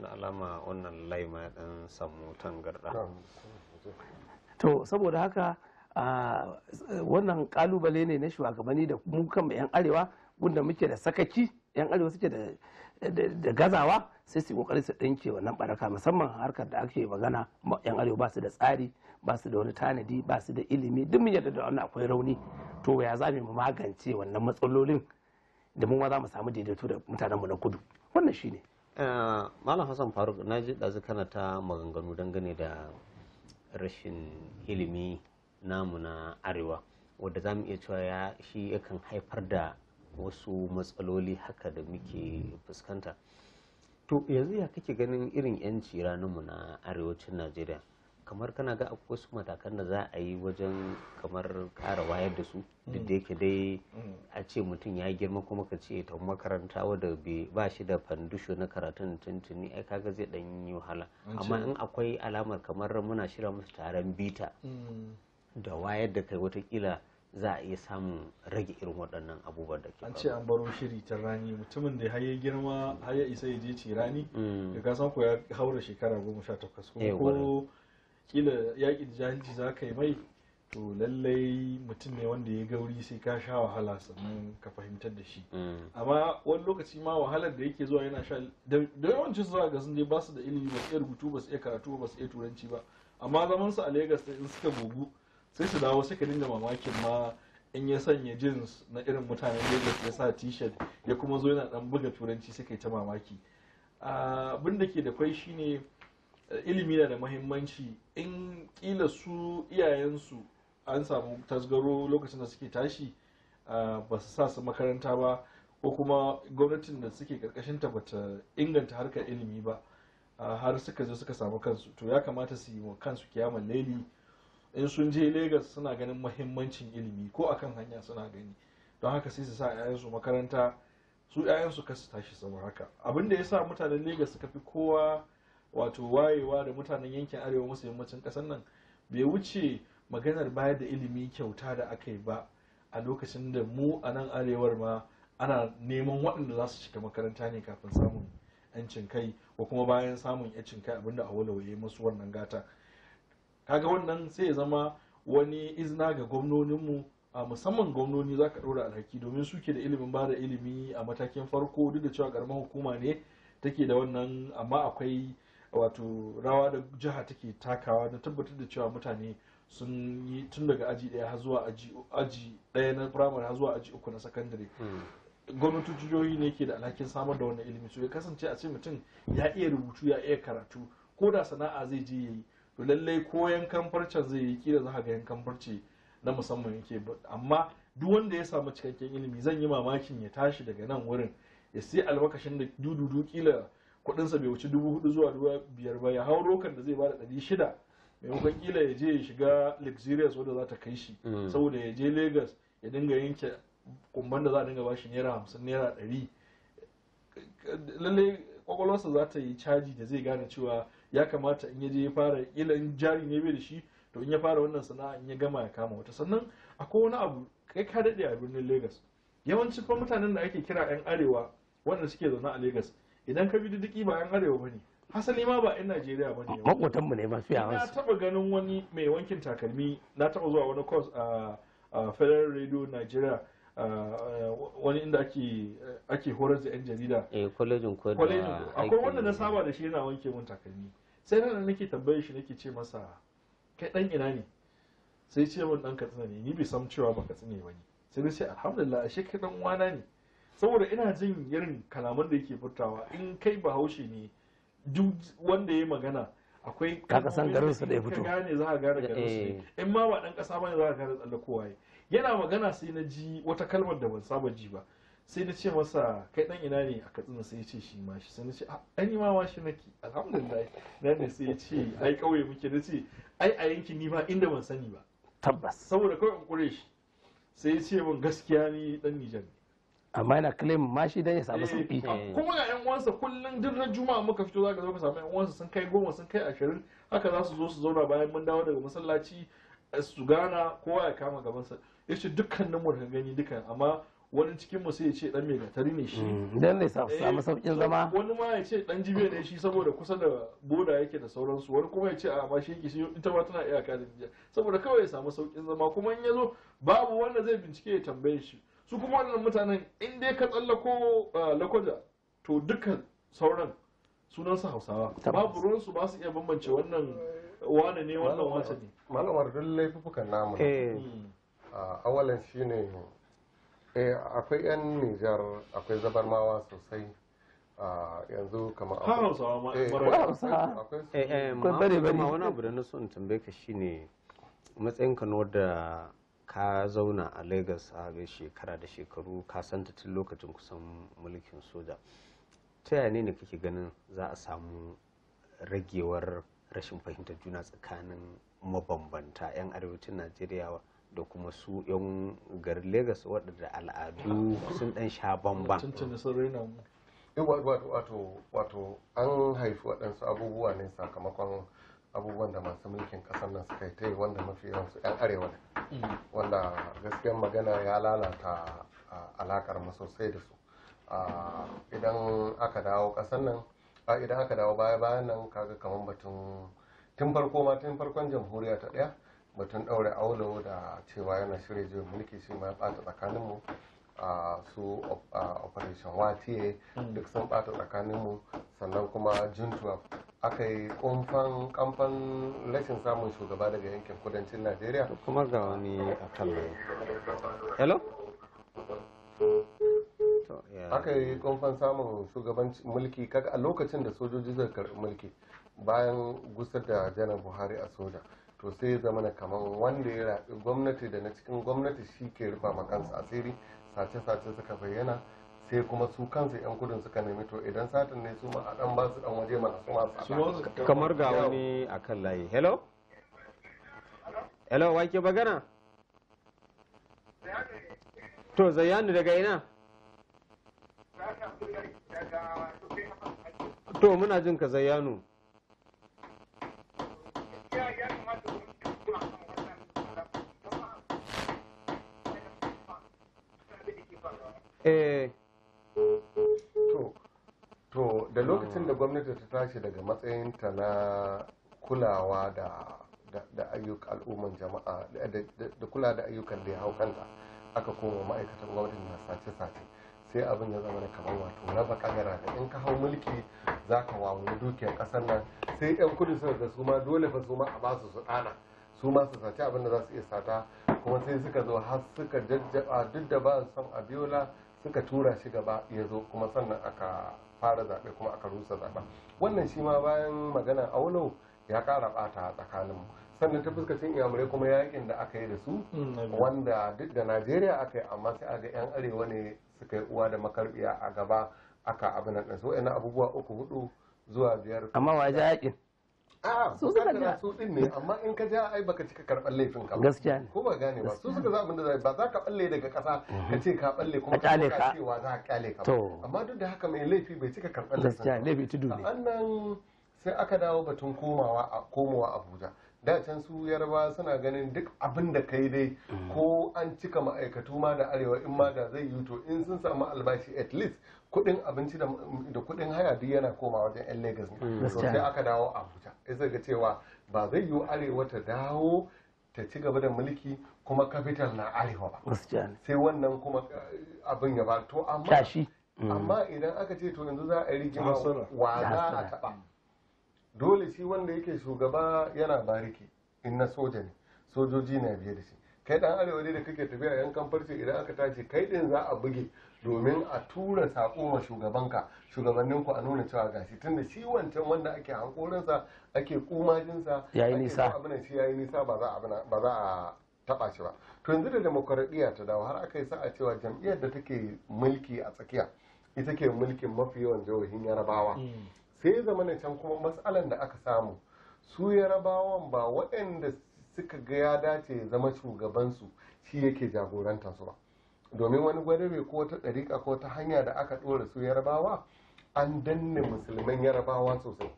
da alama wannan laima ɗin dan samu tangarɗa. to saboda haka wannan kalubale ne na shugabanni da mu kan yan arewa wanda muke da sakaci yan arewa suke da gazawa sai su kokari su dinke wannan baraka musamman harkar da ake magana yan arewa ba su da tsari ba su da wani tanadi ba su da ilimi duk mun yadda da wannan akwai rauni to ya za mu magance wannan matsalolin da mu ma za mu samu daidaito da mutanenmu na kudu wannan shine Eh, malam hassan faruk na ji ɗazu kana ta maganganu dangane da rashin ilimi namu na arewa wadda za mu iya cewa ya shi yakan haifar da wasu matsaloli haka da muke fuskanta to yanzu ya kake ganin irin 'yanci ranar mu na arewacin najeriya kamar kana ga akwai wasu matakan da za a yi wajen kamar ƙara wayar da su mm. duk da yake dai mm. a ce mutum ya girma kuma ka ce ta makaranta wadda ba shi da fandusho na karatun tuntuni ai kaga zai dan yi wahala amma in akwai alamar kamar muna shirya musu taron bita mm. da wayar da kai watakila za a iya samun rage irin waɗannan abubuwan da ke an ce an baro shiri ta rani mutumin da ya girma har ya isa ya je ci rani da ka san ko ya haura shekara goma sha takwas ko eh, kila yaƙi jahilci za ka yi mai to lallai mutum ne wanda ya gauri sai ka sha wahala sannan ka fahimtar da shi mm. amma wani lokaci ma wahalar da yake zuwa yana sha da yawancin su ga sun je ba su da ilimi ba su iya rubutu ba su iya karatu ba su iya turanci ba amma zaman su a Legas in suka bugu sai su dawo sai ka dinga mamakin ma in ya sanya jeans na irin mutanen Legas ya sa t-shirt ya kuma zo yana dan buga turanci sai yi ta mamaki ah, abin da ke da kwai shine ilimi na da mahimmanci in kila su iyayensu an samu tasgaro lokacin da suke tashi ba su sa su makaranta ba ko kuma gwamnatin da suke karkashin ta bata inganta harkar ilimi ba har suka zo suka samu kansu to ya kamata su yi wa kansu kiyaman laili in sun je Legas suna ganin mahimmancin ilimi ko a kan hanya suna gani don haka sai su sa 'ya'yansu makaranta su 'ya'yansu kasu tashi sama haka abin da ya sa mutanen Legas suka fi kowa wato wayewa da mutanen yankin arewa musu yammacin kasar nan bai wuce maganar bayar da ilimi kyauta da aka yi ba a lokacin da mu a nan arewar ma ana neman waɗanda za su cika makaranta ne kafin samun 'yancin kai ko kuma bayan samun 'yancin kai abinda a walawaye masu wannan gata kaga wannan sai ya zama wani izina ga gwamnoninmu a musamman gwamnoni za ka ɗora alhaki domin suke da ilimin ba da ilimi a matakin farko duk da cewa ƙaramin hukuma ne take da wannan amma akwai wato rawa da jiha take takawa na tabbatar da cewa mutane sun yi tun daga aji daya har zuwa aji daya na firamare har zuwa aji uku na sakandare hmm. gwamnatin jihohi ne ke da alhakin samar da wannan ilimi so ya kasance a ce mutum ya iya rubutu ya iya karatu ko da sana'a zai je yi to lallai ko yankan farcen zai yi kila za ga yankan farce na musamman yake amma duk wanda ya samu cikakken ilimi zan yi mamakin ya tashi daga nan wurin ya sai albakashin da dududu kila sa bai wuce dubu hudu zuwa dubu biyar ba ya hau rokan da zai bada ɗari shida maimakon kila ya je ya shiga luxurious wadda za ta kai shi mm. saboda ya je lagos ya dinga yanke kumban da za a dinga bashi naira hamsin naira ɗari lallai kwakwalwarsa za ta yi caji da zai gane cewa ya kamata in ya je ya fara kila in jari ne bai da shi to in ya fara wannan sana'a in ya gama ya kama wata sannan akwai wani abu kai ka daɗe a birnin lagos yawancin fa mutanen da ake kira 'yan arewa wanda suke zaune a lagos idan ka bi diddiki ba yan arewa ba ne hasali ma ba yan najeriya ba ne makwatan mu ne masu yawa na taba ganin wani mai wankin takalmi na taba zuwa wani course a federal radio nigeria wani inda ake horar da yan jarida eh kwalejin kwalejin akwai wanda na saba da shi yana wanke mun takalmi sai nan nake tambayar shi nake ce masa kai dan ina ne sai ce mun dan katsina ne ni bai san cewa ba katsina ne ba ne sai sai alhamdulillah ashe kai dan wana ne saboda ina jin irin kalaman da yake furtawa in kai bahaushe ne duk wanda ya magana akwai kaka san garin su da ya fito gane za ka gane eh. garin su in ma ba dan kasa bane za ka gane kowa yana magana sai na ji wata kalmar da ban saba ji ba sai na ce masa kai dan ina ne a katsina sai ya ce shi ma shi sai na ce an ah, yi ma ma shi nake alhamdulillah na ne sai ya ce ai kauye muke na ce ai a yankin ni ba inda ban sani ba tabbas saboda kawai in kure shi sai ya ce min gaskiya ni dan Nijar amma yana claim ma shi dan ya samu eh, sauki eh. kuma ga yan uwansa kullum duk na juma'a muka fito zaka zo ka samu yan uwansa sun kai goma sun kai ashirin haka za su zo su zauna bayan mun dawo daga masallaci eh, su gana kowa ya kama gabansa ya ce dukkanin mu gani dukkan amma wani cikin mu sai ya ce dan mai gatari ne shi mm, dan ne samu saukin zama wani ma ya ce dan jibe ne shi saboda kusa da boda yake da sauransu wani kuma ya ce a ma shi yake shi ita ma tana iyaka da jiya saboda kawai ya samu saukin zama kuma in ya zo babu wanda zai bincike ya tambaye shi su kuma wannan mutanen in dai ka tsallako uh, lakwaja to dukkan sauran su hausawa babu ruwansu ba su iya bambance wannan wane ne wannan wace ne malamar duk laifukan namu eh. awalan shine eh, akwai yan nijar akwai zabarmawa sosai yanzu kamar hausawa ma eh, akwai bare bare wani abu da na so in tambaye ka shine matsayin ka da ka zauna a lagos a shekara da shekaru ka santa tun lokacin kusan mulkin soja ta yaya ne kake ganin za a samu ragewar rashin fahimtar juna tsakanin mabambanta 'yan arewacin najeriya da kuma su 'yan garin lagos waɗanda al'adu sun ɗan sha bamban wato an haifi waɗansu abubuwa ne sakamakon abubuwan da masu mulkin kasar nan suka yi ta yi wanda mafi yawansu 'yan arewa ne wanda gaskiyan magana ya lalata alakar mu sosai da su idan aka dawo kasar nan idan aka dawo baya bayan nan kaga kamar batun tun farko ma tun farkon jamhuriya ta daya batun daure aulo da cewa yana shirya jiya mulki shi ma ya bata mu. su operation wata mm. duk sun bata tsakanin mu sannan kuma juntuwa aka yi kumfan kamfan rashin samun shugaba daga yankin kudancin najeriya kuma ga wani a layi hello aka yi kumfan samun shugabanci mulki kaga a lokacin da sojoji zai karbi mulki bayan gusar da janar buhari a soja to sai ya zama kamar wanda ya raɓi gwamnati da na cikin gwamnati shi ke rufa makansa asiri sace-sace suka bayyana sai kuma su kansu yan kudin suka nemi to idan satin ne su ma a dan basu dan waje mana su masu kamar ga wani akan layi hello hello wake bagana to zayyanu daga ina to muna jin ka zayyanu eh to da lokacin da gwamnati ta tashi daga matsayinta na kulawa da ayyukan al'umman jama'a da kula da ayyukan da ya hau kanta aka koma ma'aikatan gwamnati na sace-sace sai abin ya zama kamar wato raba kadara da in ka hau mulki za ka wawo dukiyar kasar nan sai yan kudu suka ga su ma dole fa su ma a basu su ɗana. su ma su sace abin da za su iya sata kuma sai suka zo har suka jajjaba duk da ba son abiola suka tura shi gaba ya zo kuma sannan aka fara zaɓe kuma aka rusa zaɓen wannan shi ma bayan magana aulo ya ƙara ɓata tsakaninmu sannan ta fuskacin iyamurai kuma yakin da aka yi da su mm, wanda duk da najeriya aka yi amma sai aga yan arewa ne suka yi uwa da makarbiya a gaba aka abin nan ɗansu wa'annan abubuwa uku hudu zuwa biyar amma wa yaƙin su suka ja su din ne amma in ka ja ai baka cika karban laifin ka gaskiya ne ko ba gane ba su suka za abin da ba za ka balle daga ƙasa ka mhm. ce ka balle kuma ka ka cewa za ka kyale ka amma duk da haka mai laifi bai cika karban laifin gaskiya laifi tudu ne annan sai aka dawo batun komawa a komowa Abuja da can su yarba suna ganin duk abin da kai dai mhm. ko an cika ma'aikatu ma da arewa in ma da zai yi to in sun samu albashi at least kudin abinci da kudin haya duk yana koma wajen yan lagos ne so mm. sai aka dawo abuja sai ga cewa ba zai yiwu arewa ta dawo ta ci gaba da mulki kuma capital na arewa ba sai wannan kuma eh, abin ya ba to amma mm. amma idan aka ce to yanzu za a yi rigima wa za a taba dole shi wanda yake shugaba yana bariki in na soja ne sojoji na biye da shi kai dan arewa ne da kake tafiya yan kamfarci idan aka tashi kai din za a buge domin a tura saƙo ma shugabanka shugabanninku a nuna cewa gashi tunda da shi wancan wanda ake hankorinsa ake kumajinsa yayi nisa abin shi yayi nisa ba za a taɓa shi ba to yanzu da demokaradiyya ta dawo har aka yi sa'a cewa jam'iyyar da take mulki a tsakiya ita ke mulkin mafi yawan jihohin yarabawa mm. sai zama na can kuma matsalan da aka samu su yarabawan ba waɗanda suka ga ya dace ya zama shugabansu shi yake jagoranta su ba domin wani gwadare ko ta ɗariƙa ko ta hanya da aka ɗora su yarabawa an danne musulman yarabawa sosai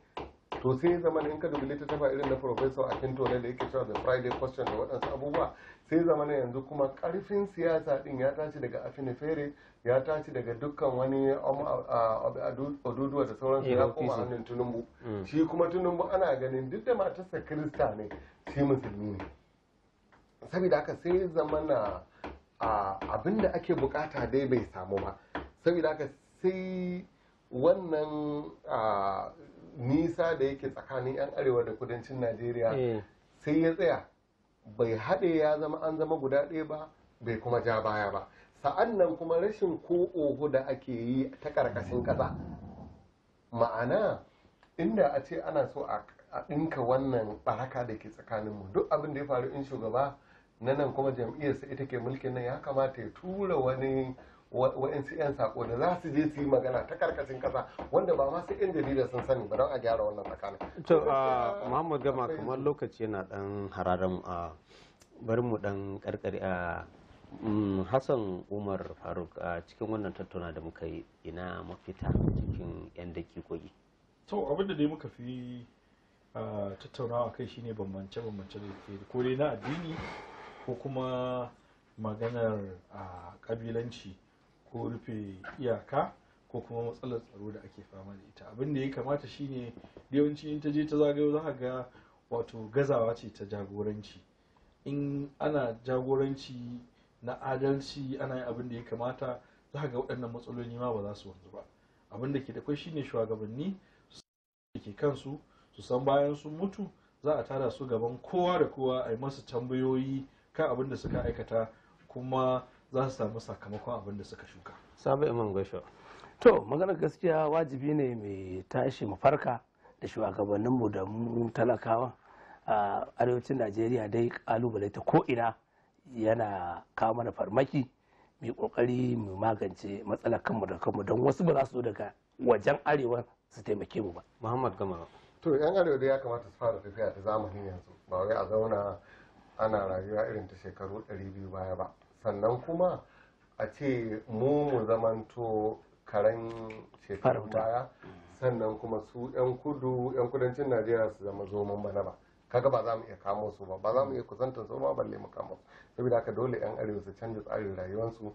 to sai zama in ka dubi littattafa irin na professor akinto ne da yake cewa da friday question da waɗansu abubuwa sai zama yanzu kuma ƙarfin siyasa ɗin ya tashi daga afinifere ya tashi daga dukkan wani um, uh, uh, oduduwa da sauransu ya koma hannun tunumbu mm. shi kuma tunumbu ana ganin duk da matarsa kirista ne shi musulmi ne saboda haka sai zama abin da ake bukata dai bai samu ba saboda haka sai wannan nisa da yake tsakanin 'yan arewa da kudancin najeriya eh. sai ya tsaya bai haɗe ya zama an zama guda ɗaya ba bai kuma ja baya ba sa'an nan kuma rashin ko ogo da ake yi ta ƙarƙashin ƙasa ma'ana inda a ce ana so a ɗinka wannan ɓaraka da ke tsakanin mu duk abin da ya faru in shugaba na nan kuma jam'iyyarsa ita ke mulkin nan ya kamata ya tura wani wa'insu 'yan sako da za su je su yi magana ta karkashin kasa wanda ba masu 'yan jarida sun sani ba don a gyara wannan tsakanin. to muhammad gama kamar lokaci yana dan hararen a bari mu dan karkari a mm, hassan umar faruk a cikin wannan tattauna da muka yi ina mafita cikin 'yan dakikoki to abin da dai muka fi tattaunawa kai shine bambance-bambance da ke ko dai na addini ko kuma maganar a kabilanci ko rufe iyaka ko kuma matsalar tsaro da ake fama da ita abinda da ya kamata shine yawanci in ta je ta zagayo za ga wato gazawa ce ta jagoranci in ana jagoranci na adalci ana yi abinda da ya kamata za ga waɗannan matsaloli ma ba za su wanzu ba abin ke da kwai shine shugabanni da ke kansu su san bayan sun mutu za a tara su gaban kowa da kowa a yi masu tambayoyi kan abin da suka aikata kuma za su samu sakamakon abin da suka shuka sabu imam gaisho to maganar gaskiya wajibi ne mai tashi mafarka da shugabanninmu da mu talakawa a arewacin najeriya dai kalubale ta ko'ina yana kawo mana farmaki mai ƙoƙari kokari mu magance matsalar kanmu da kanmu don wasu ba za su daga wajen arewa su taimake mu ba muhammad gamara to yan arewa da ya kamata su fara tafiya ta zamani yanzu ba wai a zauna ana rayuwa irin ta shekaru 200 baya ba sannan kuma a ce mu mu zamanto karen shekaru baya sannan kuma su 'yan kudu 'yan kudancin najeriya su zama zoman bana ba kaga ba za mu iya kamo su ba ba za mu iya kusantar su ba balle mu kamo su saboda haka dole 'yan arewa su canza tsarin rayuwarsu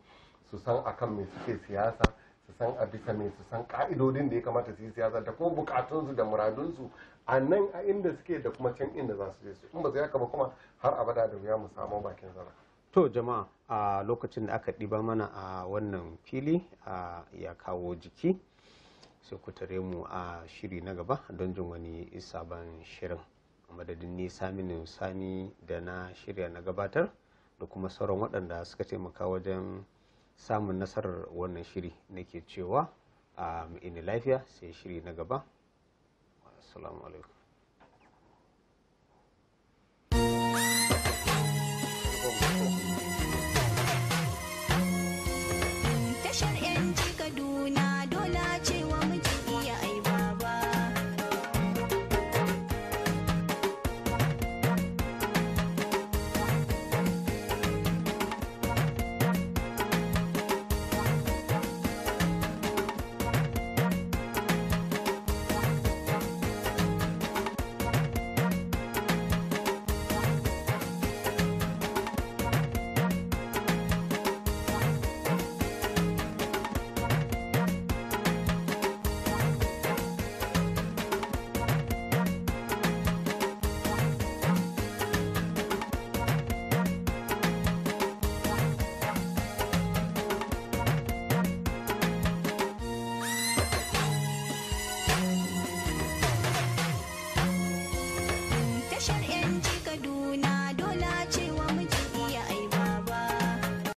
su san akan me suke siyasa su san a bisa me su san ka'idodin da ya kamata su yi siyasa da kuma bukatunsu da muradunsu a nan a inda suke da kuma can inda za su je su in ba su yaka ba kuma har abada da wuya mu samu bakin zara to jama'a a lokacin da aka ɗiba mana a wannan fili ya kawo jiki sai ku tare mu a shiri na gaba don jin wani sabon shirin a madadin ni saminu sani da na shirya na gabatar da kuma sauran waɗanda suka taimaka wajen samun nasarar wannan shiri nake cewa a ina lafiya sai shiri na gaba assalamu alaikum